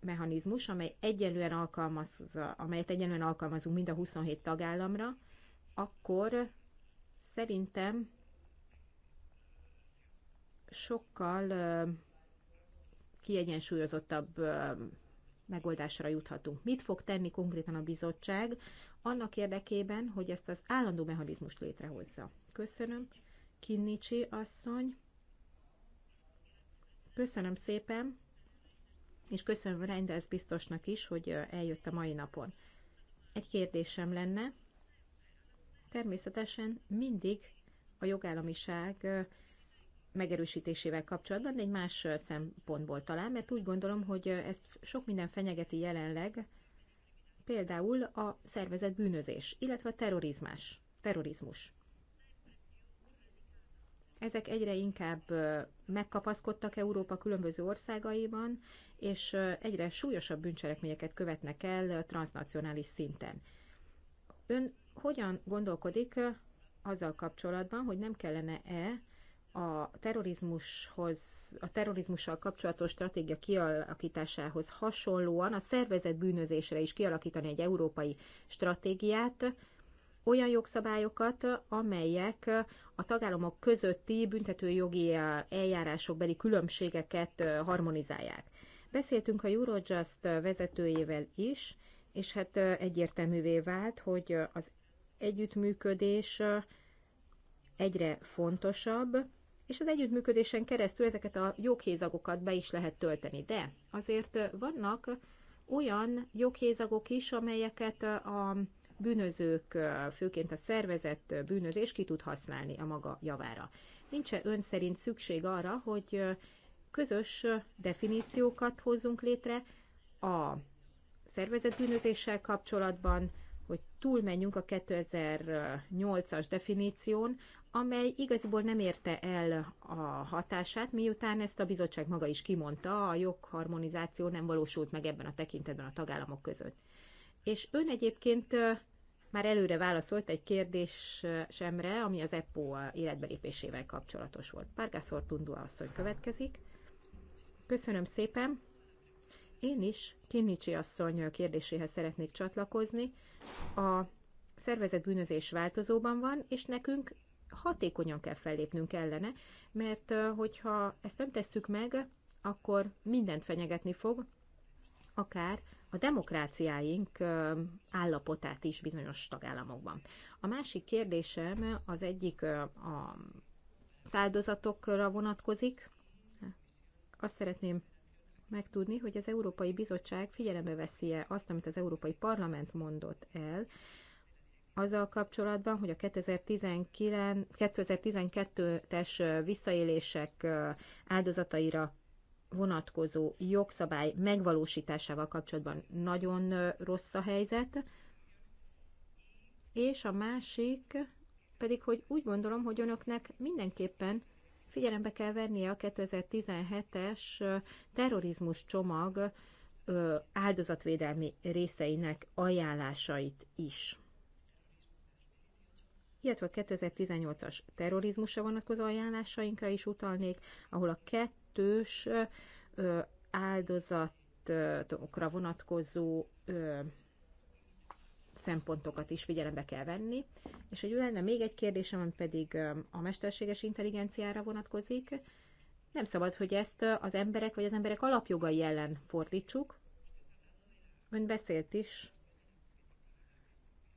mechanizmus, amely egyenlően alkalmaz, amelyet egyenlően alkalmazunk mind a 27 tagállamra, akkor szerintem sokkal kiegyensúlyozottabb megoldásra juthatunk. Mit fog tenni konkrétan a bizottság annak érdekében, hogy ezt az állandó mechanizmust létrehozza? Köszönöm. Kinnicsi asszony. Köszönöm szépen, és köszönöm Rendez biztosnak is, hogy eljött a mai napon. Egy kérdésem lenne. Természetesen mindig a jogállamiság megerősítésével kapcsolatban, de egy más szempontból talán, mert úgy gondolom, hogy ezt sok minden fenyegeti jelenleg, például a szervezett bűnözés, illetve a terrorizmás, terrorizmus. Ezek egyre inkább megkapaszkodtak Európa különböző országaiban, és egyre súlyosabb bűncselekményeket követnek el transnacionális szinten. Ön hogyan gondolkodik azzal kapcsolatban, hogy nem kellene-e a terrorizmushoz, a terrorizmussal kapcsolatos stratégia kialakításához hasonlóan a szervezet bűnözésre is kialakítani egy európai stratégiát, olyan jogszabályokat, amelyek a tagállamok közötti büntetőjogi eljárásokbeli különbségeket harmonizálják. Beszéltünk a Eurojust vezetőjével is, és hát egyértelművé vált, hogy az együttműködés egyre fontosabb, és az együttműködésen keresztül ezeket a joghézagokat be is lehet tölteni. De azért vannak olyan joghézagok is, amelyeket a bűnözők, főként a szervezett bűnözés ki tud használni a maga javára. Nincs-e ön szerint szükség arra, hogy közös definíciókat hozzunk létre a szervezett bűnözéssel kapcsolatban, hogy túlmenjünk a 2008-as definíción, amely igaziból nem érte el a hatását, miután ezt a bizottság maga is kimondta, a jogharmonizáció nem valósult meg ebben a tekintetben a tagállamok között. És ön egyébként már előre válaszolt egy kérdésemre, ami az EPO életbelépésével kapcsolatos volt. Párgászor Tundua asszony következik. Köszönöm szépen. Én is Kinnicsi asszony kérdéséhez szeretnék csatlakozni. A szervezetbűnözés bűnözés változóban van, és nekünk hatékonyan kell fellépnünk ellene, mert hogyha ezt nem tesszük meg, akkor mindent fenyegetni fog, akár a demokráciáink állapotát is bizonyos tagállamokban. A másik kérdésem az egyik a száldozatokra vonatkozik. Azt szeretném megtudni, hogy az Európai Bizottság figyelembe veszi-e azt, amit az Európai Parlament mondott el azzal kapcsolatban, hogy a 2012-es visszaélések áldozataira vonatkozó jogszabály megvalósításával kapcsolatban nagyon rossz a helyzet, és a másik pedig, hogy úgy gondolom, hogy önöknek mindenképpen figyelembe kell vennie a 2017-es terrorizmus csomag áldozatvédelmi részeinek ajánlásait is illetve a 2018-as terrorizmusra vonatkozó ajánlásainkra is utalnék, ahol a kettős áldozatokra vonatkozó szempontokat is figyelembe kell venni. És hogy lenne még egy kérdésem, ami pedig a mesterséges intelligenciára vonatkozik. Nem szabad, hogy ezt az emberek vagy az emberek alapjogai ellen fordítsuk. Ön beszélt is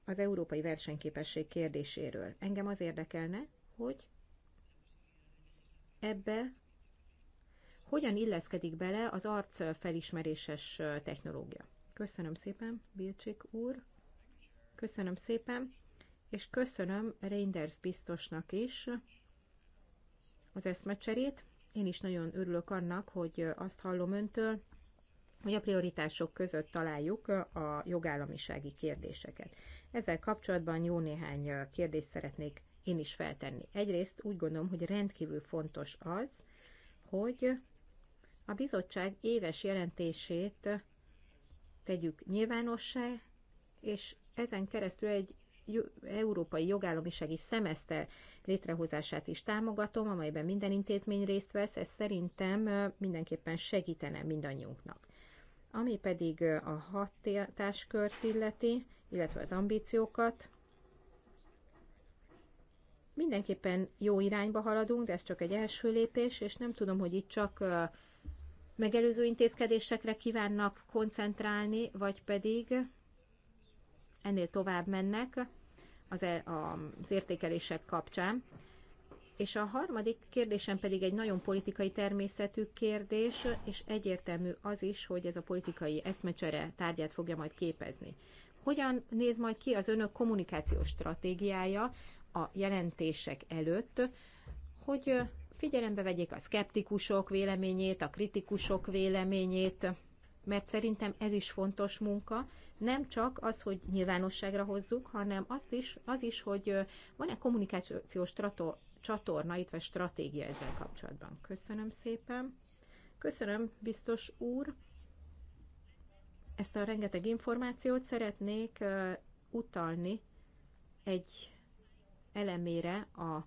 az európai versenyképesség kérdéséről. Engem az érdekelne, hogy ebbe hogyan illeszkedik bele az arc felismeréses technológia. Köszönöm szépen, Bilcsik úr. Köszönöm szépen, és köszönöm Reinders biztosnak is az eszmecserét. Én is nagyon örülök annak, hogy azt hallom öntől, hogy a prioritások között találjuk a jogállamisági kérdéseket. Ezzel kapcsolatban jó néhány kérdést szeretnék én is feltenni. Egyrészt úgy gondolom, hogy rendkívül fontos az, hogy a bizottság éves jelentését tegyük nyilvánossá, és ezen keresztül egy európai jogállamisági szemeszter létrehozását is támogatom, amelyben minden intézmény részt vesz, ez szerintem mindenképpen segítene mindannyiunknak. Ami pedig a hatáskört illeti, illetve az ambíciókat, mindenképpen jó irányba haladunk, de ez csak egy első lépés, és nem tudom, hogy itt csak megelőző intézkedésekre kívánnak koncentrálni, vagy pedig ennél tovább mennek az, e, az értékelések kapcsán. És a harmadik kérdésem pedig egy nagyon politikai természetű kérdés, és egyértelmű az is, hogy ez a politikai eszmecsere tárgyát fogja majd képezni. Hogyan néz majd ki az önök kommunikációs stratégiája a jelentések előtt, hogy figyelembe vegyék a szkeptikusok véleményét, a kritikusok véleményét, mert szerintem ez is fontos munka, nem csak az, hogy nyilvánosságra hozzuk, hanem azt is, az is, hogy van-e kommunikációs trato, csatorna, vagy stratégia ezzel kapcsolatban. Köszönöm szépen. Köszönöm, biztos úr. Ezt a rengeteg információt szeretnék utalni egy elemére a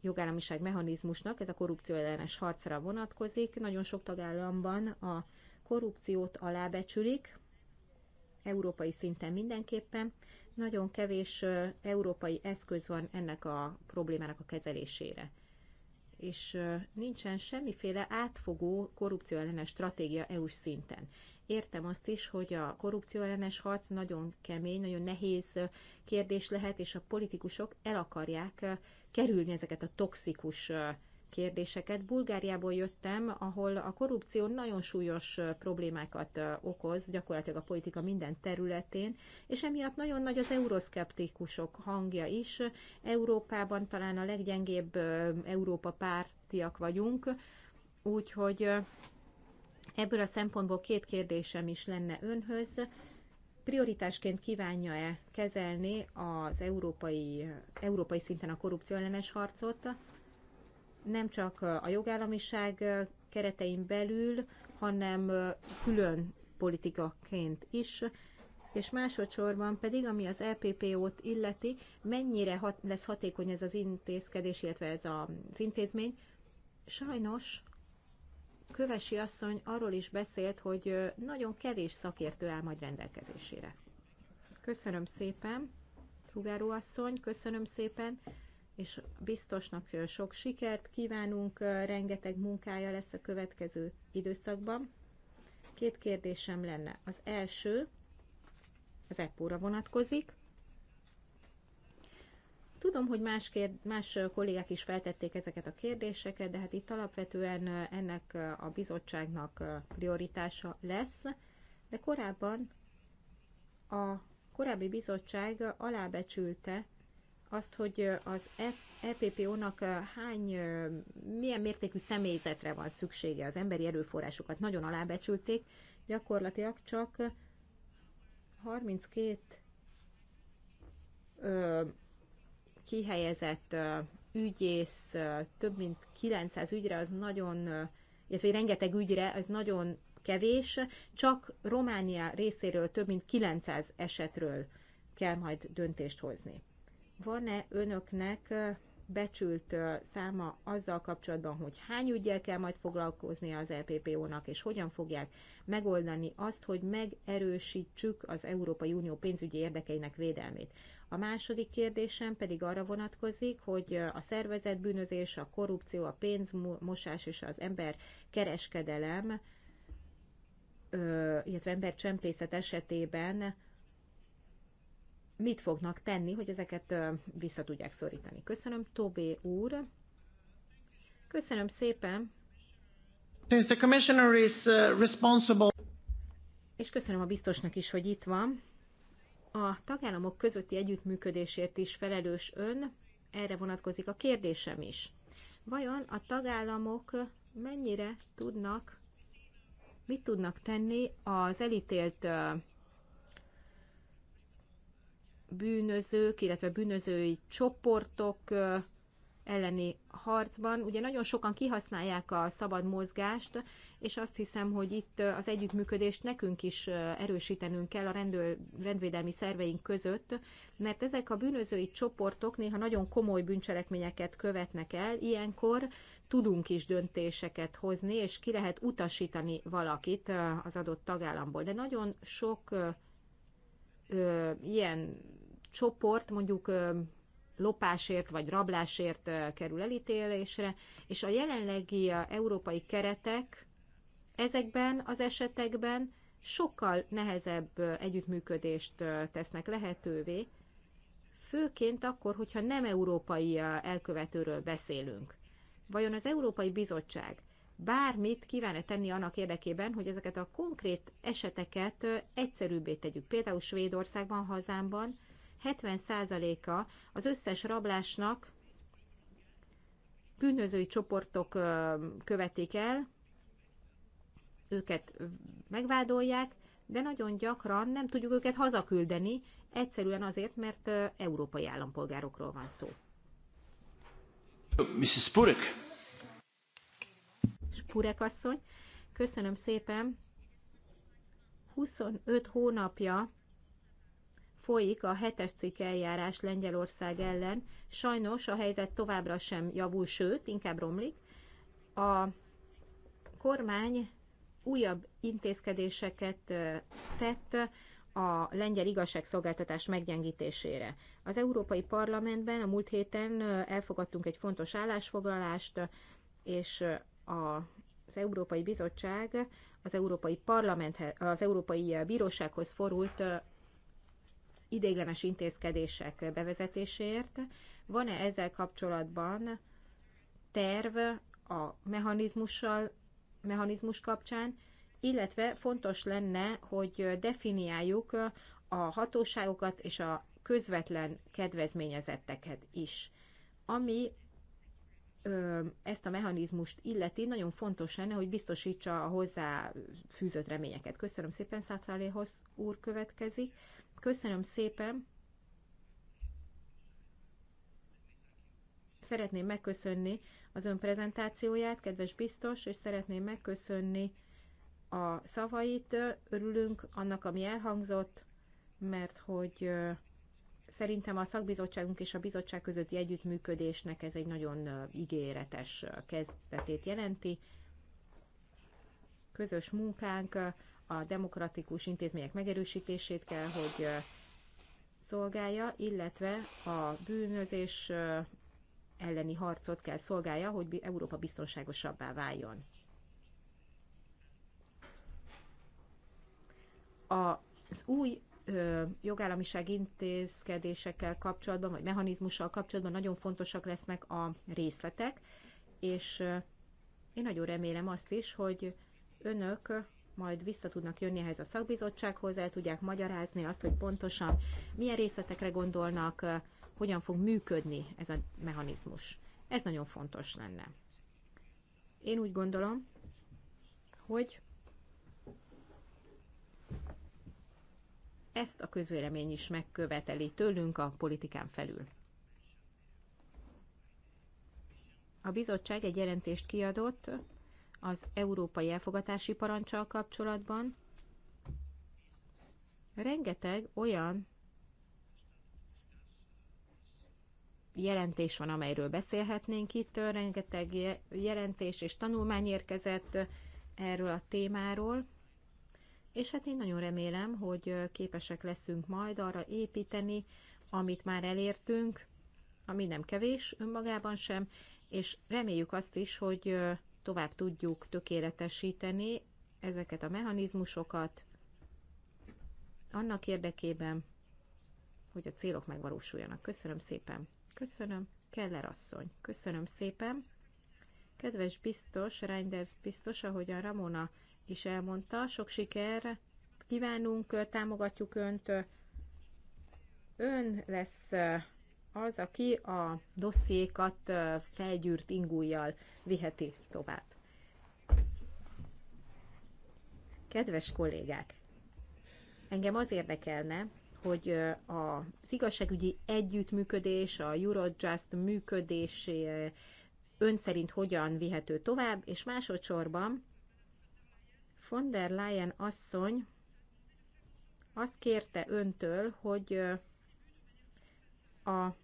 jogállamiság mechanizmusnak, ez a korrupció ellenes harcra vonatkozik. Nagyon sok tagállamban a korrupciót alábecsülik, európai szinten mindenképpen. Nagyon kevés európai eszköz van ennek a problémának a kezelésére. És nincsen semmiféle átfogó korrupcióellenes stratégia EU-s szinten. Értem azt is, hogy a korrupcióellenes harc nagyon kemény, nagyon nehéz kérdés lehet, és a politikusok el akarják kerülni ezeket a toxikus kérdéseket. Bulgáriából jöttem, ahol a korrupció nagyon súlyos problémákat okoz, gyakorlatilag a politika minden területén, és emiatt nagyon nagy az euroszkeptikusok hangja is. Európában talán a leggyengébb Európa pártiak vagyunk, úgyhogy ebből a szempontból két kérdésem is lenne önhöz. Prioritásként kívánja-e kezelni az európai, európai szinten a korrupció ellenes harcot, nem csak a jogállamiság keretein belül, hanem külön politikaként is, és másodszorban pedig, ami az LPPO-t e illeti, mennyire hat, lesz hatékony ez az intézkedés, illetve ez az intézmény. Sajnos Kövesi asszony arról is beszélt, hogy nagyon kevés szakértő áll majd rendelkezésére. Köszönöm szépen, Trugáró asszony, köszönöm szépen és biztosnak sok sikert kívánunk, rengeteg munkája lesz a következő időszakban. Két kérdésem lenne. Az első az EPO-ra vonatkozik. Tudom, hogy más, kérd más kollégák is feltették ezeket a kérdéseket, de hát itt alapvetően ennek a bizottságnak prioritása lesz, de korábban a korábbi bizottság alábecsülte azt, hogy az EPPO-nak eh, hány, eh, milyen mértékű személyzetre van szüksége, az emberi erőforrásokat nagyon alábecsülték, gyakorlatilag csak 32 eh, ö, kihelyezett ö, ügyész, ö, több mint 900 ügyre, az nagyon, ez illetve rengeteg ügyre, az nagyon kevés, csak Románia részéről több mint 900 esetről kell majd döntést hozni. Van-e önöknek becsült száma azzal kapcsolatban, hogy hány ügyel kell majd foglalkozni az LPPO-nak, e és hogyan fogják megoldani azt, hogy megerősítsük az Európai Unió pénzügyi érdekeinek védelmét. A második kérdésem pedig arra vonatkozik, hogy a szervezetbűnözés, bűnözés, a korrupció, a pénzmosás és az ember kereskedelem, illetve embercsempészet esetében mit fognak tenni, hogy ezeket vissza tudják szorítani. Köszönöm, Tobé úr. Köszönöm szépen. Since the commissioner is uh, responsible. És köszönöm a biztosnak is, hogy itt van. A tagállamok közötti együttműködésért is felelős ön, erre vonatkozik a kérdésem is. Vajon a tagállamok mennyire tudnak, mit tudnak tenni az elítélt bűnözők, illetve bűnözői csoportok elleni harcban. Ugye nagyon sokan kihasználják a szabad mozgást, és azt hiszem, hogy itt az együttműködést nekünk is erősítenünk kell a rendőr, rendvédelmi szerveink között, mert ezek a bűnözői csoportok néha nagyon komoly bűncselekményeket követnek el, ilyenkor tudunk is döntéseket hozni, és ki lehet utasítani valakit az adott tagállamból. De nagyon sok ö, ilyen csoport mondjuk ö, lopásért vagy rablásért ö, kerül elítélésre, és a jelenlegi a európai keretek ezekben az esetekben sokkal nehezebb együttműködést tesznek lehetővé, főként akkor, hogyha nem európai elkövetőről beszélünk. Vajon az Európai Bizottság bármit kíván-e tenni annak érdekében, hogy ezeket a konkrét eseteket egyszerűbbé tegyük. Például Svédországban, hazámban 70%-a az összes rablásnak bűnözői csoportok követik el, őket megvádolják, de nagyon gyakran nem tudjuk őket hazaküldeni, egyszerűen azért, mert európai állampolgárokról van szó. Mrs. Spurek. Purek asszony. Köszönöm szépen. 25 hónapja folyik a hetes cikk eljárás Lengyelország ellen. Sajnos a helyzet továbbra sem javul, sőt, inkább romlik. A kormány újabb intézkedéseket tett a lengyel igazságszolgáltatás meggyengítésére. Az Európai Parlamentben a múlt héten elfogadtunk egy fontos állásfoglalást, és a az Európai Bizottság az Európai parlament, az Európai Bírósághoz forult ideiglenes intézkedések bevezetéséért. Van-e ezzel kapcsolatban terv a mechanizmussal, mechanizmus kapcsán, illetve fontos lenne, hogy definiáljuk a hatóságokat és a közvetlen kedvezményezetteket is. Ami ezt a mechanizmust illeti, nagyon fontos lenne, hogy biztosítsa a hozzá fűzött reményeket. Köszönöm szépen, Szátszáléhoz úr következik. Köszönöm szépen. Szeretném megköszönni az ön prezentációját, kedves biztos, és szeretném megköszönni a szavait. Örülünk annak, ami elhangzott, mert hogy szerintem a szakbizottságunk és a bizottság közötti együttműködésnek ez egy nagyon ígéretes kezdetét jelenti. Közös munkánk a demokratikus intézmények megerősítését kell, hogy szolgálja, illetve a bűnözés elleni harcot kell szolgálja, hogy Európa biztonságosabbá váljon. Az új jogállamiság intézkedésekkel kapcsolatban, vagy mechanizmussal kapcsolatban nagyon fontosak lesznek a részletek, és én nagyon remélem azt is, hogy önök majd vissza tudnak jönni ehhez a szakbizottsághoz, el tudják magyarázni azt, hogy pontosan milyen részletekre gondolnak, hogyan fog működni ez a mechanizmus. Ez nagyon fontos lenne. Én úgy gondolom, hogy Ezt a közvélemény is megköveteli tőlünk a politikán felül. A bizottság egy jelentést kiadott az európai elfogatási parancsal kapcsolatban. Rengeteg olyan jelentés van, amelyről beszélhetnénk itt, rengeteg jelentés és tanulmány érkezett erről a témáról. És hát én nagyon remélem, hogy képesek leszünk majd arra építeni, amit már elértünk, ami nem kevés önmagában sem, és reméljük azt is, hogy tovább tudjuk tökéletesíteni ezeket a mechanizmusokat annak érdekében, hogy a célok megvalósuljanak. Köszönöm szépen. Köszönöm. Keller asszony. Köszönöm szépen. Kedves biztos, Reinders biztos, a Ramona is elmondta. Sok siker kívánunk, támogatjuk Önt. Ön lesz az, aki a dossziékat felgyűrt ingújjal viheti tovább. Kedves kollégák, engem az érdekelne, hogy az igazságügyi együttműködés, a Eurojust működésé ön szerint hogyan vihető tovább, és másodszorban von der Leyen asszony azt kérte öntől, hogy a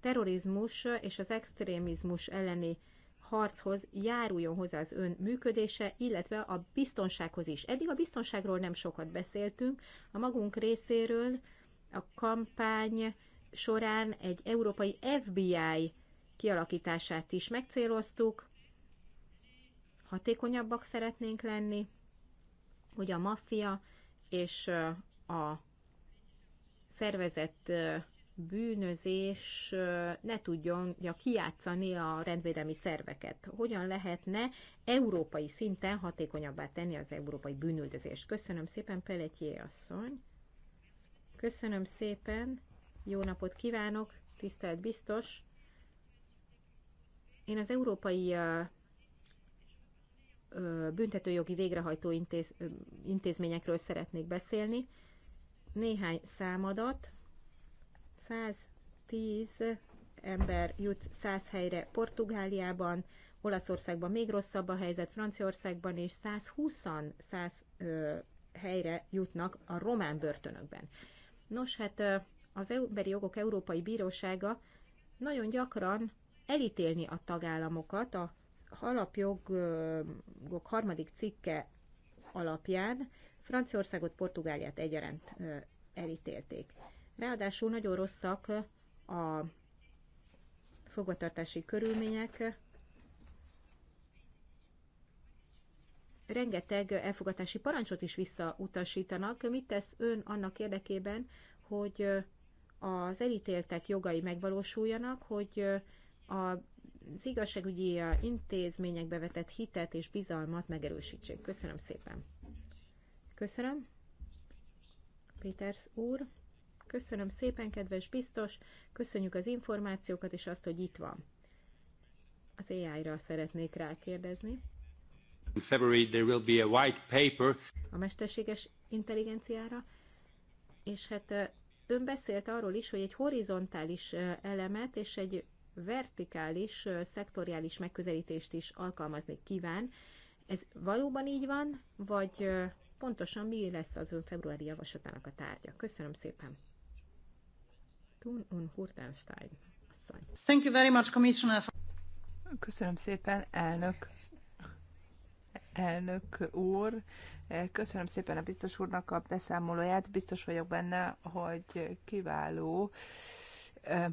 terrorizmus és az extrémizmus elleni harchoz járuljon hozzá az ön működése, illetve a biztonsághoz is. Eddig a biztonságról nem sokat beszéltünk, a magunk részéről a kampány során egy európai FBI kialakítását is megcéloztuk, hatékonyabbak szeretnénk lenni, hogy a maffia és a szervezett bűnözés ne tudjon ja, kiátszani a rendvédelmi szerveket. Hogyan lehetne európai szinten hatékonyabbá tenni az európai bűnüldözést? Köszönöm szépen, Peletyé asszony. Köszönöm szépen, jó napot kívánok, tisztelt biztos. Én az európai büntetőjogi végrehajtó intéz, intézményekről szeretnék beszélni. Néhány számadat. 110 ember jut 100 helyre Portugáliában, Olaszországban még rosszabb a helyzet, Franciaországban és 120-an 100 helyre jutnak a román börtönökben. Nos, hát az Emberi Jogok Európai Bírósága nagyon gyakran elítélni a tagállamokat a alapjogok harmadik cikke alapján Franciaországot, Portugáliát egyaránt elítélték. Ráadásul nagyon rosszak a fogvatartási körülmények, rengeteg elfogadási parancsot is visszautasítanak. Mit tesz ön annak érdekében, hogy az elítéltek jogai megvalósuljanak, hogy a az igazságügyi intézményekbe vetett hitet és bizalmat megerősítsék. Köszönöm szépen. Köszönöm. Péters úr, köszönöm szépen, kedves biztos, köszönjük az információkat és azt, hogy itt van. Az AI-ra szeretnék rákérdezni. In February there will be a white paper. A mesterséges intelligenciára, és hát ön beszélt arról is, hogy egy horizontális elemet és egy vertikális, szektoriális megközelítést is alkalmazni kíván. Ez valóban így van, vagy pontosan mi lesz az ön februári javaslatának a tárgya? Köszönöm szépen. Tun und Hurtenstein. Thank you very much, Commissioner. Köszönöm szépen, elnök. Elnök úr, köszönöm szépen a biztos úrnak a beszámolóját. Biztos vagyok benne, hogy kiváló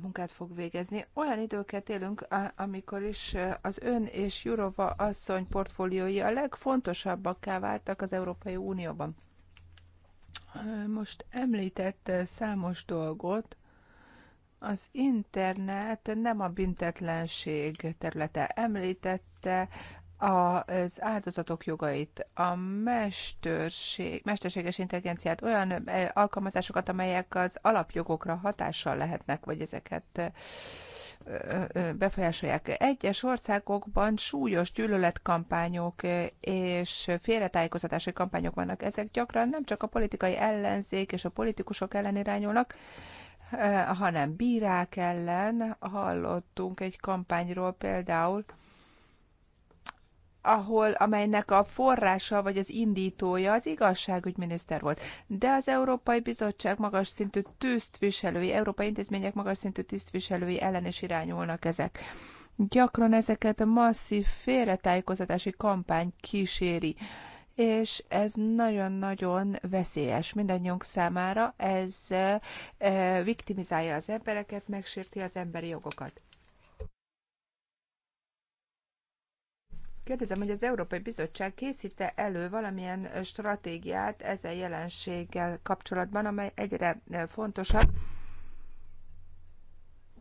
munkát fog végezni. Olyan időket élünk, amikor is az ön és Jurova asszony portfóliói a legfontosabbakká váltak az Európai Unióban. Most említett számos dolgot, az internet nem a büntetlenség területe. Említette az áldozatok jogait, a mesterség, mesterséges intelligenciát, olyan alkalmazásokat, amelyek az alapjogokra hatással lehetnek, vagy ezeket befolyásolják. Egyes országokban súlyos gyűlöletkampányok és félretájékoztatási kampányok vannak. Ezek gyakran nem csak a politikai ellenzék és a politikusok ellen irányulnak, hanem bírák ellen. Hallottunk egy kampányról például, ahol, amelynek a forrása vagy az indítója az igazságügyminiszter volt. De az Európai Bizottság magas szintű tűztviselői, Európai Intézmények magas szintű tisztviselői ellen is irányulnak ezek. Gyakran ezeket a masszív félretájékozatási kampány kíséri és ez nagyon-nagyon veszélyes mindannyiunk számára, ez e, viktimizálja az embereket, megsérti az emberi jogokat. Kérdezem, hogy az Európai Bizottság készíte elő valamilyen stratégiát ezen jelenséggel kapcsolatban, amely egyre eh, fontosabb.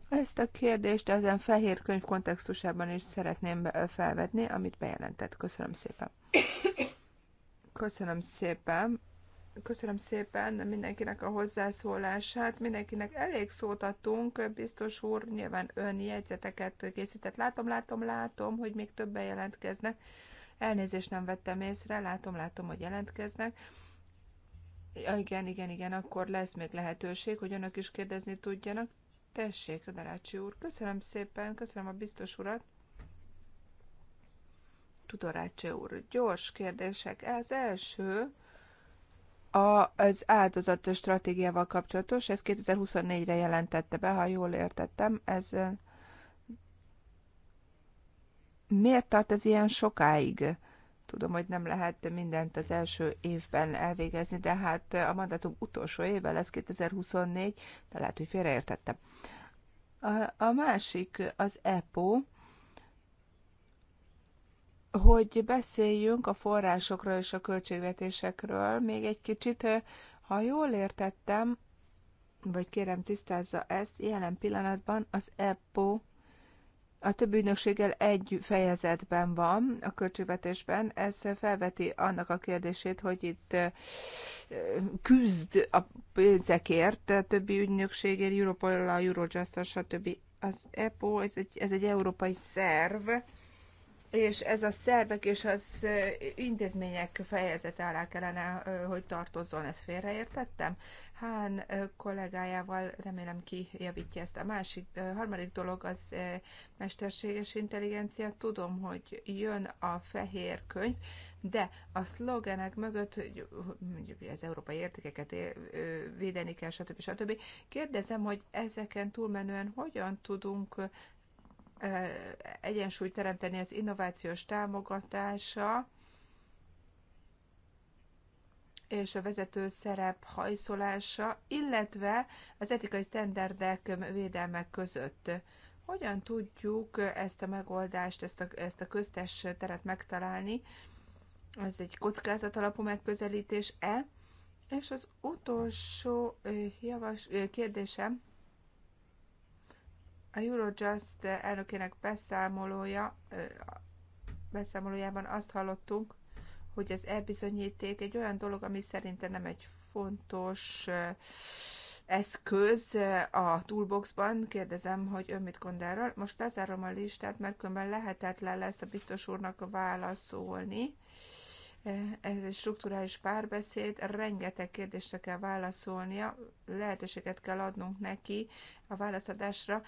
Ezt a kérdést ezen fehér könyv kontextusában is szeretném eh, felvetni, amit bejelentett. Köszönöm szépen. Köszönöm szépen Köszönöm szépen mindenkinek a hozzászólását. Mindenkinek elég szót adtunk, biztos úr, nyilván ön jegyzeteket készített. Látom, látom, látom, hogy még többen jelentkeznek. Elnézést nem vettem észre, látom, látom, hogy jelentkeznek. Ja, igen, igen, igen, akkor lesz még lehetőség, hogy önök is kérdezni tudjanak. Tessék, Darácsi úr, köszönöm szépen, köszönöm a biztos urat. Tudorácsi úr, gyors kérdések. Ez első, a az áldozat stratégiával kapcsolatos, ez 2024-re jelentette be, ha jól értettem, ez miért tart ez ilyen sokáig? Tudom, hogy nem lehet mindent az első évben elvégezni, de hát a mandátum utolsó éve lesz 2024, de lehet, hogy félreértettem. A, a másik az EPO, hogy beszéljünk a forrásokról és a költségvetésekről még egy kicsit. Ha jól értettem, vagy kérem tisztázza ezt, jelen pillanatban az Epo, a több ügynökséggel egy fejezetben van a költségvetésben. Ez felveti annak a kérdését, hogy itt küzd a pénzekért, a többi ügynökségért, Europol, a Eurojust, stb. Az EPO, ez egy, ez egy európai szerv, és ez a szervek és az intézmények fejezete alá kellene, hogy tartozzon, ezt félreértettem? Hán kollégájával remélem kijavítja ezt. A másik, harmadik dolog az mesterséges intelligencia. Tudom, hogy jön a fehér könyv, de a szlogenek mögött, hogy, az európai értékeket védeni kell, stb. stb. Kérdezem, hogy ezeken túlmenően hogyan tudunk egyensúlyt teremteni az innovációs támogatása és a vezető szerep hajszolása, illetve az etikai sztenderdek védelmek között. Hogyan tudjuk ezt a megoldást, ezt a, ezt a köztes teret megtalálni? Ez egy kockázat alapú megközelítés-e? És az utolsó javas, kérdésem, a Eurojust elnökének beszámolója, beszámolójában azt hallottunk, hogy az bizonyíték egy olyan dolog, ami szerintem nem egy fontos eszköz a toolboxban. Kérdezem, hogy ön mit gondol Most lezárom a listát, mert különben lehetetlen lesz a biztos úrnak válaszolni ez egy strukturális párbeszéd, rengeteg kérdésre kell válaszolnia, lehetőséget kell adnunk neki a válaszadásra.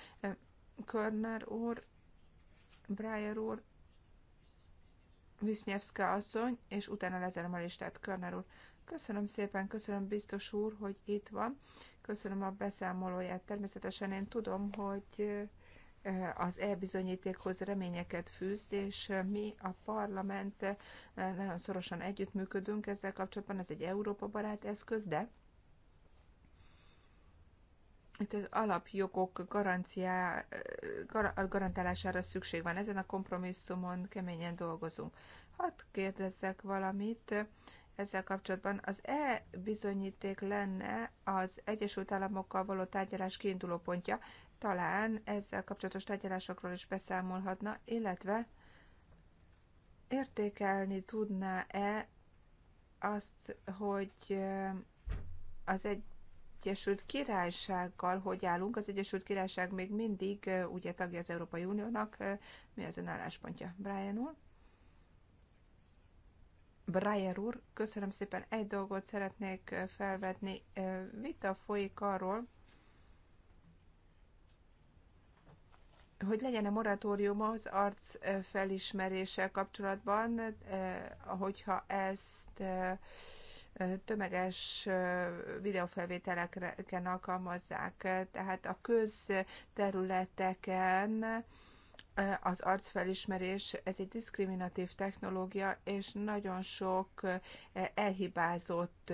Körner úr, Breyer úr, Wisniewska asszony, és utána lezárom a listát, Körner úr. Köszönöm szépen, köszönöm biztos úr, hogy itt van. Köszönöm a beszámolóját. Természetesen én tudom, hogy az e-bizonyítékhoz reményeket fűzt, és mi a parlament eh, nagyon szorosan együttműködünk ezzel kapcsolatban, ez egy Európa barát eszköz, de itt az alapjogok garanciá, eh, gar, garantálására szükség van. Ezen a kompromisszumon keményen dolgozunk. Hadd kérdezzek valamit eh, ezzel kapcsolatban. Az e-bizonyíték lenne az Egyesült Államokkal való tárgyalás kiinduló pontja talán ezzel kapcsolatos tárgyalásokról is beszámolhatna, illetve értékelni tudná-e azt, hogy eh, az Egyesült Királysággal hogy állunk. Az Egyesült Királyság még mindig eh, ugye tagja az Európai Uniónak. Eh, mi az ön álláspontja, Brian úr? Brian úr, köszönöm szépen. Egy dolgot szeretnék felvetni. Vita folyik arról, hogy legyen a moratórium az arc eh, felismeréssel kapcsolatban, eh, hogyha ezt eh, tömeges videófelvételeken alkalmazzák, tehát a közterületeken az arcfelismerés, ez egy diszkriminatív technológia, és nagyon sok elhibázott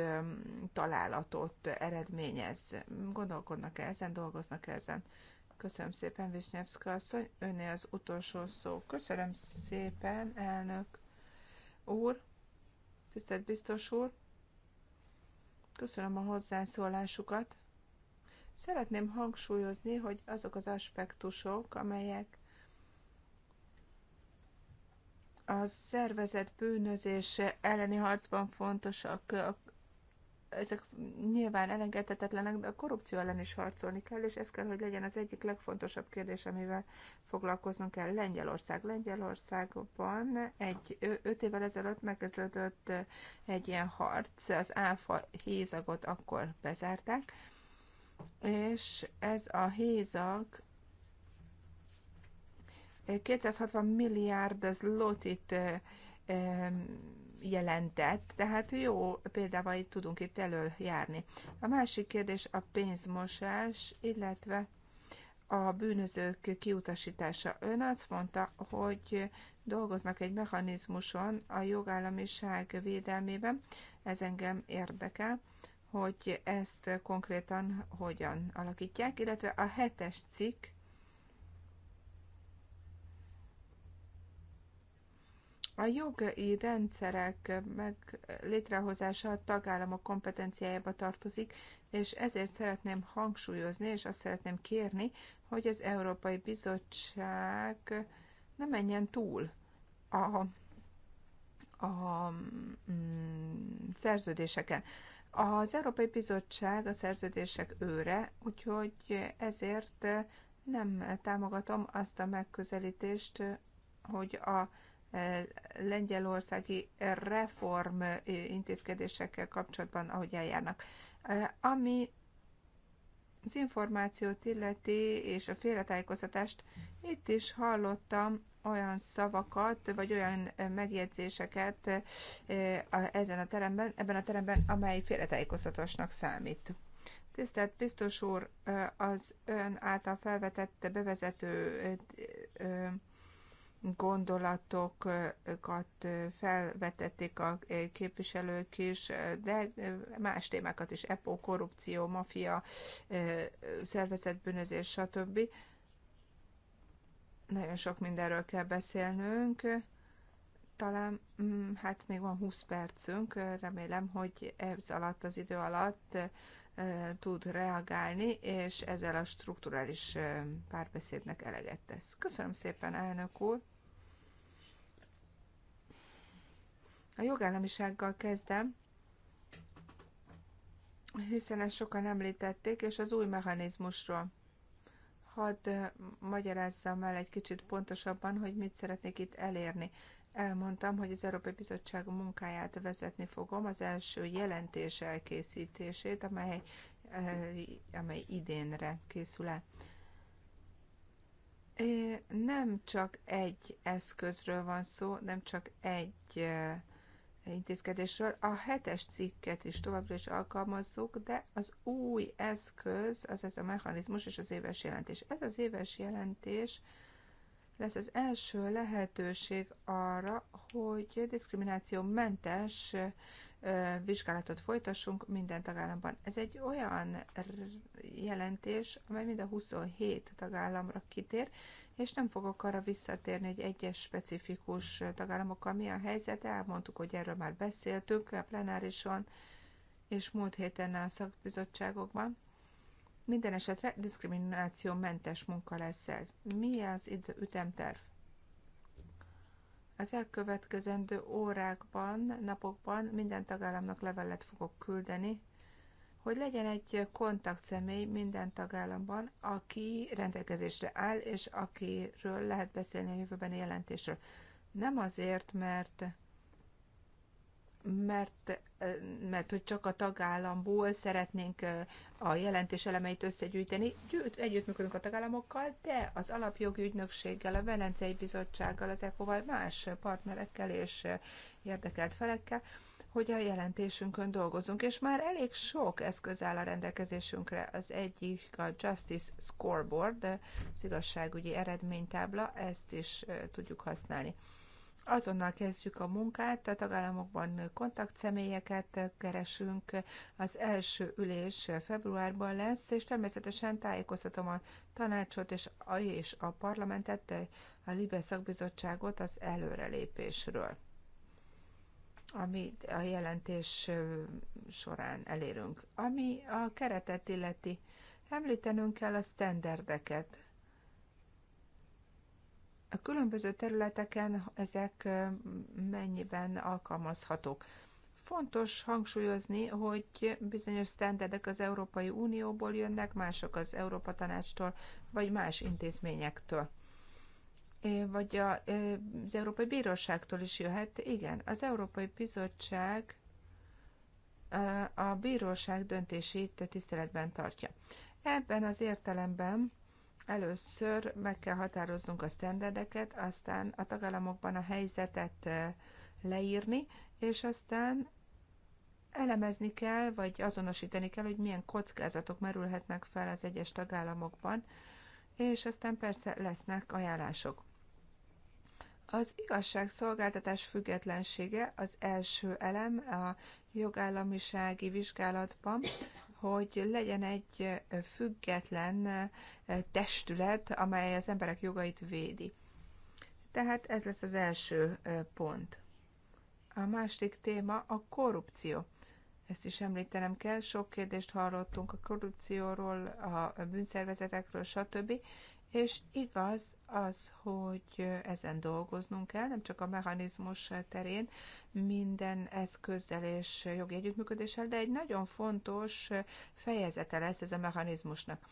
találatot eredményez. Gondolkodnak -e ezen, dolgoznak -e ezen? Köszönöm szépen, Visnyevszka asszony. Önné az utolsó szó. Köszönöm szépen, elnök úr, tisztelt biztos úr. Köszönöm a hozzászólásukat. Szeretném hangsúlyozni, hogy azok az aspektusok, amelyek a szervezet bűnözése elleni harcban fontosak, a ezek nyilván elengedhetetlenek, de a korrupció ellen is harcolni kell, és ez kell, hogy legyen az egyik legfontosabb kérdés, amivel foglalkoznunk kell. Lengyelország. Lengyelországban egy öt évvel ezelőtt megkezdődött egy ilyen harc, az áfa hézagot akkor bezárták, és ez a hézag 260 milliárd zlotit jelentett, tehát jó példával itt tudunk itt elől járni. A másik kérdés a pénzmosás, illetve a bűnözők kiutasítása. Ön azt mondta, hogy dolgoznak egy mechanizmuson a jogállamiság védelmében. Ez engem érdekel, hogy ezt konkrétan hogyan alakítják, illetve a hetes cikk A jogi rendszerek meg létrehozása a tagállamok kompetenciájába tartozik, és ezért szeretném hangsúlyozni, és azt szeretném kérni, hogy az Európai Bizottság ne menjen túl a, a mm, szerződéseken. Az Európai Bizottság a szerződések őre, úgyhogy ezért nem támogatom azt a megközelítést, hogy a E, lengyelországi reform e, intézkedésekkel kapcsolatban, ahogy eljárnak. E, ami az információt illeti, és a félretájékoztatást, itt is hallottam olyan szavakat, vagy olyan megjegyzéseket ezen a teremben, ebben a teremben, amely félretájékoztatásnak számít. Tisztelt biztos úr, az ön által felvetett bevezető gondolatokat felvetették a képviselők is, de más témákat is, EPO, korrupció, mafia, szervezetbűnözés, stb. Nagyon sok mindenről kell beszélnünk. Talán, mm, hát még van 20 percünk, remélem, hogy ez alatt az idő alatt tud reagálni, és ezzel a strukturális párbeszédnek eleget tesz. Köszönöm szépen, elnök úr! A jogállamisággal kezdem, hiszen ezt sokan említették, és az új mechanizmusról. Hadd magyarázzam el egy kicsit pontosabban, hogy mit szeretnék itt elérni elmondtam, hogy az Európai Bizottság munkáját vezetni fogom, az első jelentés elkészítését, amely, eh, amely idénre készül el. Nem csak egy eszközről van szó, nem csak egy eh, intézkedésről. A hetes cikket is továbbra is alkalmazzuk, de az új eszköz, az ez a mechanizmus és az éves jelentés. Ez az éves jelentés lesz az első lehetőség arra, hogy diszkriminációmentes vizsgálatot folytassunk minden tagállamban. Ez egy olyan jelentés, amely mind a 27 tagállamra kitér, és nem fogok arra visszatérni, hogy egyes specifikus tagállamokkal mi a helyzet. Elmondtuk, hogy erről már beszéltünk a plenárison, és múlt héten a szakbizottságokban. Minden esetre diszkriminációmentes munka lesz ez. Mi az idő, ütemterv? Az elkövetkezendő órákban, napokban minden tagállamnak levelet fogok küldeni, hogy legyen egy kontaktszemély minden tagállamban, aki rendelkezésre áll, és akiről lehet beszélni a jövőbeni jelentésről. Nem azért, mert mert, mert hogy csak a tagállamból szeretnénk a jelentés elemeit összegyűjteni. Együttműködünk a tagállamokkal, de az alapjogi ügynökséggel, a Velencei Bizottsággal, az ECO-val, más partnerekkel és érdekelt felekkel, hogy a jelentésünkön dolgozunk, és már elég sok eszköz áll a rendelkezésünkre. Az egyik a Justice Scoreboard, az igazságügyi eredménytábla, ezt is tudjuk használni. Azonnal kezdjük a munkát, a tagállamokban kontaktszemélyeket keresünk. Az első ülés februárban lesz, és természetesen tájékoztatom a tanácsot és a, és a parlamentet, a Libe szakbizottságot az előrelépésről amit a jelentés során elérünk. Ami a keretet illeti, említenünk kell a standardeket a különböző területeken ezek mennyiben alkalmazhatók. Fontos hangsúlyozni, hogy bizonyos standardek az Európai Unióból jönnek, mások az Európa Tanácstól, vagy más intézményektől. Vagy az Európai Bíróságtól is jöhet. Igen, az Európai Bizottság a bíróság döntését tiszteletben tartja. Ebben az értelemben Először meg kell határoznunk a sztenderdeket, aztán a tagállamokban a helyzetet leírni, és aztán elemezni kell, vagy azonosítani kell, hogy milyen kockázatok merülhetnek fel az egyes tagállamokban, és aztán persze lesznek ajánlások. Az igazságszolgáltatás függetlensége az első elem a jogállamisági vizsgálatban, hogy legyen egy független testület, amely az emberek jogait védi. Tehát ez lesz az első pont. A másik téma a korrupció. Ezt is említenem kell, sok kérdést hallottunk a korrupcióról, a bűnszervezetekről, stb és igaz az, hogy ezen dolgoznunk kell, nem csak a mechanizmus terén, minden eszközzel és jogi együttműködéssel, de egy nagyon fontos fejezete lesz ez a mechanizmusnak.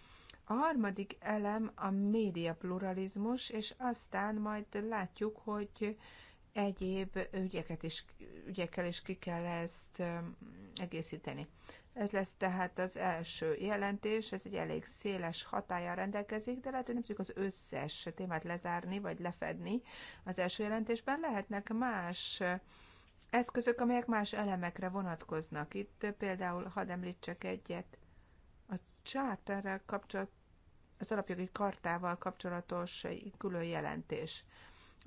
A harmadik elem a média pluralizmus, és aztán majd látjuk, hogy egyéb ügyeket is, ügyekkel is ki kell ezt egészíteni. Ez lesz tehát az első jelentés, ez egy elég széles hatáján rendelkezik, de lehet, hogy nem tudjuk az összes témát lezárni vagy lefedni az első jelentésben. Lehetnek más eszközök, amelyek más elemekre vonatkoznak. Itt például, hadd említsek egyet, a csárterrel kapcsolat, az alapjogi kartával kapcsolatos külön jelentés.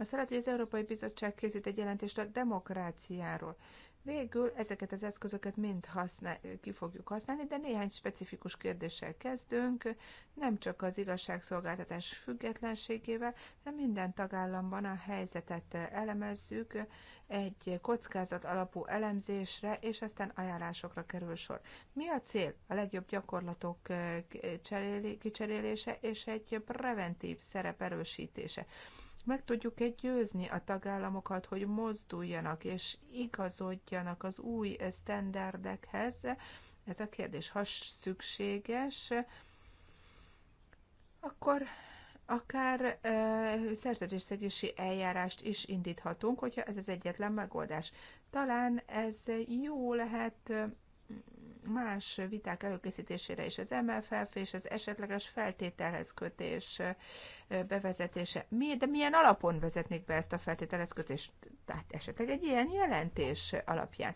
A Szeret, hogy az Európai Bizottság készít egy jelentést a demokráciáról. Végül ezeket az eszközöket mind használ, ki fogjuk használni, de néhány specifikus kérdéssel kezdünk, nem csak az igazságszolgáltatás függetlenségével, hanem minden tagállamban a helyzetet elemezzük, egy kockázat alapú elemzésre, és aztán ajánlásokra kerül sor. Mi a cél? A legjobb gyakorlatok kicserélése és egy preventív szerep erősítése meg tudjuk-e győzni a tagállamokat, hogy mozduljanak és igazodjanak az új sztenderdekhez? Ez a kérdés. Ha szükséges, akkor akár ö, szerződésszegési eljárást is indíthatunk, hogyha ez az egyetlen megoldás. Talán ez jó lehet más viták előkészítésére és az MFF és az esetleges feltételhez kötés bevezetése. Mi, de milyen alapon vezetnék be ezt a feltételhez kötést? Tehát esetleg egy ilyen jelentés alapján.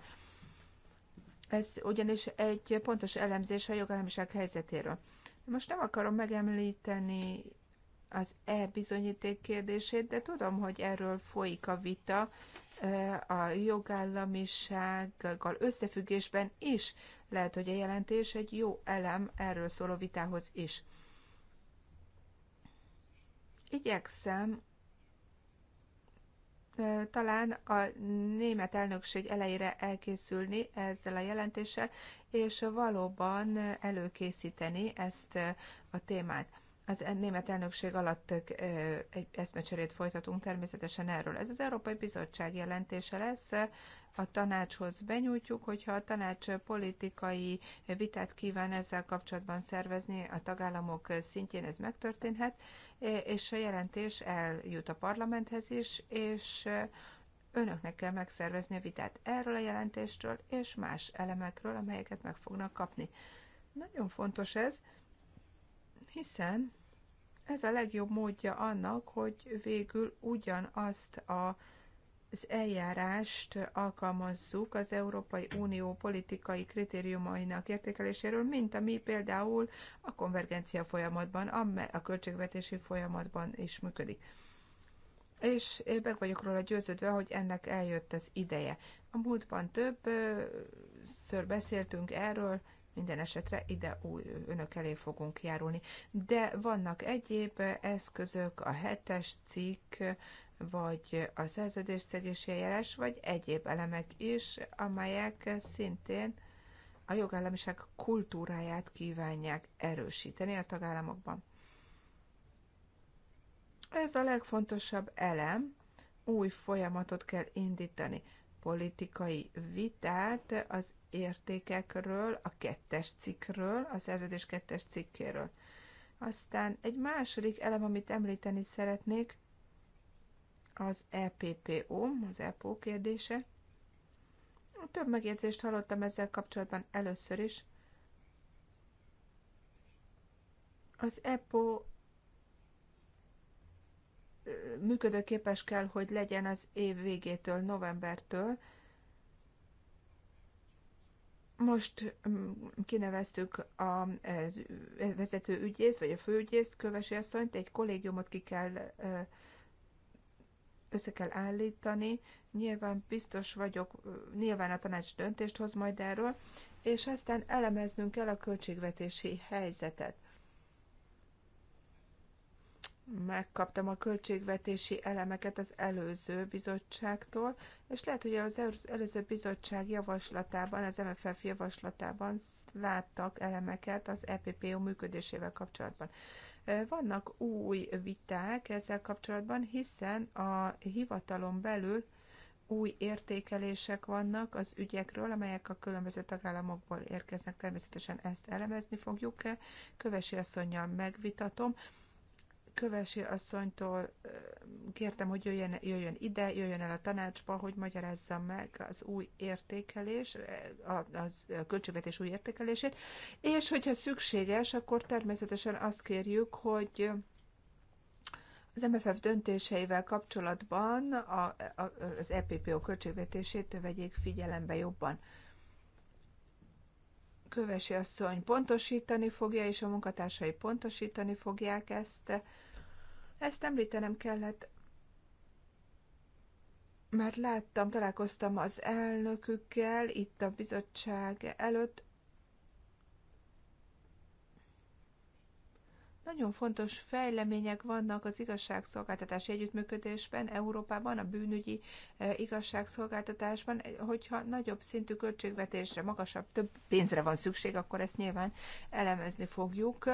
Ez ugyanis egy pontos elemzés a jogállamiság helyzetéről. Most nem akarom megemlíteni az e-bizonyíték kérdését, de tudom, hogy erről folyik a vita a jogállamisággal összefüggésben is. Lehet, hogy a jelentés egy jó elem erről szóló vitához is. Igyekszem talán a német elnökség elejére elkészülni ezzel a jelentéssel, és valóban előkészíteni ezt a témát az német elnökség alatt egy eszmecserét folytatunk természetesen erről. Ez az Európai Bizottság jelentése lesz, a tanácshoz benyújtjuk, hogyha a tanács politikai vitát kíván ezzel kapcsolatban szervezni, a tagállamok szintjén ez megtörténhet, és a jelentés eljut a parlamenthez is, és önöknek kell megszervezni a vitát erről a jelentésről és más elemekről, amelyeket meg fognak kapni. Nagyon fontos ez, hiszen ez a legjobb módja annak, hogy végül ugyanazt a, az eljárást alkalmazzuk az Európai Unió politikai kritériumainak értékeléséről, mint ami például a konvergencia folyamatban, a költségvetési folyamatban is működik. És én meg vagyok róla győződve, hogy ennek eljött az ideje. A múltban többször beszéltünk erről, minden esetre ide új, önök elé fogunk járulni. De vannak egyéb eszközök, a hetes cikk, vagy a szerződésszegési eljárás, vagy egyéb elemek is, amelyek szintén a jogállamiság kultúráját kívánják erősíteni a tagállamokban. Ez a legfontosabb elem, új folyamatot kell indítani politikai vitát az értékekről, a kettes cikkről, a szerződés kettes cikkéről. Aztán egy második elem, amit említeni szeretnék, az EPPO, az EPO kérdése. Több megjegyzést hallottam ezzel kapcsolatban először is. Az EPO működőképes kell, hogy legyen az év végétől, novembertől. Most mm, kineveztük a vezető ügyész, vagy a főügyész kövesi asszonyt, egy kollégiumot ki kell össze kell állítani. Nyilván biztos vagyok, nyilván a tanács döntést hoz majd erről, és aztán elemeznünk kell a költségvetési helyzetet megkaptam a költségvetési elemeket az előző bizottságtól, és lehet, hogy az előző bizottság javaslatában, az MFF javaslatában láttak elemeket az EPPO működésével kapcsolatban. Vannak új viták ezzel kapcsolatban, hiszen a hivatalon belül új értékelések vannak az ügyekről, amelyek a különböző tagállamokból érkeznek. Természetesen ezt elemezni fogjuk. e Kövesi asszonyjal megvitatom, Kövesi asszonytól kértem, hogy jöjjön, jöjjön ide, jöjjön el a tanácsba, hogy magyarázza meg az új értékelés, a, a költségvetés új értékelését, és hogyha szükséges, akkor természetesen azt kérjük, hogy az MFF döntéseivel kapcsolatban a, a, az EPPO költségvetését vegyék figyelembe jobban. Kövesi asszony pontosítani fogja, és a munkatársai pontosítani fogják ezt. Ezt említenem kellett, mert láttam, találkoztam az elnökükkel itt a bizottság előtt, Nagyon fontos fejlemények vannak az igazságszolgáltatási együttműködésben, Európában, a bűnügyi e, igazságszolgáltatásban. Hogyha nagyobb szintű költségvetésre, magasabb, több pénzre van szükség, akkor ezt nyilván elemezni fogjuk.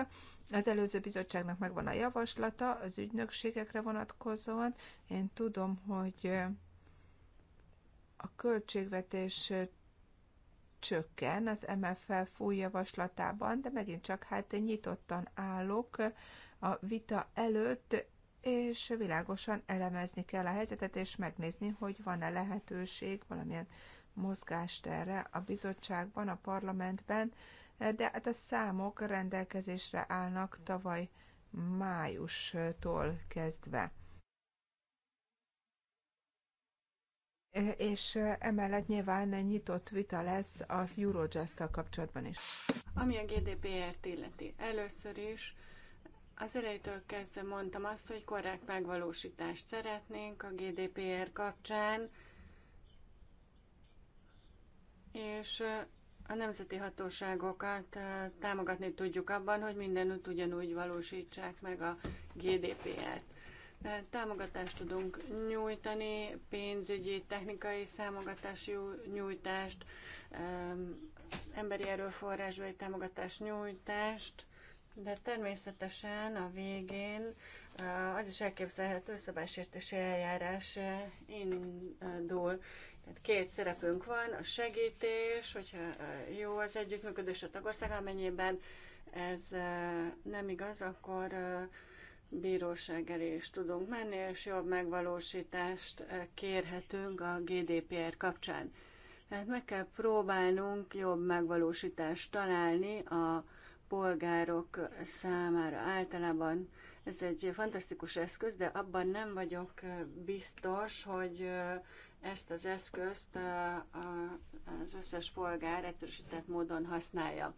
Az előző bizottságnak megvan a javaslata az ügynökségekre vonatkozóan. Én tudom, hogy a költségvetés csökken az MFF új javaslatában, de megint csak hát nyitottan állok a vita előtt, és világosan elemezni kell a helyzetet, és megnézni, hogy van-e lehetőség valamilyen mozgást erre a bizottságban, a parlamentben, de hát a számok rendelkezésre állnak tavaly májustól kezdve. és emellett nyilván egy nyitott vita lesz a eurojust kapcsolatban is. Ami a GDPR-t illeti, először is az elejétől kezdve mondtam azt, hogy korrekt megvalósítást szeretnénk a GDPR kapcsán, és a nemzeti hatóságokat támogatni tudjuk abban, hogy mindenütt ugyanúgy valósítsák meg a GDPR-t. Támogatást tudunk nyújtani, pénzügyi, technikai számogatást nyújtást, emberi erőforrásbeli támogatás nyújtást, de természetesen a végén az is elképzelhető szabásértési eljárás indul. Tehát két szerepünk van, a segítés, hogyha jó az együttműködés a tagország, amennyiben ez nem igaz, akkor bíróság elé is tudunk menni, és jobb megvalósítást eh, kérhetünk a GDPR kapcsán. Tehát meg kell próbálnunk jobb megvalósítást találni a polgárok számára általában. Ez egy fantasztikus eszköz, de abban nem vagyok eh, biztos, hogy eh, ezt az eszközt az összes polgár egyszerűsített módon használja.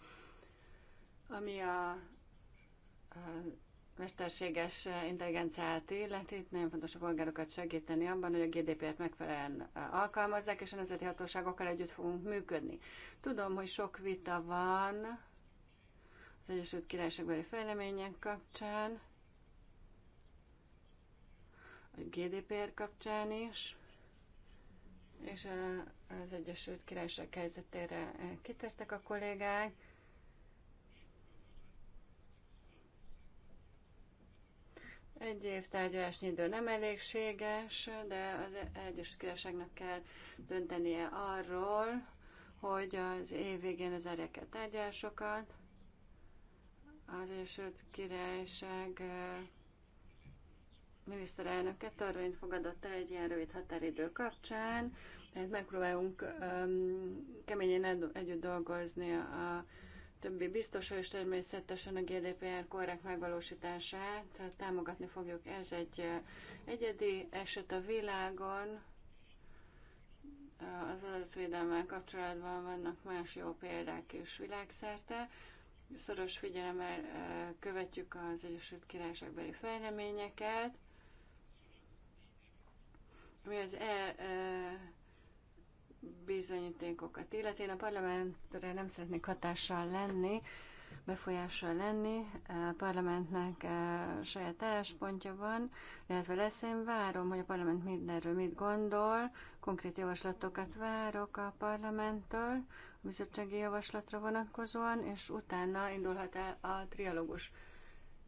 Ami a, a mesterséges eh, intelligenciát illeti, itt nagyon fontos a polgárokat segíteni abban, hogy a GDPR-t megfelelően eh, alkalmazzák, és a nemzeti hatóságokkal együtt fogunk működni. Tudom, hogy sok vita van az Egyesült Királyságbeli fejlemények kapcsán, a GDPR kapcsán is, és eh, az Egyesült Királyság helyzetére kitértek a kollégák Egy év tárgyalási idő nem elégséges, de az Egyesült Királyságnak kell döntenie arról, hogy az év végén az ereket tárgyalásokat. Az Egyesült Királyság eh, miniszterelnöke törvényt fogadott el egy ilyen rövid határidő kapcsán, tehát megpróbálunk um, keményen együtt dolgozni a többi biztosra és természetesen a GDPR korrekt megvalósítását támogatni fogjuk. Ez egy egyedi eset a világon, az adatvédelmmel kapcsolatban vannak más jó példák is világszerte. Szoros figyelemmel követjük az Egyesült Királyságbeli fejleményeket. Mi az e, bizonyítékokat illetén. a parlamentre nem szeretnék hatással lenni, befolyással lenni. A parlamentnek a eh, saját álláspontja van, illetve lesz, én várom, hogy a parlament mindenről mit gondol, konkrét javaslatokat várok a parlamenttől, a bizottsági javaslatra vonatkozóan, és utána indulhat el a trialógus.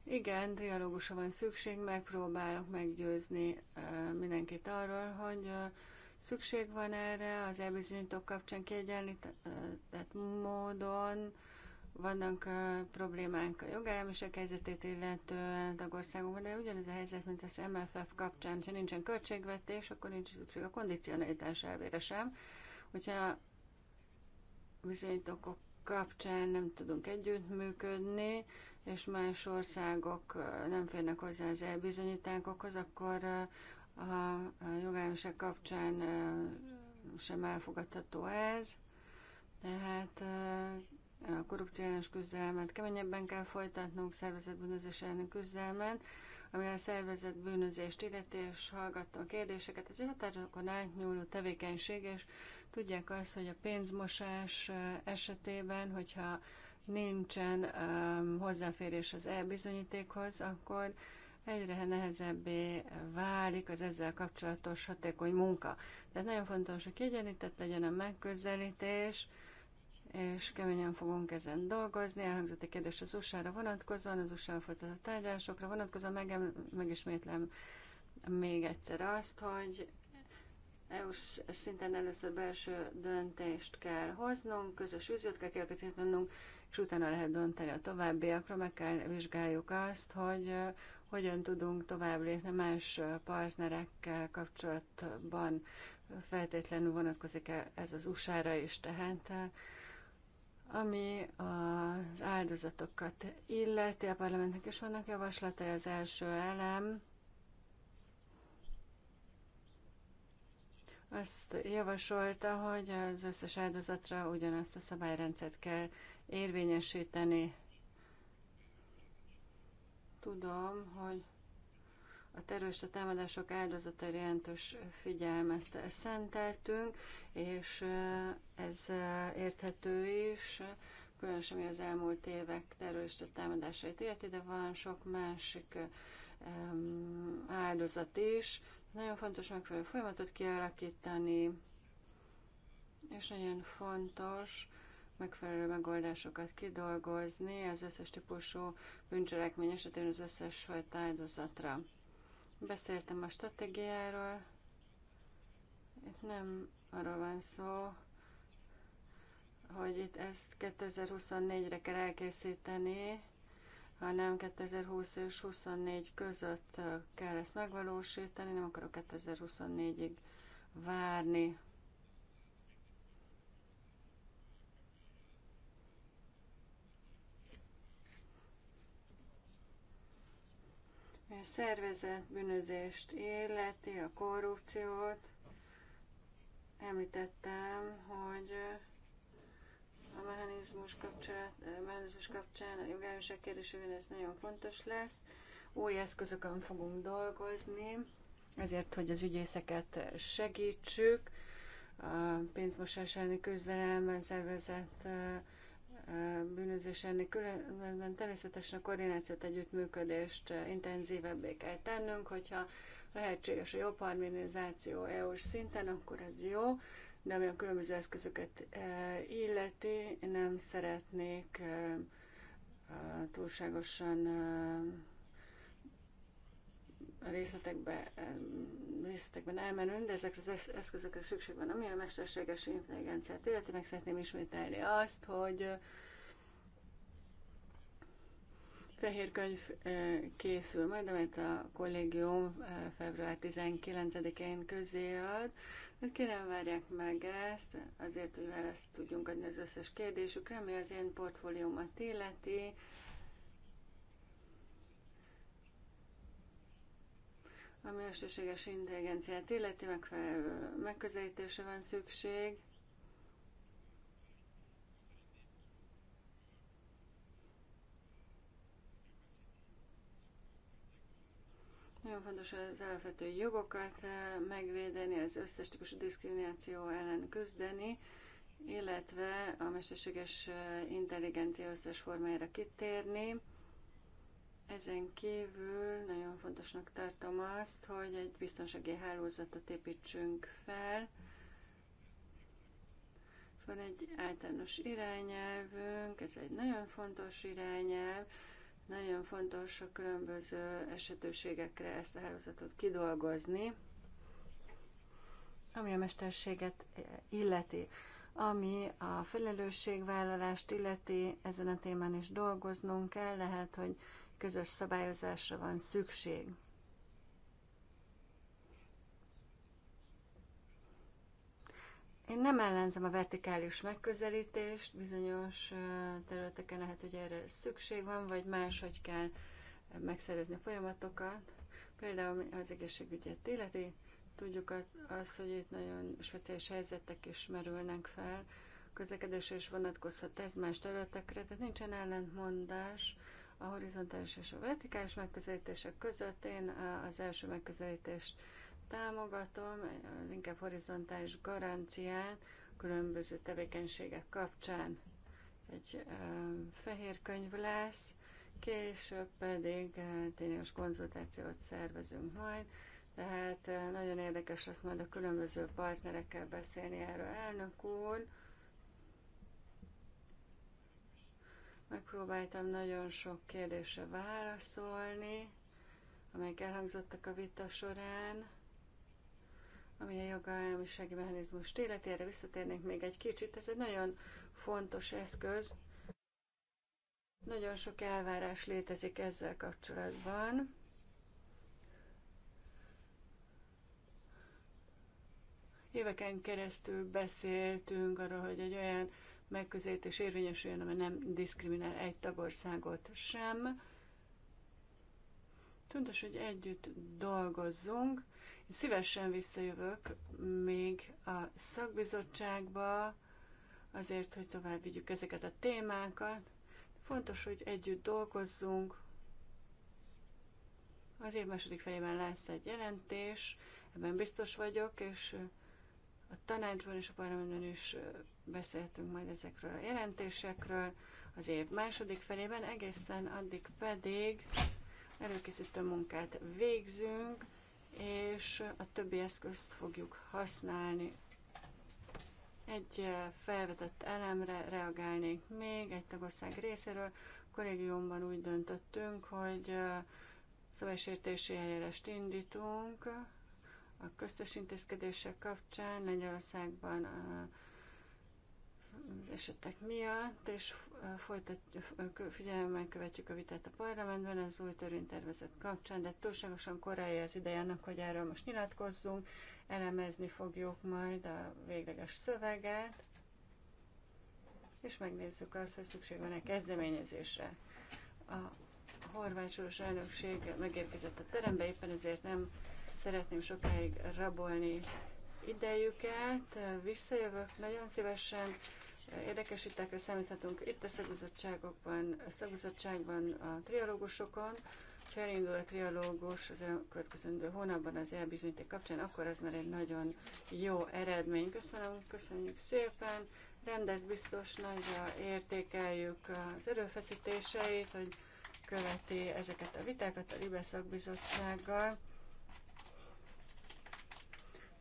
Igen, trialógusra van szükség, megpróbálok meggyőzni eh, mindenkit arról, hogy eh, Szükség van erre az elbizonyítók kapcsán kiegyenlített módon, vannak problémánk a jogállamiság helyzetét illetően tagországokban, de ugyanez a helyzet, mint az MFF kapcsán. Ha nincsen költségvetés, akkor nincs szükség a kondicionalitás elvére sem. Hogyha bizonyítókok kapcsán nem tudunk együttműködni, és más országok nem férnek hozzá az elbizonyítákokhoz, akkor a, jogállamiság kapcsán sem elfogadható ez, tehát a korrupciós küzdelmet keményebben kell folytatnunk, szervezetbűnözés elleni küzdelmet, ami a szervezetbűnözést illeti, és hallgattam a kérdéseket. Ez egy határokon átnyúló tevékenység, és tudják azt, hogy a pénzmosás esetében, hogyha nincsen um, hozzáférés az elbizonyítékhoz, akkor egyre nehezebbé válik az ezzel kapcsolatos hatékony munka. Tehát nagyon fontos, hogy kiegyenlített legyen a megközelítés, és keményen fogunk ezen dolgozni. Elhangzott egy kérdés az USA-ra vonatkozóan, az USA folytatott tárgyalásokra vonatkozóan, meg, megismétlem még egyszer azt, hogy eu szinten először belső döntést kell hoznunk, közös víziót kell kialakítanunk, és utána lehet dönteni a továbbiakról, meg kell vizsgáljuk azt, hogy hogyan tudunk tovább lépni más partnerekkel kapcsolatban, feltétlenül vonatkozik -e ez az USA-ra is, tehát ami az áldozatokat illeti, a parlamentnek is vannak javaslatai, az első elem, azt javasolta, hogy az összes áldozatra ugyanazt a szabályrendszert kell érvényesíteni. Tudom, hogy a terrorista támadások áldozata jelentős figyelmet szenteltünk, és ez érthető is, különösen az elmúlt évek terrorista támadásait illeti, de van sok másik áldozat is. Nagyon fontos megfelelő folyamatot kialakítani, és nagyon fontos, megfelelő megoldásokat kidolgozni az összes típusú bűncselekmény esetén az összes fajta áldozatra. Beszéltem a stratégiáról, itt nem arról van szó, hogy itt ezt 2024-re kell elkészíteni, hanem 2020 és 2024 között kell ezt megvalósítani, nem akarok 2024-ig várni. és szervezett bűnözést illeti, a korrupciót, említettem, hogy a mechanizmus, kapcsolat, a mechanizmus kapcsán a jogállóság kérdésében ez nagyon fontos lesz. Új eszközökön fogunk dolgozni, ezért, hogy az ügyészeket segítsük, a pénzmosás elleni küzdelemben szervezett bűnözés ennél különben természetesen a koordinációt, együttműködést intenzívebbé kell tennünk, hogyha lehetséges a jobb harmonizáció EU-s szinten, akkor ez jó, de ami a különböző eszközöket eh, illeti, nem szeretnék eh, túlságosan eh, részletekbe, részletekben elmenünk, de ezekre az eszközökre szükség van. Ami a mesterséges intelligenciát illeti, meg szeretném ismételni azt, hogy fehér könyv készül majd, amit a kollégium február 19-én közé ad. Hát kérem várják meg ezt, azért, hogy választ tudjunk adni az összes kérdésükre, ami az én portfóliómat illeti. a mesterséges intelligenciát illeti megfelelő megközelítésre van szükség. Nagyon fontos az alapvető jogokat eh, megvédeni, az összes típusú diszkrimináció ellen küzdeni, illetve a mesterséges eh, intelligencia összes formájára kitérni. Ezen kívül nagyon fontosnak tartom azt, hogy egy biztonsági hálózatot építsünk fel. Van egy általános irányelvünk, ez egy nagyon fontos irányelv, nagyon fontos a különböző esetőségekre ezt a hálózatot kidolgozni, ami a mesterséget illeti. Ami a felelősségvállalást illeti, ezen a témán is dolgoznunk kell, lehet, hogy közös szabályozásra van szükség. Én nem ellenzem a vertikális megközelítést, bizonyos területeken lehet, hogy erre szükség van, vagy máshogy kell megszerezni folyamatokat. Például az egészségügyet illeti, tudjuk azt, hogy itt nagyon speciális helyzetek is merülnek fel, közlekedésre is vonatkozhat ez más területekre, tehát nincsen ellentmondás a horizontális és a vertikális megközelítések között. Én az első megközelítést támogatom, inkább horizontális garancián, különböző tevékenységek kapcsán egy fehér könyv lesz, később pedig tényleges konzultációt szervezünk majd, tehát nagyon érdekes lesz majd a különböző partnerekkel beszélni erről elnök úr, Megpróbáltam nagyon sok kérdésre válaszolni, amelyek elhangzottak a vita során, ami a jogállamisági mechanizmus illeti. Erre visszatérnék még egy kicsit. Ez egy nagyon fontos eszköz. Nagyon sok elvárás létezik ezzel kapcsolatban. éveken keresztül beszéltünk arról, hogy egy olyan megközelítés érvényesüljön, amely nem diszkriminál egy tagországot sem. Fontos, hogy együtt dolgozzunk. Én szívesen visszajövök még a szakbizottságba, azért, hogy tovább vigyük ezeket a témákat. Fontos, hogy együtt dolgozzunk. Az év második felében lesz egy jelentés, ebben biztos vagyok, és a tanácsban és a parlamentben is beszéltünk majd ezekről a jelentésekről az év második felében, egészen addig pedig előkészítő munkát végzünk, és a többi eszközt fogjuk használni. Egy felvetett elemre reagálnék még egy tagország részéről. A kollégiumban úgy döntöttünk, hogy szabálysértési eljárást indítunk, a köztes intézkedések kapcsán Lengyelországban a, az esetek miatt, és folytatjuk, figyelemmel követjük a vitát a parlamentben az új törvénytervezet kapcsán, de túlságosan korai az ideje annak, hogy erről most nyilatkozzunk, elemezni fogjuk majd a végleges szöveget, és megnézzük azt, hogy szükség van-e kezdeményezésre. A horvátsoros elnökség megérkezett a terembe, éppen ezért nem szeretném sokáig rabolni idejüket. Visszajövök nagyon szívesen. Érdekesítekre számíthatunk itt a szakbizottságokban, a szakbizottságban a trialógusokon. Ha elindul a trialógus az következő hónapban az elbizonyíték kapcsán, akkor ez már egy nagyon jó eredmény. Köszönöm, köszönjük szépen. Rendes biztos, nagyra értékeljük az erőfeszítéseit, hogy követi ezeket a vitákat a Libeszakbizottsággal.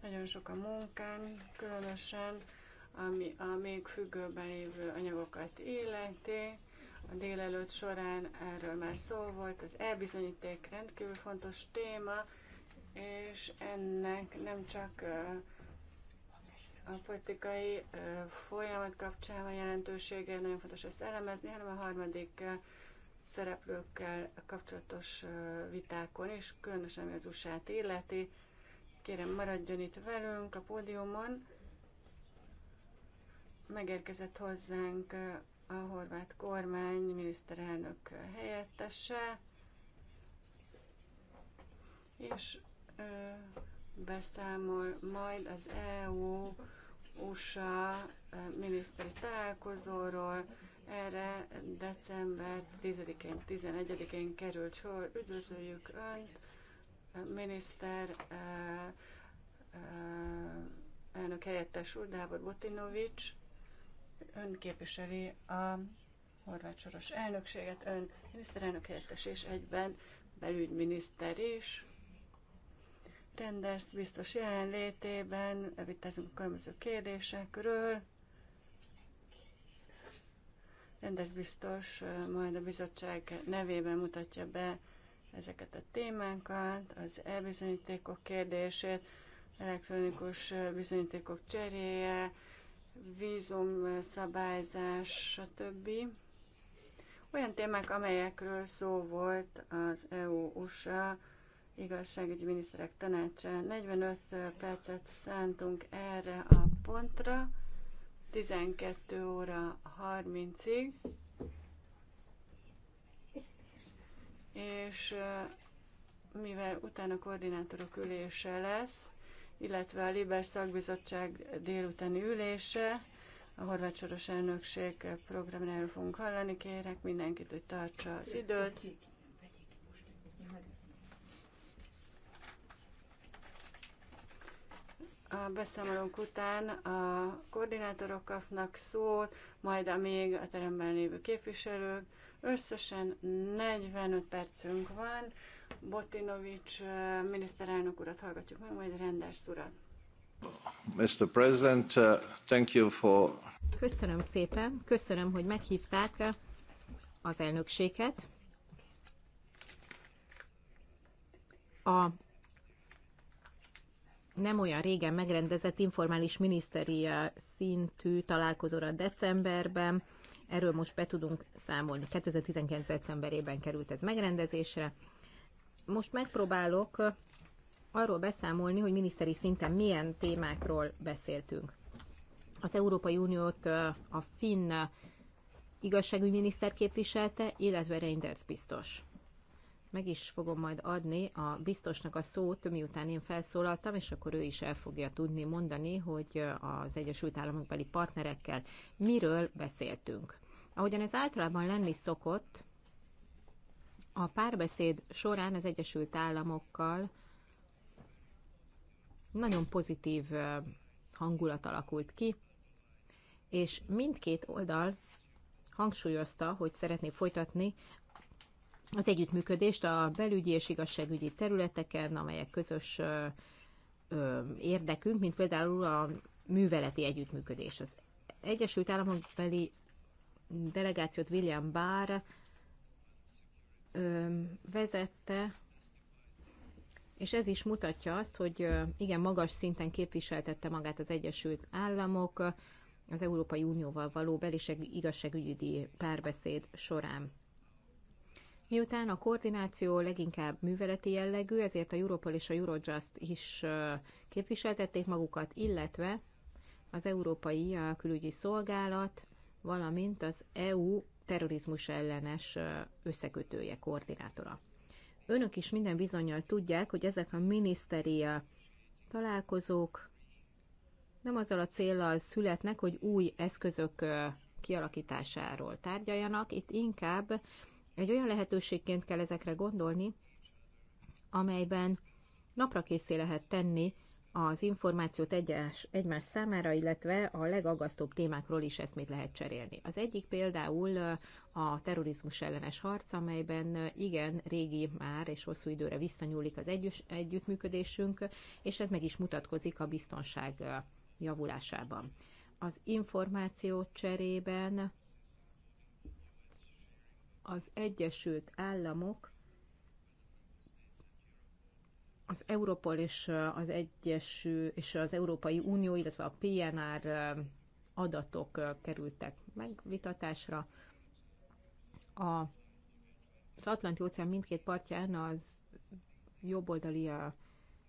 Nagyon sok a munkám, különösen ami a még függőben lévő anyagokat illeti. A délelőtt során erről már szó volt, az elbizonyíték rendkívül fontos téma, és ennek nem csak a politikai folyamat kapcsán a jelentősége, nagyon fontos ezt elemezni, hanem a harmadik szereplőkkel kapcsolatos vitákon is, különösen az USA-t illeti, Kérem, maradjon itt velünk a pódiumon. Megérkezett hozzánk a horvát kormány miniszterelnök helyettese, és ö, beszámol majd az EU USA miniszteri találkozóról. Erre december 10-én, 11-én került sor. Üdvözöljük Önt! miniszter eh, eh, elnök helyettes úr, Dávod Botinovics, ön képviseli a horvát soros elnökséget, ön miniszterelnök helyettes és egyben belügyminiszter is. Renders biztos jelenlétében vitázunk a különböző kérdésekről. Renders biztos eh, majd a bizottság nevében mutatja be ezeket a témákat, az elbizonyítékok kérdését, elektronikus bizonyítékok cseréje, vízum szabályzás, stb. Olyan témák, amelyekről szó volt az EU-USA igazságügyi miniszterek tanácsán. 45 percet szántunk erre a pontra, 12 óra 30-ig. és mivel utána koordinátorok ülése lesz, illetve a Liber szakbizottság délutáni ülése, a horvát soros elnökség programjáról fogunk hallani, kérek mindenkit, hogy tartsa az időt. a beszámolónk után a koordinátorok kapnak szót, majd a még a teremben lévő képviselők, Összesen 45 percünk van. Botinovics eh, miniszterelnök urat hallgatjuk meg, majd rendes urat. Mr. President, eh, thank you for... Köszönöm szépen, köszönöm, hogy meghívták az elnökséget. A nem olyan régen megrendezett informális miniszteri eh, szintű találkozóra decemberben Erről most be tudunk számolni. 2019. decemberében került ez megrendezésre. Most megpróbálok arról beszámolni, hogy miniszteri szinten milyen témákról beszéltünk. Az Európai Uniót a finn igazságügyminiszter képviselte, illetve Reinders biztos. Meg is fogom majd adni a biztosnak a szót, miután én felszólaltam, és akkor ő is el fogja tudni mondani, hogy az Egyesült Államokbeli beli partnerekkel miről beszéltünk. Ahogyan ez általában lenni szokott, a párbeszéd során az Egyesült Államokkal nagyon pozitív hangulat alakult ki, és mindkét oldal hangsúlyozta, hogy szeretné folytatni az együttműködést a belügyi és igazságügyi területeken, amelyek közös érdekünk, mint például a műveleti együttműködés. Az Egyesült Államok beli delegációt William Barr vezette, és ez is mutatja azt, hogy igen, magas szinten képviseltette magát az Egyesült Államok az Európai Unióval való beliség igazságügyi párbeszéd során. Miután a koordináció leginkább műveleti jellegű, ezért a Europol és a Eurojust is képviseltették magukat, illetve az Európai Külügyi Szolgálat valamint az EU terrorizmus ellenes összekötője, koordinátora. Önök is minden bizonyal tudják, hogy ezek a miniszteri találkozók nem azzal a célral születnek, hogy új eszközök kialakításáról tárgyaljanak, itt inkább egy olyan lehetőségként kell ezekre gondolni, amelyben napra készé lehet tenni az információt egyes, egymás számára, illetve a legagasztóbb témákról is eszmét lehet cserélni. Az egyik például a terrorizmus ellenes harc, amelyben igen, régi már és hosszú időre visszanyúlik az együtt, együttműködésünk, és ez meg is mutatkozik a biztonság javulásában. Az információ cserében az Egyesült Államok az Europol és az egyes és az Európai Unió, illetve a PNR adatok kerültek megvitatásra. A, az Atlanti óceán mindkét partján az jobboldali a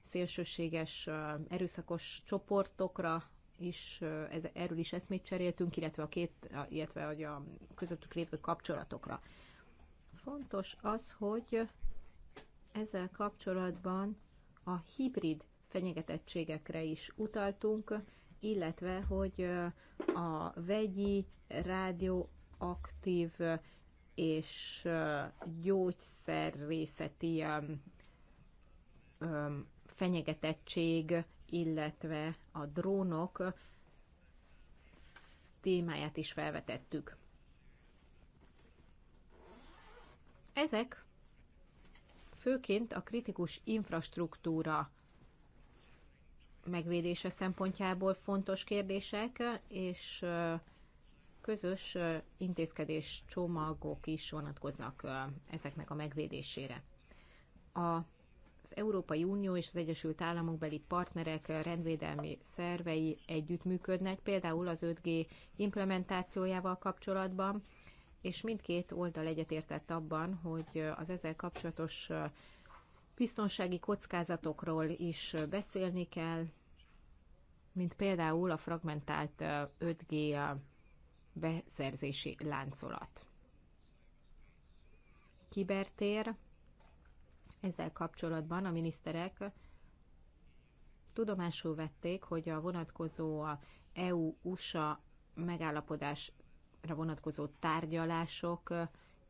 szélsőséges erőszakos csoportokra is, ez, erről is eszmét cseréltünk, illetve a két, illetve a, a közöttük lévő kapcsolatokra. Fontos az, hogy ezzel kapcsolatban a hibrid fenyegetettségekre is utaltunk, illetve hogy a vegyi, rádióaktív és részeti fenyegetettség, illetve a drónok témáját is felvetettük. Ezek főként a kritikus infrastruktúra megvédése szempontjából fontos kérdések, és közös intézkedés csomagok is vonatkoznak ezeknek a megvédésére. A az Európai Unió és az Egyesült Államok beli partnerek rendvédelmi szervei együttműködnek, például az 5G implementációjával kapcsolatban, és mindkét oldal egyetértett abban, hogy az ezzel kapcsolatos biztonsági kockázatokról is beszélni kell, mint például a fragmentált 5G beszerzési láncolat. Kibertér, ezzel kapcsolatban a miniszterek tudomásul vették, hogy a vonatkozó EU-USA megállapodás vonatkozó tárgyalások,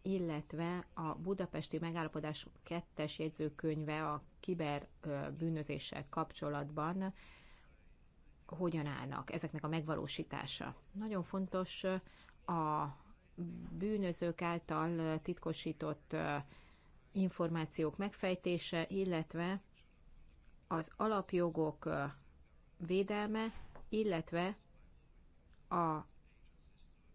illetve a budapesti megállapodás kettes jegyzőkönyve a kiberbűnözéssel kapcsolatban hogyan állnak ezeknek a megvalósítása. Nagyon fontos a bűnözők által titkosított információk megfejtése, illetve az alapjogok védelme, illetve a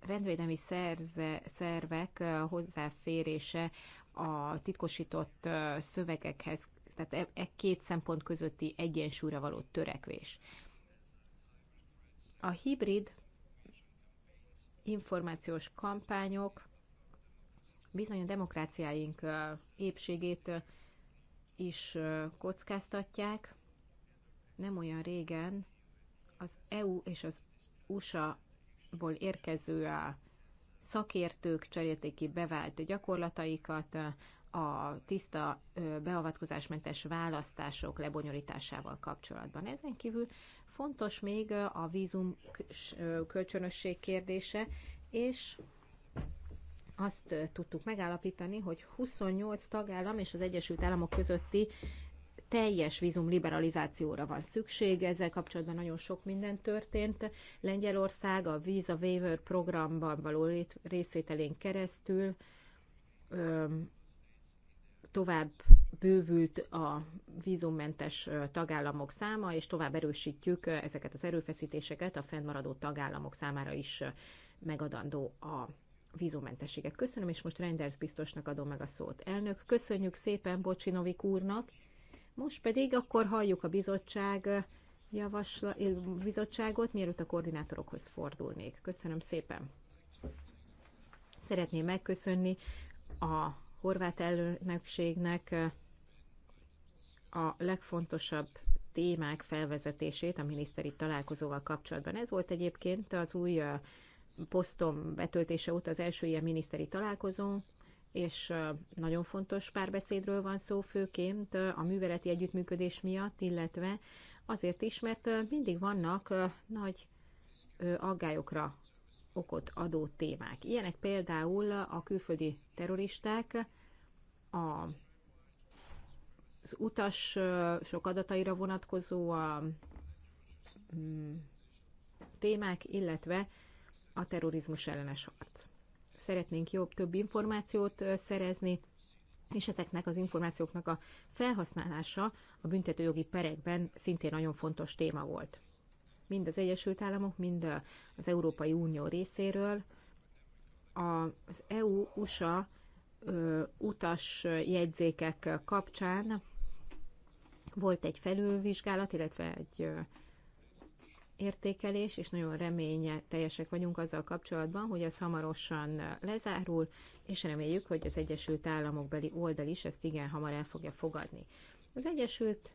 rendvédelmi szerze, szervek hozzáférése a titkosított szövegekhez, tehát e, e két szempont közötti egyensúlyra való törekvés. A hibrid információs kampányok bizony a demokráciáink épségét is kockáztatják. Nem olyan régen az EU és az USA ból érkező a szakértők cserélték ki bevált gyakorlataikat a tiszta beavatkozásmentes választások lebonyolításával kapcsolatban. Ezen kívül fontos még a vízum kölcsönösség kérdése, és azt tudtuk megállapítani, hogy 28 tagállam és az Egyesült Államok közötti teljes vízum liberalizációra van szükség, ezzel kapcsolatban nagyon sok minden történt. Lengyelország a Visa Waiver programban való részvételén keresztül tovább bővült a vízummentes tagállamok száma, és tovább erősítjük ezeket az erőfeszítéseket a fennmaradó tagállamok számára is megadandó a vízumentességet. Köszönöm, és most Renders biztosnak adom meg a szót. Elnök, köszönjük szépen Bocsinovik úrnak, most pedig akkor halljuk a bizottság javasla, bizottságot, mielőtt a koordinátorokhoz fordulnék. Köszönöm szépen. Szeretném megköszönni a horvát elnökségnek a legfontosabb témák felvezetését a miniszteri találkozóval kapcsolatban. Ez volt egyébként az új posztom betöltése óta az első ilyen miniszteri találkozó, és nagyon fontos párbeszédről van szó, főként a műveleti együttműködés miatt, illetve azért is, mert mindig vannak nagy aggályokra okot adó témák. Ilyenek például a külföldi terroristák, a az utas sok adataira vonatkozó a mm, témák, illetve a terrorizmus ellenes harc szeretnénk jobb, több információt szerezni, és ezeknek az információknak a felhasználása a büntetőjogi perekben szintén nagyon fontos téma volt. Mind az Egyesült Államok, mind az Európai Unió részéről az EU-USA utas jegyzékek kapcsán volt egy felülvizsgálat, illetve egy értékelés, és nagyon reménye teljesek vagyunk azzal kapcsolatban, hogy ez hamarosan lezárul, és reméljük, hogy az Egyesült Államok beli oldal is ezt igen hamar el fogja fogadni. Az Egyesült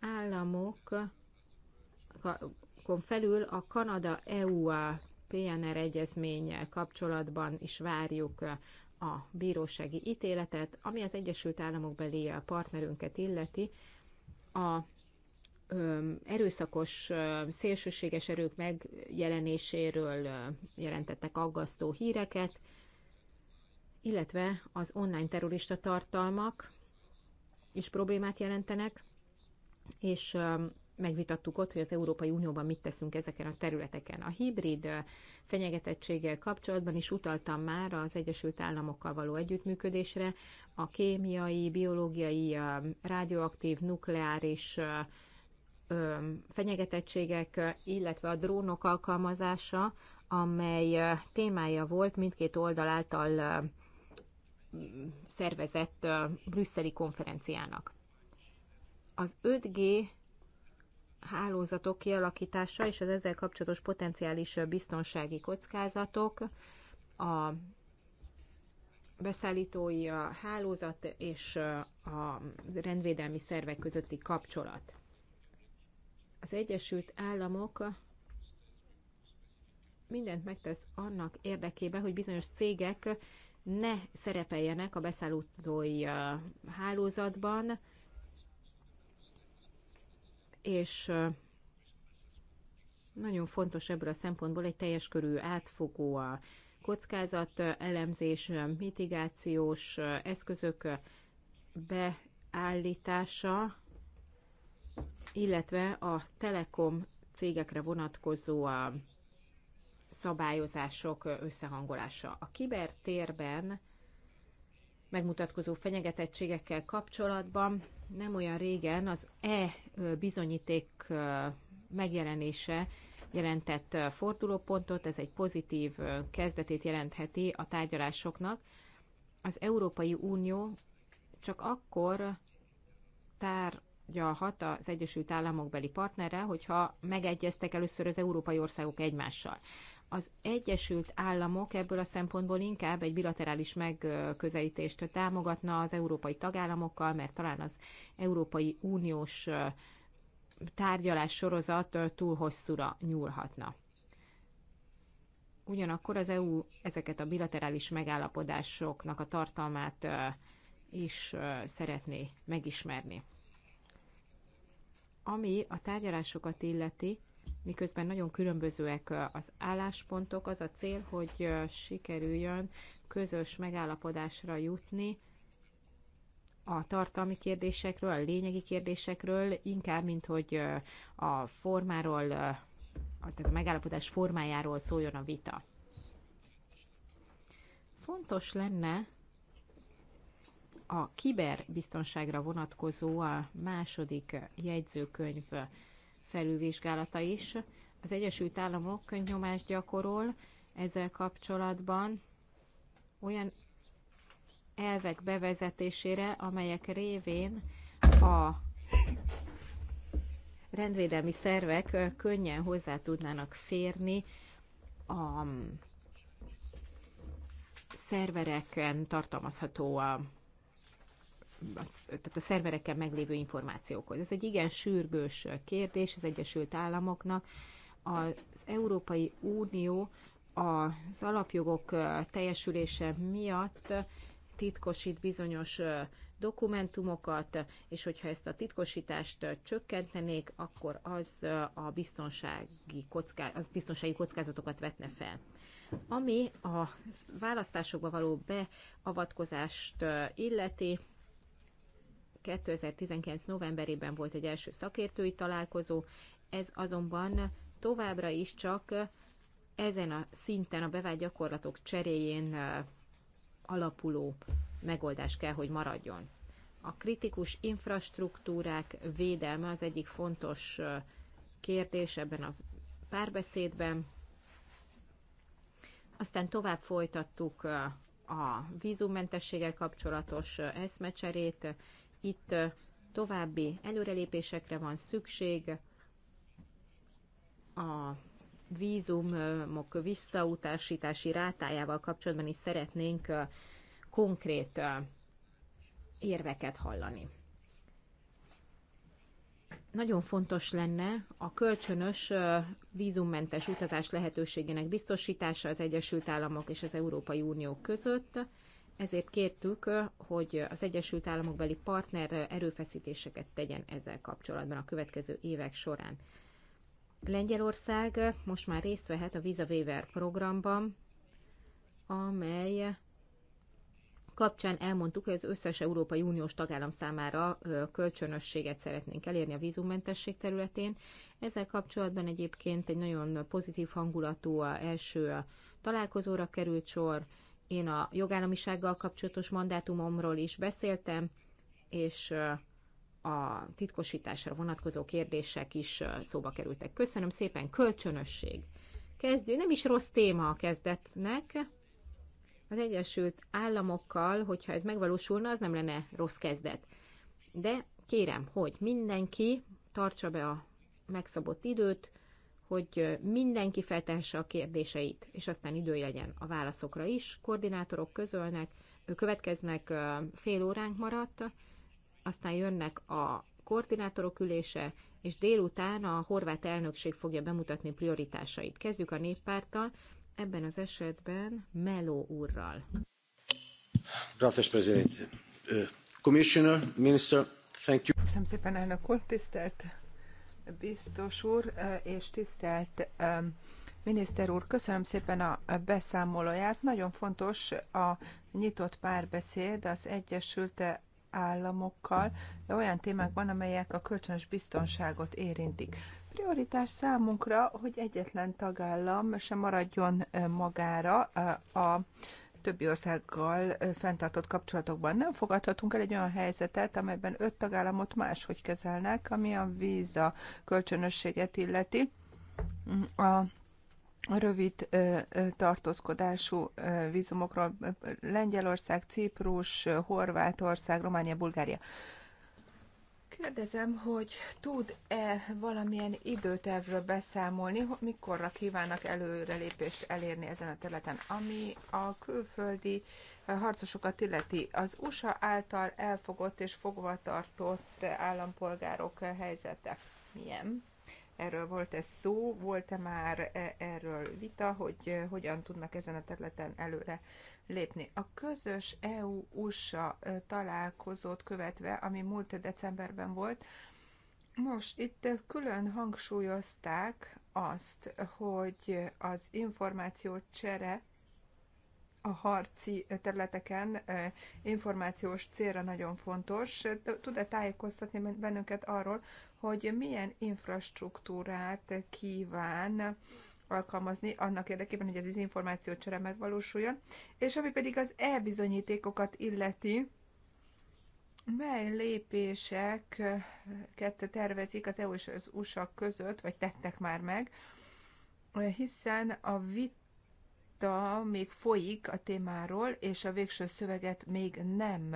Államok felül a Kanada-EU PNR egyezménnyel kapcsolatban is várjuk a bírósági ítéletet, ami az Egyesült Államok beli partnerünket illeti. A erőszakos szélsőséges erők megjelenéséről jelentettek aggasztó híreket, illetve az online terrorista tartalmak is problémát jelentenek, és megvitattuk ott, hogy az Európai Unióban mit teszünk ezeken a területeken. A hibrid fenyegetettséggel kapcsolatban is utaltam már az Egyesült Államokkal való együttműködésre, a kémiai, biológiai, radioaktív, nukleáris fenyegetettségek, illetve a drónok alkalmazása, amely témája volt mindkét oldal által szervezett brüsszeli konferenciának. Az 5G hálózatok kialakítása és az ezzel kapcsolatos potenciális biztonsági kockázatok, a beszállítói a hálózat és a rendvédelmi szervek közötti kapcsolat az Egyesült Államok mindent megtesz annak érdekében, hogy bizonyos cégek ne szerepeljenek a beszállítói hálózatban, és nagyon fontos ebből a szempontból egy teljes körű átfogó a kockázat elemzés, mitigációs eszközök beállítása, illetve a telekom cégekre vonatkozó a szabályozások összehangolása. A kibertérben megmutatkozó fenyegetettségekkel kapcsolatban nem olyan régen az e-bizonyíték megjelenése jelentett fordulópontot, ez egy pozitív kezdetét jelentheti a tárgyalásoknak. Az Európai Unió csak akkor tár tárgyalhat az Egyesült Államok beli partnere, hogyha megegyeztek először az európai országok egymással. Az Egyesült Államok ebből a szempontból inkább egy bilaterális megközelítést támogatna az európai tagállamokkal, mert talán az Európai Uniós tárgyalás sorozat túl hosszúra nyúlhatna. Ugyanakkor az EU ezeket a bilaterális megállapodásoknak a tartalmát is szeretné megismerni. Ami a tárgyalásokat illeti, miközben nagyon különbözőek az álláspontok, az a cél, hogy sikerüljön közös megállapodásra jutni a tartalmi kérdésekről, a lényegi kérdésekről, inkább, mint hogy a formáról, tehát a megállapodás formájáról szóljon a vita. Fontos lenne a kiberbiztonságra vonatkozó a második jegyzőkönyv felülvizsgálata is. Az Egyesült Államok könyvnyomást gyakorol ezzel kapcsolatban olyan elvek bevezetésére, amelyek révén a rendvédelmi szervek könnyen hozzá tudnának férni a szervereken tartalmazható a tehát a szervereken meglévő információkhoz. Ez egy igen sürgős kérdés az Egyesült Államoknak. Az Európai Unió az alapjogok teljesülése miatt titkosít bizonyos dokumentumokat, és hogyha ezt a titkosítást csökkentenék, akkor az a biztonsági, kocká, az biztonsági kockázatokat vetne fel. Ami a választásokba való beavatkozást illeti, 2019. novemberében volt egy első szakértői találkozó, ez azonban továbbra is csak ezen a szinten a bevált gyakorlatok cseréjén alapuló megoldás kell, hogy maradjon. A kritikus infrastruktúrák védelme az egyik fontos kérdés ebben a párbeszédben. Aztán tovább folytattuk a vízummentességgel kapcsolatos eszmecserét, itt további előrelépésekre van szükség, a vízumok visszautasítási rátájával kapcsolatban is szeretnénk konkrét érveket hallani. Nagyon fontos lenne a kölcsönös vízummentes utazás lehetőségének biztosítása az Egyesült Államok és az Európai Unió között ezért kértük, hogy az Egyesült Államokbeli partner erőfeszítéseket tegyen ezzel kapcsolatban a következő évek során. Lengyelország most már részt vehet a Visa Waiver programban, amely kapcsán elmondtuk, hogy az összes Európai Uniós tagállam számára kölcsönösséget szeretnénk elérni a vízummentesség területén. Ezzel kapcsolatban egyébként egy nagyon pozitív hangulatú első találkozóra került sor, én a jogállamisággal kapcsolatos mandátumomról is beszéltem, és a titkosításra vonatkozó kérdések is szóba kerültek. Köszönöm szépen, kölcsönösség. Kezdő, nem is rossz téma a kezdetnek. Az Egyesült Államokkal, hogyha ez megvalósulna, az nem lenne rossz kezdet. De kérem, hogy mindenki tartsa be a megszabott időt, hogy mindenki feltehesse a kérdéseit, és aztán idő legyen a válaszokra is. Koordinátorok közölnek, következnek fél óránk maradt, aztán jönnek a koordinátorok ülése, és délután a horvát elnökség fogja bemutatni prioritásait. Kezdjük a néppárttal, ebben az esetben Meló úrral. Gracias, Presidente. Uh, Commissioner, minister, thank you. Köszönöm szépen, elnök úr, tisztelt biztos úr és tisztelt miniszter úr, köszönöm szépen a beszámolóját. Nagyon fontos a nyitott párbeszéd az Egyesült államokkal olyan témákban, amelyek a kölcsönös biztonságot érintik. Prioritás számunkra, hogy egyetlen tagállam sem maradjon magára a többi országgal fenntartott kapcsolatokban. Nem fogadhatunk el egy olyan helyzetet, amelyben öt tagállamot máshogy kezelnek, ami a víza kölcsönösséget illeti. A rövid tartózkodású vízumokról Lengyelország, Ciprus, Horvátország, Románia, Bulgária. Kérdezem, hogy tud-e valamilyen időtervről beszámolni, mikorra kívánnak előrelépést elérni ezen a területen, ami a külföldi eh, harcosokat illeti. Az USA által elfogott és fogvatartott állampolgárok eh, helyzete milyen? Erről volt ez szó, volt-e már eh, erről vita, hogy hogyan tudnak ezen a területen előre lépni. A közös EU-USA találkozót követve, ami múlt decemberben volt, Nos, itt külön hangsúlyozták azt, hogy az információ csere a harci területeken információs célra nagyon fontos. Tud-e tájékoztatni bennünket arról, hogy milyen infrastruktúrát kíván alkalmazni annak érdekében, hogy ez az információ csere megvalósuljon, és ami pedig az e-bizonyítékokat illeti, Mely lépéseket tervezik az EU és az USA között, vagy tettek már meg, hiszen a vita még folyik a témáról, és a végső szöveget még nem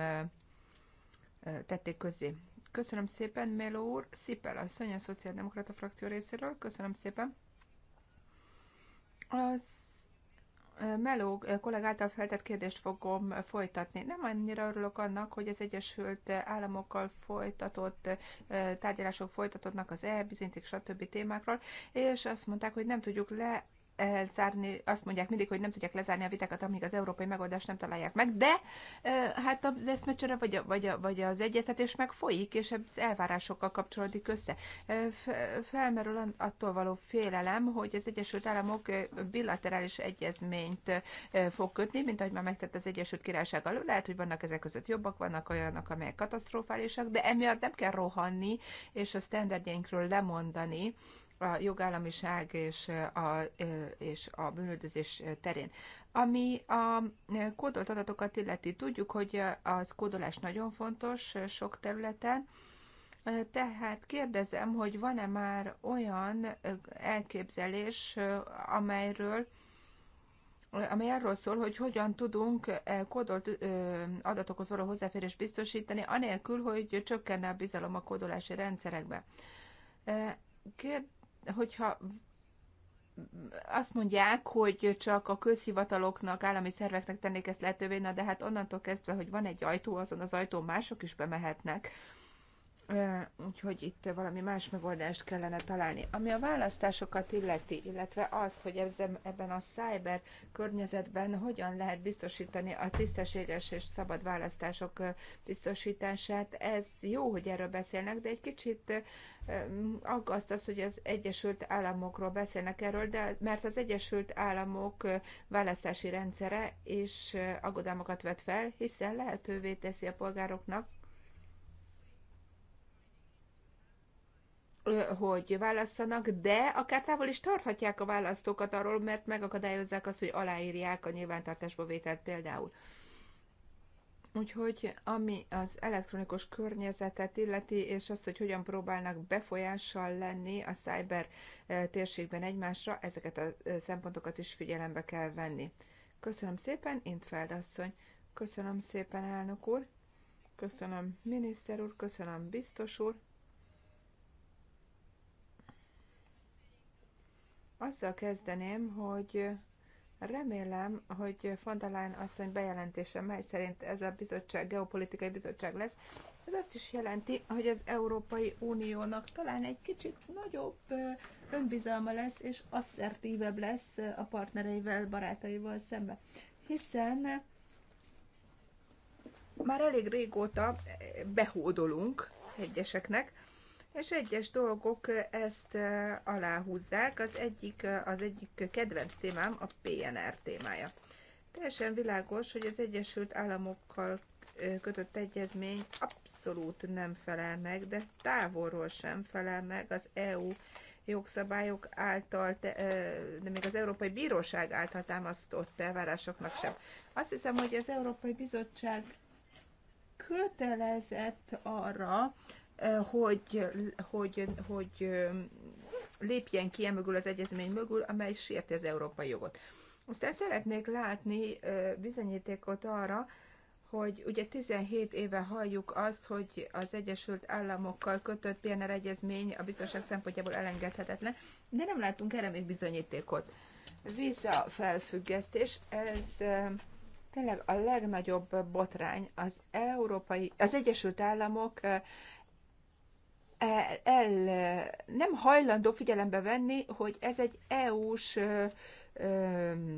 tették közé. Köszönöm szépen, Melo úr, Szipel asszony, a Szociáldemokrata frakció részéről. Köszönöm szépen. Az Meló kollégáltal feltett kérdést fogom folytatni. Nem annyira örülök annak, hogy az Egyesült Államokkal folytatott tárgyalások folytatódnak az e-bizonyíték, stb. témákról, és azt mondták, hogy nem tudjuk le elzárni, azt mondják mindig, hogy nem tudják lezárni a vitákat, amíg az európai megoldást nem találják meg, de hát az eszmecsere vagy, a, vagy, a, vagy az egyeztetés meg folyik, és az elvárásokkal kapcsolódik össze. Felmerül attól való félelem, hogy az Egyesült Államok bilaterális egyezményt fog kötni, mint ahogy már megtett az Egyesült Királyság alól. Lehet, hogy vannak ezek között jobbak, vannak olyanok, amelyek katasztrofálisak, de emiatt nem kell rohanni, és a standardjainkról lemondani, a jogállamiság és a, és a bűnöldözés terén. Ami a kódolt adatokat illeti, tudjuk, hogy az kódolás nagyon fontos sok területen, tehát kérdezem, hogy van-e már olyan elképzelés, amelyről amely arról szól, hogy hogyan tudunk kódolt adatokhoz való hozzáférés biztosítani, anélkül, hogy csökkenne a bizalom a kódolási rendszerekbe. Kérd, hogyha azt mondják, hogy csak a közhivataloknak, állami szerveknek tennék ezt lehetővé, na de hát onnantól kezdve, hogy van egy ajtó, azon az ajtón mások is bemehetnek. Úgyhogy itt valami más megoldást kellene találni. Ami a választásokat illeti, illetve azt, hogy ebben a szájber környezetben hogyan lehet biztosítani a tisztességes és szabad választások biztosítását, ez jó, hogy erről beszélnek, de egy kicsit aggaszt az, hogy az Egyesült Államokról beszélnek erről, de mert az Egyesült Államok választási rendszere és aggodalmakat vet fel, hiszen lehetővé teszi a polgároknak, hogy válasszanak, de akár távol is tarthatják a választókat arról, mert megakadályozzák azt, hogy aláírják a nyilvántartásba vételt például. Úgyhogy ami az elektronikus környezetet illeti, és azt, hogy hogyan próbálnak befolyással lenni a cyber térségben egymásra, ezeket a szempontokat is figyelembe kell venni. Köszönöm szépen, Intfeld asszony. Köszönöm szépen, elnök úr. Köszönöm, miniszter úr. Köszönöm, biztos úr. Azzal kezdeném, hogy remélem, hogy von der Leyen asszony bejelentése, mely szerint ez a bizottság geopolitikai bizottság lesz, ez azt is jelenti, hogy az Európai Uniónak talán egy kicsit nagyobb önbizalma lesz, és asszertívebb lesz a partnereivel, barátaival szemben. Hiszen már elég régóta behódolunk egyeseknek, és egyes dolgok ezt aláhúzzák. Az egyik, az egyik kedvenc témám a PNR témája. Teljesen világos, hogy az Egyesült Államokkal kötött egyezmény abszolút nem felel meg, de távolról sem felel meg az EU jogszabályok által, de még az Európai Bíróság által támasztott elvárásoknak sem. Azt hiszem, hogy az Európai Bizottság kötelezett arra, hogy, hogy, hogy lépjen ki emögül az egyezmény mögül, amely sérti az európai jogot. Aztán szeretnék látni bizonyítékot arra, hogy ugye 17 éve halljuk azt, hogy az Egyesült Államokkal kötött PNR egyezmény a biztonság szempontjából elengedhetetlen, de nem látunk erre még bizonyítékot. Visa felfüggesztés, ez tényleg a legnagyobb botrány. Az, európai, az Egyesült Államok el, nem hajlandó figyelembe venni, hogy ez egy EU-s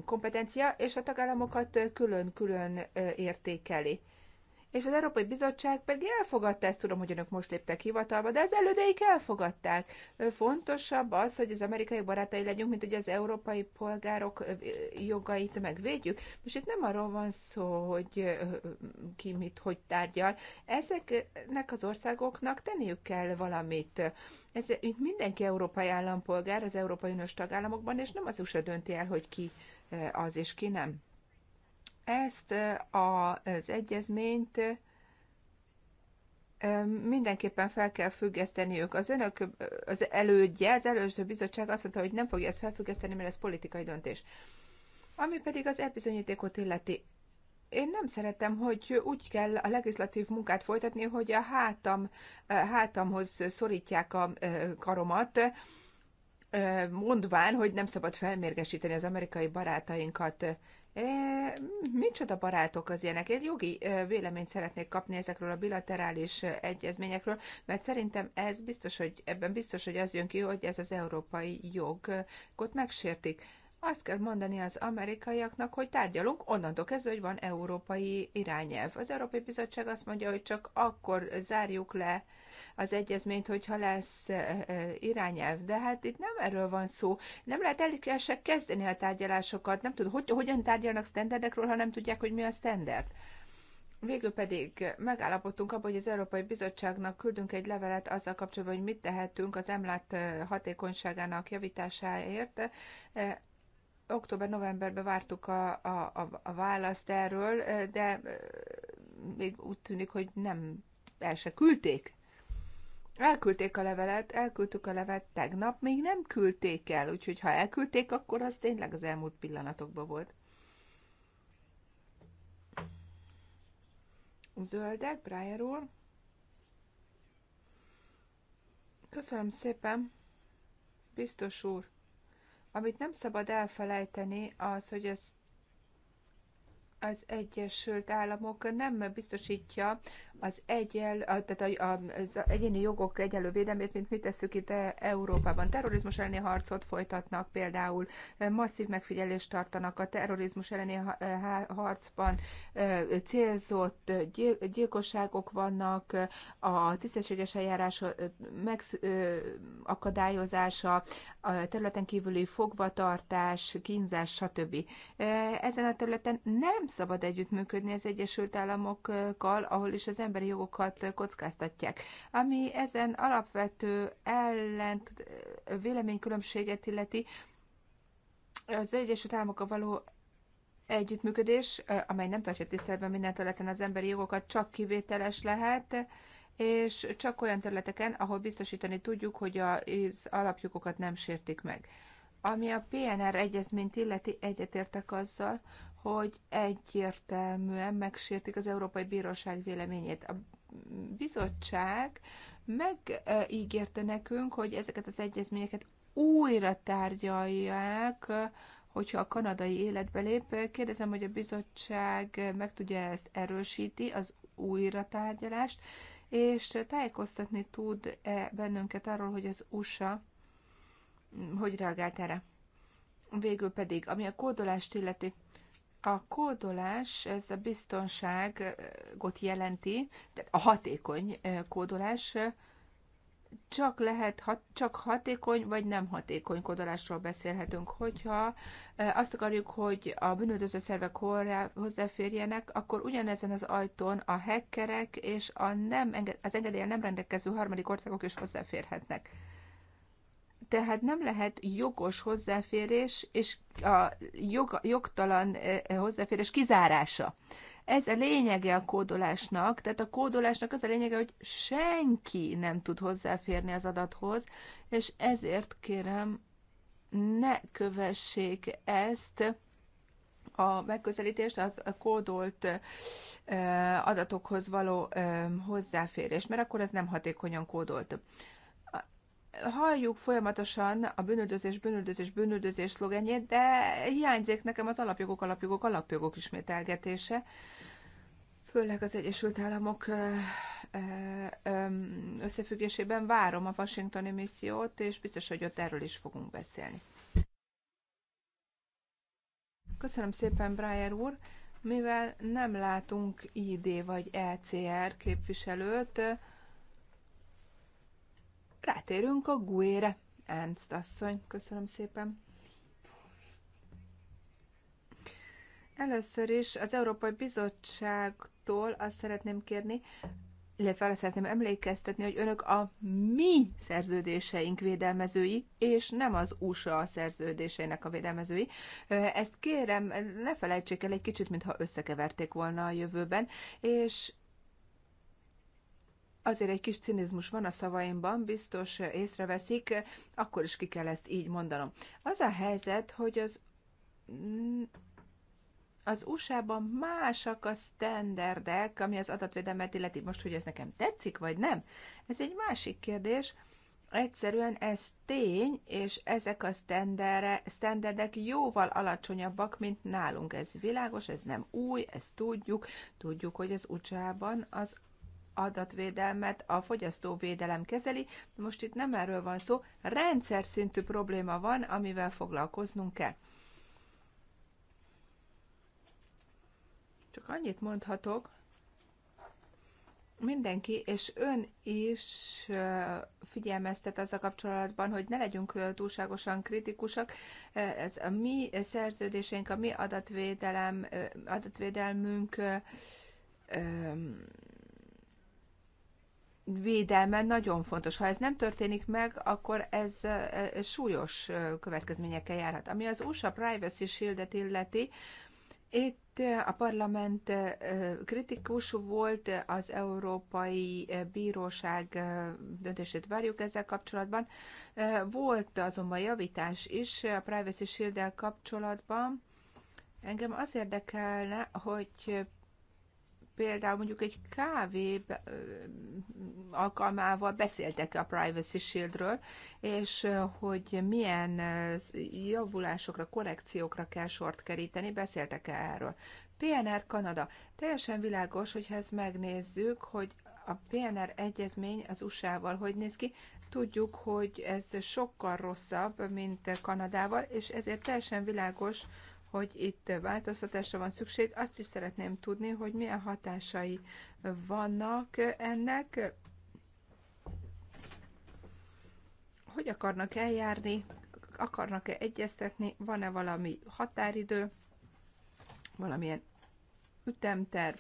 kompetencia, és a tagállamokat külön-külön értékeli és az Európai Bizottság pedig elfogadta ezt, tudom, hogy önök most léptek hivatalba, de az elődeik elfogadták. Fontosabb az, hogy az amerikai barátai legyünk, mint hogy az európai polgárok jogait megvédjük. Most itt nem arról van szó, hogy ki mit, hogy tárgyal. Ezeknek az országoknak tenniük kell valamit. Ez, mint mindenki európai állampolgár az Európai Uniós tagállamokban, és nem az USA dönti el, hogy ki az és ki nem. Ezt az egyezményt mindenképpen fel kell függeszteni ők. Az önök az elődje, az előző bizottság azt mondta, hogy nem fogja ezt felfüggeszteni, mert ez politikai döntés. Ami pedig az elbizonyítékot illeti. Én nem szeretem, hogy úgy kell a legislatív munkát folytatni, hogy a hátam, hátamhoz szorítják a karomat, mondván, hogy nem szabad felmérgesíteni az amerikai barátainkat. E, micsoda barátok az ilyenek? Én jogi e, véleményt szeretnék kapni ezekről a bilaterális e, egyezményekről, mert szerintem ez biztos, hogy ebben biztos, hogy az jön ki, hogy ez az európai jogot megsértik. Azt kell mondani az amerikaiaknak, hogy tárgyalunk onnantól kezdve, hogy van európai irányelv. Az Európai Bizottság azt mondja, hogy csak akkor zárjuk le az egyezményt, hogyha lesz irányelv. De hát itt nem erről van szó. Nem lehet elég se kezdeni a tárgyalásokat. Nem tud, hogy, hogyan tárgyalnak sztenderdekről, ha nem tudják, hogy mi a sztenderd. Végül pedig megállapodtunk abban, hogy az Európai Bizottságnak küldünk egy levelet azzal kapcsolatban, hogy mit tehetünk az emlát hatékonyságának javításáért. Október-novemberben vártuk a, a, a választ erről, de még úgy tűnik, hogy nem el se küldték. Elküldték a levelet, elküldtük a levelet tegnap, még nem küldték el, úgyhogy ha elküldték, akkor az tényleg az elmúlt pillanatokban volt. Zöldek, Briar úr. Köszönöm szépen, biztos úr. Amit nem szabad elfelejteni, az, hogy ez az Egyesült Államok nem biztosítja az, egyel, tehát az egyéni jogok egyenlő védelmét, mint mit tesszük itt Európában. Terrorizmus elleni harcot folytatnak például, masszív megfigyelést tartanak a terrorizmus elleni harcban, célzott gyilkosságok vannak, a tisztességes eljárás megakadályozása, a területen kívüli fogvatartás, kínzás, stb. Ezen a területen nem szabad együttműködni az Egyesült Államokkal, ahol is az ember emberi jogokat kockáztatják. Ami ezen alapvető ellent véleménykülönbséget illeti, az Egyesült Államokkal való együttműködés, amely nem tartja tiszteletben minden területen az emberi jogokat, csak kivételes lehet, és csak olyan területeken, ahol biztosítani tudjuk, hogy az alapjogokat nem sértik meg. Ami a PNR egyezményt illeti, egyetértek azzal, hogy egyértelműen megsértik az Európai Bíróság véleményét. A bizottság megígérte nekünk, hogy ezeket az egyezményeket újra tárgyalják, hogyha a kanadai életbe lép. Kérdezem, hogy a bizottság meg tudja ezt erősíti, az újra tárgyalást, és tájékoztatni tud -e bennünket arról, hogy az USA hogy reagált erre. Végül pedig, ami a kódolást illeti, a kódolás, ez a biztonságot jelenti, tehát a hatékony kódolás, csak lehet, hat, csak hatékony vagy nem hatékony kódolásról beszélhetünk. Hogyha azt akarjuk, hogy a bűnöldöző szervek hozzáférjenek, akkor ugyanezen az ajtón a hackerek és a nem, az engedélyen nem rendelkező harmadik országok is hozzáférhetnek tehát nem lehet jogos hozzáférés és a jog, jogtalan e, e, hozzáférés kizárása. Ez a lényege a kódolásnak, tehát a kódolásnak az a lényege, hogy senki nem tud hozzáférni az adathoz, és ezért kérem, ne kövessék ezt a megközelítést, az a kódolt e, adatokhoz való hozzáférés, mert akkor ez nem hatékonyan kódolt halljuk folyamatosan a bűnöldözés, bűnöldözés, bűnöldözés szlogenjét, de hiányzik nekem az alapjogok, alapjogok, alapjogok ismételgetése. Főleg az Egyesült Államok összefüggésében várom a washingtoni missziót, és biztos, hogy ott erről is fogunk beszélni. Köszönöm szépen, Breyer úr! Mivel nem látunk ID vagy ECR képviselőt, rátérünk a Guére. Ernst asszony, köszönöm szépen. Először is az Európai Bizottságtól azt szeretném kérni, illetve arra szeretném emlékeztetni, hogy önök a mi szerződéseink védelmezői, és nem az USA szerződéseinek a védelmezői. Ezt kérem, ne felejtsék el egy kicsit, mintha összekeverték volna a jövőben, és azért egy kis cinizmus van a szavaimban, biztos észreveszik, akkor is ki kell ezt így mondanom. Az a helyzet, hogy az az USA-ban másak a standardek, ami az adatvédelmet illeti. Most, hogy ez nekem tetszik, vagy nem, ez egy másik kérdés. Egyszerűen ez tény, és ezek a standardek jóval alacsonyabbak, mint nálunk. Ez világos, ez nem új, ezt tudjuk. Tudjuk, hogy az USA-ban az adatvédelmet a fogyasztóvédelem kezeli. Most itt nem erről van szó, rendszer szintű probléma van, amivel foglalkoznunk kell. Csak annyit mondhatok, mindenki, és ön is figyelmeztet az a kapcsolatban, hogy ne legyünk túlságosan kritikusak. Ez a mi szerződésénk, a mi adatvédelem, adatvédelmünk védelme nagyon fontos. Ha ez nem történik meg, akkor ez súlyos következményekkel járhat. Ami az USA Privacy Shield-et illeti, itt a parlament kritikus volt, az Európai Bíróság döntését várjuk ezzel kapcsolatban. Volt azonban javítás is a Privacy shield kapcsolatban. Engem az érdekelne, hogy például mondjuk egy kávé alkalmával beszéltek a Privacy Shieldről, és hogy milyen javulásokra, korrekciókra kell sort keríteni, beszéltek -e erről. PNR Kanada. Teljesen világos, hogyha ezt megnézzük, hogy a PNR egyezmény az USA-val hogy néz ki, tudjuk, hogy ez sokkal rosszabb, mint Kanadával, és ezért teljesen világos, hogy itt változtatásra van szükség. Azt is szeretném tudni, hogy milyen hatásai vannak ennek, hogy akarnak eljárni, akarnak-e egyeztetni, van-e valami határidő, valamilyen ütemterv.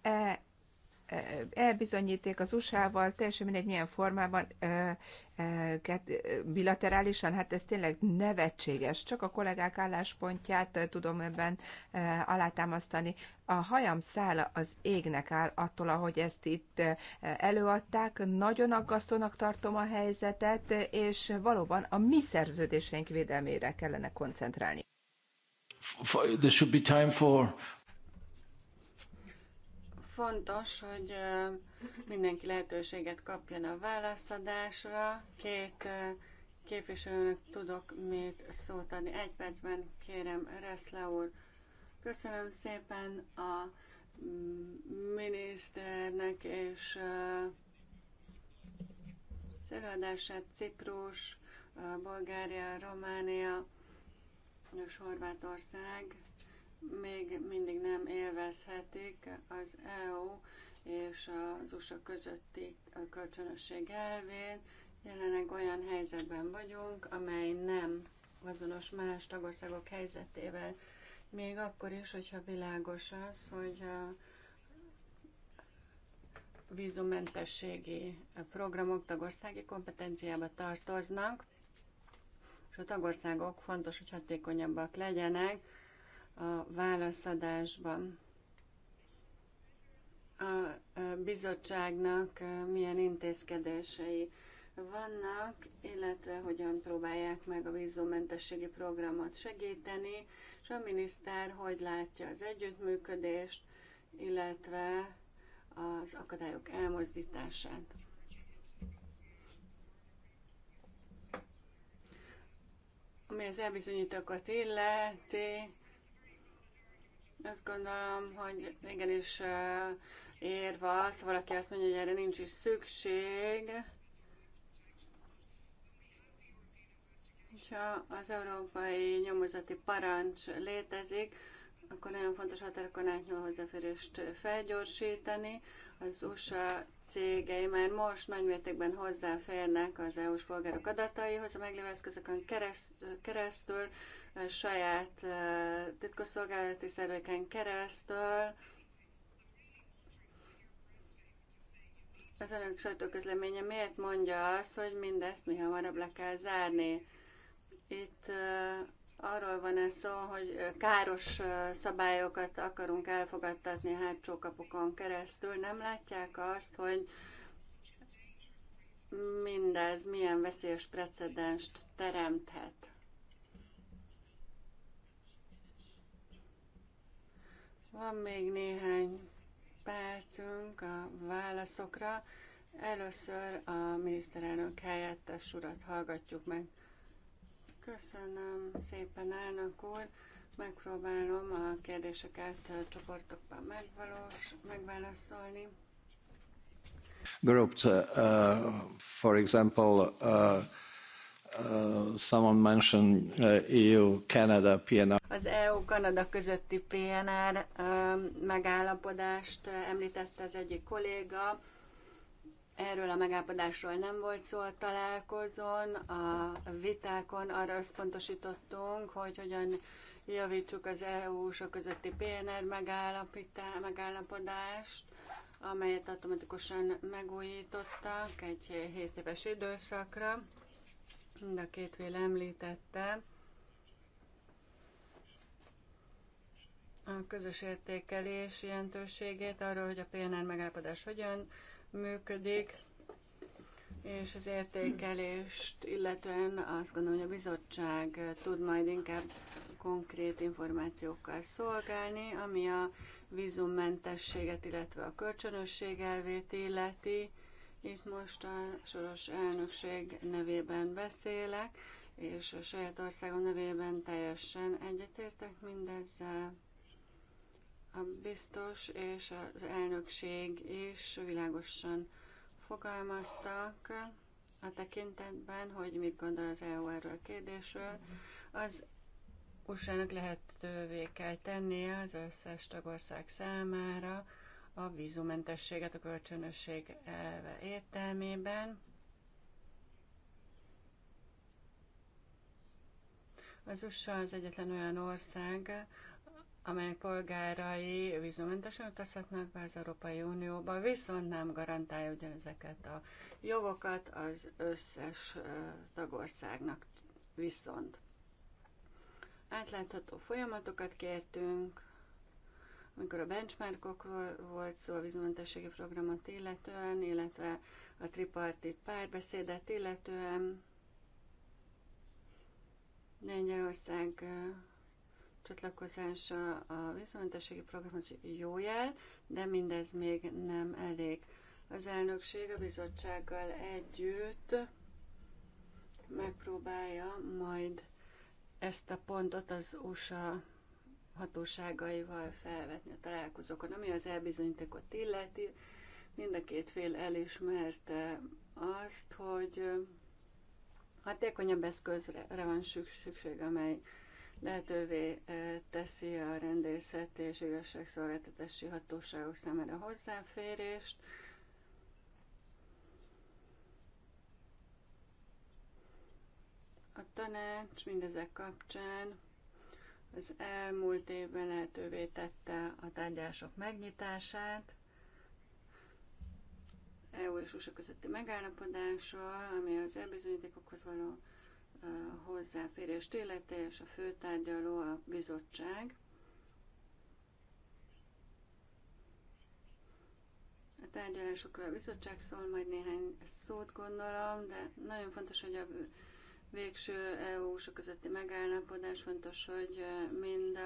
E, elbizonyíték az USA-val, teljesen mindegy milyen formában, bilaterálisan, hát ez tényleg nevetséges. Csak a kollégák álláspontját tudom ebben alátámasztani. A hajam szála az égnek áll attól, ahogy ezt itt előadták. Nagyon aggasztónak tartom a helyzetet, és valóban a mi szerződéseink védelmére kellene koncentrálni. There should be time for Fontos, hogy mindenki lehetőséget kapjon a válaszadásra. Két képviselőnek tudok még szót adni. Egy percben kérem, Reszle úr. Köszönöm szépen a mm, miniszternek és az előadását Ciprus, Bulgária, Románia és Horvátország még mindig nem élvezhetik az EU és az USA közötti kölcsönösség elvén. Jelenleg olyan helyzetben vagyunk, amely nem azonos más tagországok helyzetével, még akkor is, hogyha világos az, hogy a vízumentességi programok tagországi kompetenciába tartoznak, és a tagországok fontos, hogy hatékonyabbak legyenek, a válaszadásban. A bizottságnak e, milyen intézkedései vannak, illetve hogyan próbálják meg a vízumentességi programot segíteni, és a miniszter hogy látja az együttműködést, illetve az akadályok elmozdítását. Ami az elbizonyítókat illeti, azt gondolom, hogy igenis eh, érve, szóval valaki azt mondja, hogy erre nincs is szükség. Ha az európai nyomozati parancs létezik, akkor nagyon fontos határokon átnyúló hozzáférést felgyorsítani. Az USA cégei már most nagymértékben hozzáférnek az EU-s polgárok adataihoz, a meglévő eszközökön keresztül, keresztül saját titkosszolgálati szerveken keresztül, az önök sajtóközleménye miért mondja azt, hogy mindezt mi hamarabb le kell zárni? Itt Arról van ez szó, hogy káros szabályokat akarunk elfogadtatni hátsó kapukon keresztül. Nem látják azt, hogy mindez milyen veszélyes precedenst teremthet. Van még néhány percünk a válaszokra. Először a miniszterelnök helyettes urat hallgatjuk meg. Köszönöm szépen, elnök úr. Megpróbálom a kérdéseket a csoportokban megvalós, megválaszolni. Grouped, uh, uh, for example, uh, Uh, someone mentioned uh, EU Canada PNR. Az EU Kanada közötti PNR um, uh, megállapodást említette az egyik kolléga. Erről a megállapodásról nem volt szó a találkozón, a vitákon arra összpontosítottunk, hogy hogyan javítsuk az eu a közötti PNR megállapodást, amelyet automatikusan megújítottak egy 7 éves időszakra. Mind a két vél említette. A közös értékelés jelentőségét arról, hogy a PNR megállapodás hogyan működik, és az értékelést, illetően azt gondolom, hogy a bizottság tud majd inkább konkrét információkkal szolgálni, ami a vízummentességet, illetve a kölcsönösség elvét illeti. Itt most a soros elnökség nevében beszélek, és a saját országom nevében teljesen egyetértek mindezzel. A biztos és az elnökség is világosan fogalmaztak a tekintetben, hogy mit gondol az EU erről a kérdésről. Az USA-nak lehetővé kell tennie az összes tagország számára a vízumentességet a kölcsönösség elve értelmében. Az USA az egyetlen olyan ország, amelyek polgárai vízumentesen utazhatnak be az Európai Unióba, viszont nem garantálja ugyanezeket a jogokat az összes tagországnak viszont. Átlátható folyamatokat kértünk, amikor a benchmarkokról volt szó a vízumentességi programot illetően, illetve a tripartit párbeszédet illetően, Lengyelország csatlakozás a vízumentességi programhoz jó jel, de mindez még nem elég. Az elnökség a bizottsággal együtt megpróbálja majd ezt a pontot az USA hatóságaival felvetni a találkozókon, ami az elbizonyítékot illeti. Mind a két fél elismerte azt, hogy hatékonyabb eszközre van szükség, amely lehetővé teszi a rendészet és igazságszolgáltatási hatóságok számára hozzáférést. A tanács mindezek kapcsán az elmúlt évben lehetővé tette a tárgyások megnyitását, EU és USA közötti megállapodásról, ami az elbizonyítékokhoz való hozzáférést illeti, és a főtárgyaló a bizottság. A tárgyalásokról a bizottság szól, majd néhány szót gondolom, de nagyon fontos, hogy a végső EU-s közötti megállapodás fontos, hogy mind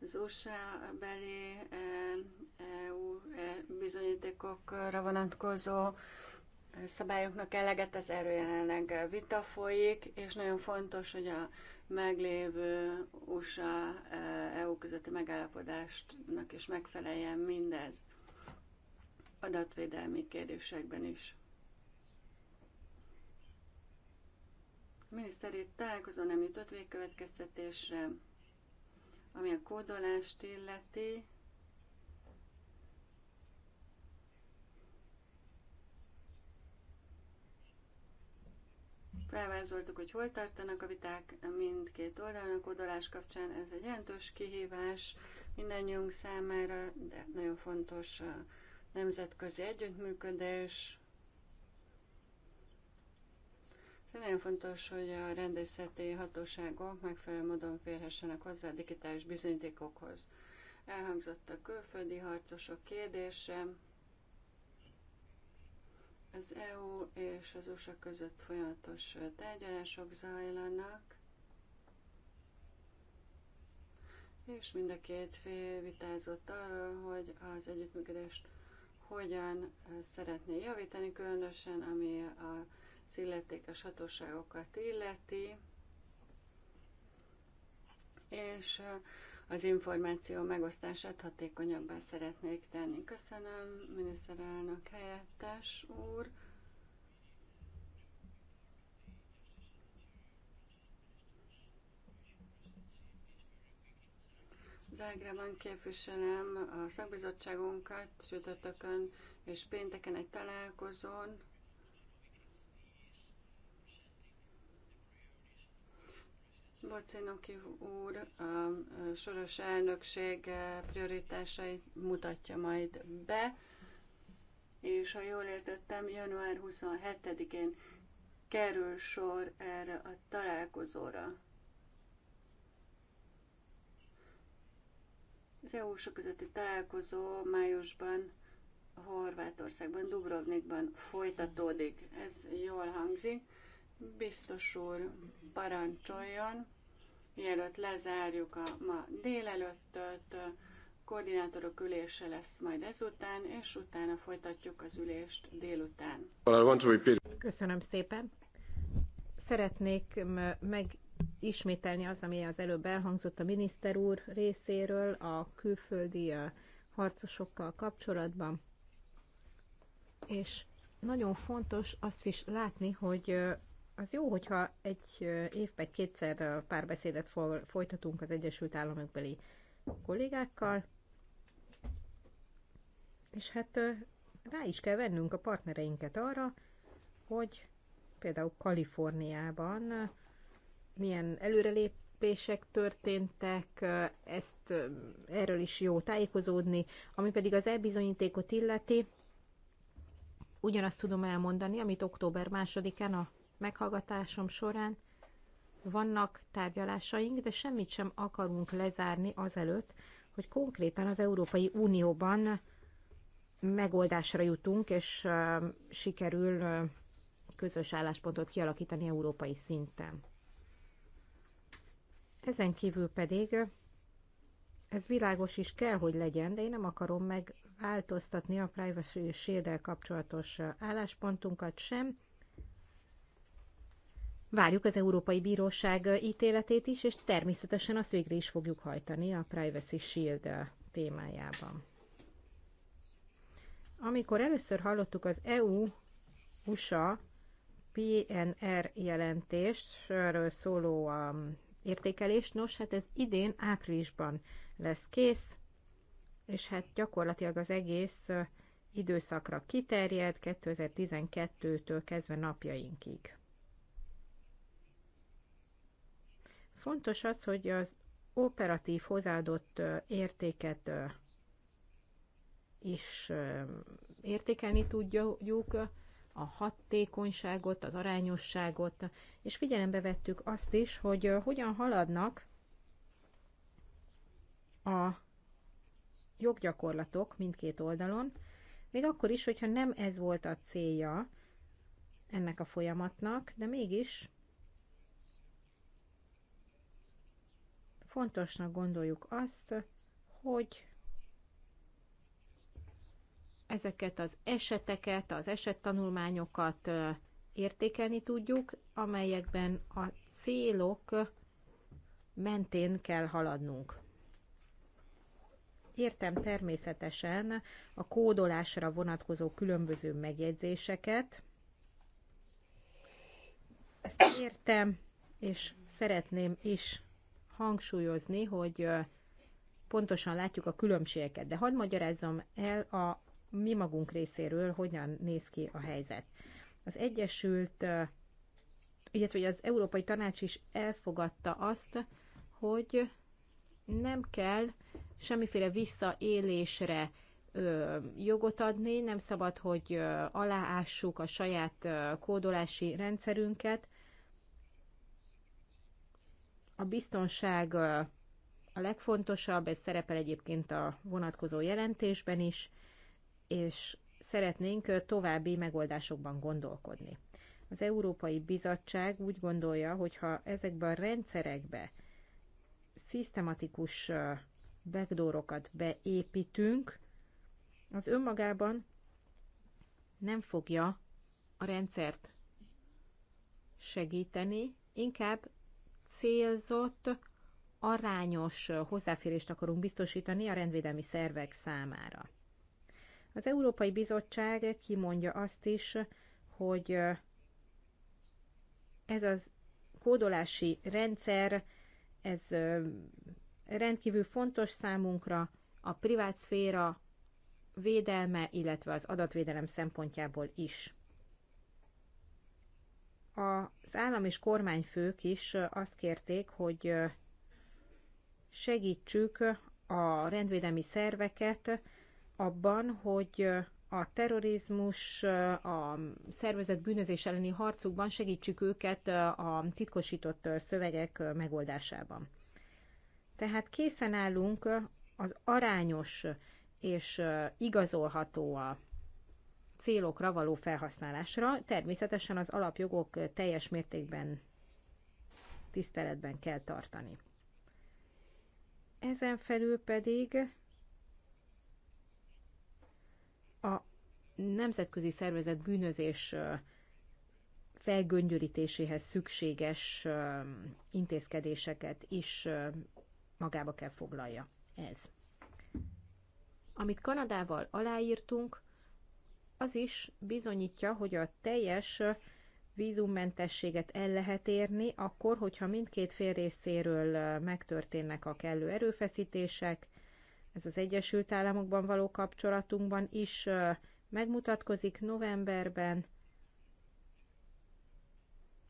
az USA beli eh, EU eh, bizonyítékokra vonatkozó szabályoknak eleget, az erről jelenleg vita folyik, és nagyon fontos, hogy a meglévő USA-EU e, közötti megállapodásnak is megfeleljen mindez adatvédelmi kérdésekben is. A miniszteri találkozó nem jutott végkövetkeztetésre, ami a kódolást illeti. Felvázoltuk, hogy hol tartanak a viták mindkét oldalnak kodolás kapcsán ez egy jelentős kihívás mindannyiunk számára, de nagyon fontos a nemzetközi együttműködés. De nagyon fontos, hogy a rendészeti hatóságok megfelelő módon férhessenek hozzá a digitális bizonyítékokhoz. Elhangzott a külföldi harcosok kérdése, az EU és az USA között folyamatos tárgyalások zajlanak, és mind a két fél vitázott arról, hogy az együttműködést hogyan szeretné javítani, különösen ami a illetékes hatóságokat illeti, és az információ megosztását hatékonyabban szeretnék tenni. Köszönöm, miniszterelnök helyettes úr. Zágrában képviselem a szakbizottságunkat csütörtökön és pénteken egy találkozón. Bocinoki úr a soros elnökség prioritásait mutatja majd be, és ha jól értettem, január 27-én kerül sor erre a találkozóra. Az eu közötti találkozó májusban Horvátországban, Dubrovnikban folytatódik. Ez jól hangzik. Biztos úr, parancsoljon, mielőtt lezárjuk a ma délelőttöt, koordinátorok ülése lesz majd ezután, és utána folytatjuk az ülést délután. Köszönöm szépen. Szeretnék megismételni az, ami az előbb elhangzott a miniszter úr részéről a külföldi harcosokkal kapcsolatban. És nagyon fontos azt is látni, hogy az jó, hogyha egy évben kétszer párbeszédet folytatunk az Egyesült Államokbeli kollégákkal, és hát rá is kell vennünk a partnereinket arra, hogy például Kaliforniában milyen előrelépések történtek, ezt erről is jó tájékozódni, ami pedig az e-bizonyítékot illeti, ugyanazt tudom elmondani, amit október másodikán a meghallgatásom során vannak tárgyalásaink, de semmit sem akarunk lezárni azelőtt, hogy konkrétan az Európai Unióban megoldásra jutunk, és sikerül közös álláspontot kialakítani európai szinten. Ezen kívül pedig ez világos is kell, hogy legyen, de én nem akarom megváltoztatni a Privacy shield kapcsolatos álláspontunkat sem, Várjuk az Európai Bíróság ítéletét is, és természetesen azt végre is fogjuk hajtani a Privacy Shield témájában. Amikor először hallottuk az EU-USA PNR erről szóló um, értékelést, nos, hát ez idén áprilisban lesz kész, és hát gyakorlatilag az egész uh, időszakra kiterjed, 2012-től kezdve napjainkig. Fontos az, hogy az operatív hozzáadott értéket is értékelni tudjuk, a hatékonyságot, az arányosságot, és figyelembe vettük azt is, hogy hogyan haladnak a joggyakorlatok mindkét oldalon, még akkor is, hogyha nem ez volt a célja ennek a folyamatnak, de mégis fontosnak gondoljuk azt, hogy ezeket az eseteket, az esettanulmányokat értékelni tudjuk, amelyekben a célok mentén kell haladnunk. Értem természetesen a kódolásra vonatkozó különböző megjegyzéseket. Ezt értem, és szeretném is hangsúlyozni, hogy pontosan látjuk a különbségeket, de hadd magyarázzam el a mi magunk részéről, hogyan néz ki a helyzet. Az Egyesült, illetve az Európai Tanács is elfogadta azt, hogy nem kell semmiféle visszaélésre jogot adni, nem szabad, hogy aláássuk a saját kódolási rendszerünket, a biztonság a legfontosabb, ez szerepel egyébként a vonatkozó jelentésben is, és szeretnénk további megoldásokban gondolkodni. Az Európai Bizottság úgy gondolja, hogy ha ezekben a rendszerekbe szisztematikus backdoorokat beépítünk, az önmagában nem fogja a rendszert segíteni, inkább célzott, arányos hozzáférést akarunk biztosítani a rendvédelmi szervek számára. Az Európai Bizottság kimondja azt is, hogy ez az kódolási rendszer, ez rendkívül fontos számunkra a privát szféra védelme, illetve az adatvédelem szempontjából is. A állam és kormányfők is azt kérték, hogy segítsük a rendvédelmi szerveket abban, hogy a terrorizmus, a szervezet bűnözés elleni harcukban segítsük őket a titkosított szövegek megoldásában. Tehát készen állunk az arányos és igazolható a célokra való felhasználásra. Természetesen az alapjogok teljes mértékben tiszteletben kell tartani. Ezen felül pedig a nemzetközi szervezet bűnözés felgöngyörítéséhez szükséges intézkedéseket is magába kell foglalja ez. Amit Kanadával aláírtunk, az is bizonyítja, hogy a teljes vízummentességet el lehet érni, akkor, hogyha mindkét fél részéről megtörténnek a kellő erőfeszítések, ez az Egyesült Államokban való kapcsolatunkban is megmutatkozik novemberben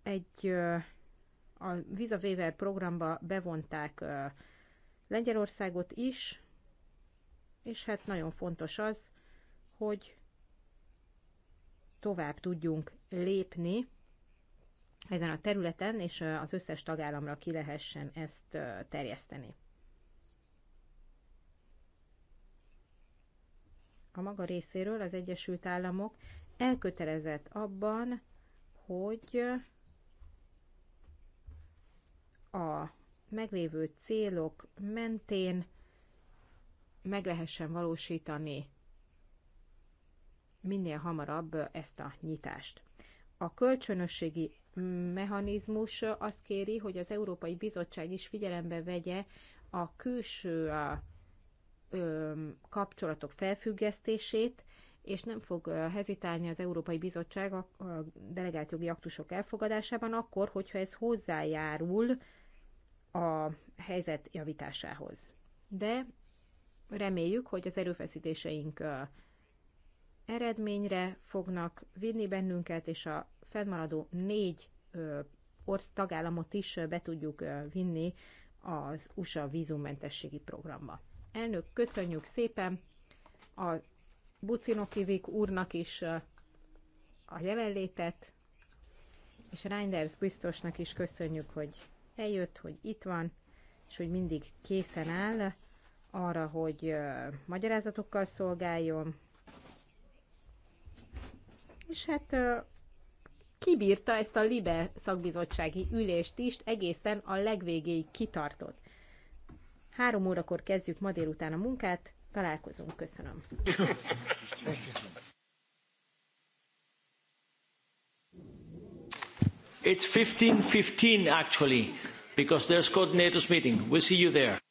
egy a Visa Waiver programba bevonták Lengyelországot is, és hát nagyon fontos az, hogy tovább tudjunk lépni ezen a területen, és az összes tagállamra ki lehessen ezt terjeszteni. A maga részéről az Egyesült Államok elkötelezett abban, hogy a meglévő célok mentén meg lehessen valósítani minél hamarabb ezt a nyitást. A kölcsönösségi mechanizmus azt kéri, hogy az Európai Bizottság is figyelembe vegye a külső kapcsolatok felfüggesztését, és nem fog hezitálni az Európai Bizottság a delegált jogi aktusok elfogadásában akkor, hogyha ez hozzájárul a helyzet javításához. De reméljük, hogy az erőfeszítéseink eredményre fognak vinni bennünket, és a fennmaradó négy orsz tagállamot is be tudjuk vinni az USA vízummentességi programba. Elnök, köszönjük szépen a Bucinokivik úrnak is a jelenlétet, és Reinders biztosnak is köszönjük, hogy eljött, hogy itt van, és hogy mindig készen áll arra, hogy magyarázatokkal szolgáljon, és hát kibírta ezt a LIBE szakbizottsági ülést is, egészen a legvégéig kitartott. Három órakor kezdjük ma délután a munkát, találkozunk, köszönöm. It's 15:15 15, actually, because there's coordinators meeting. We'll see you there.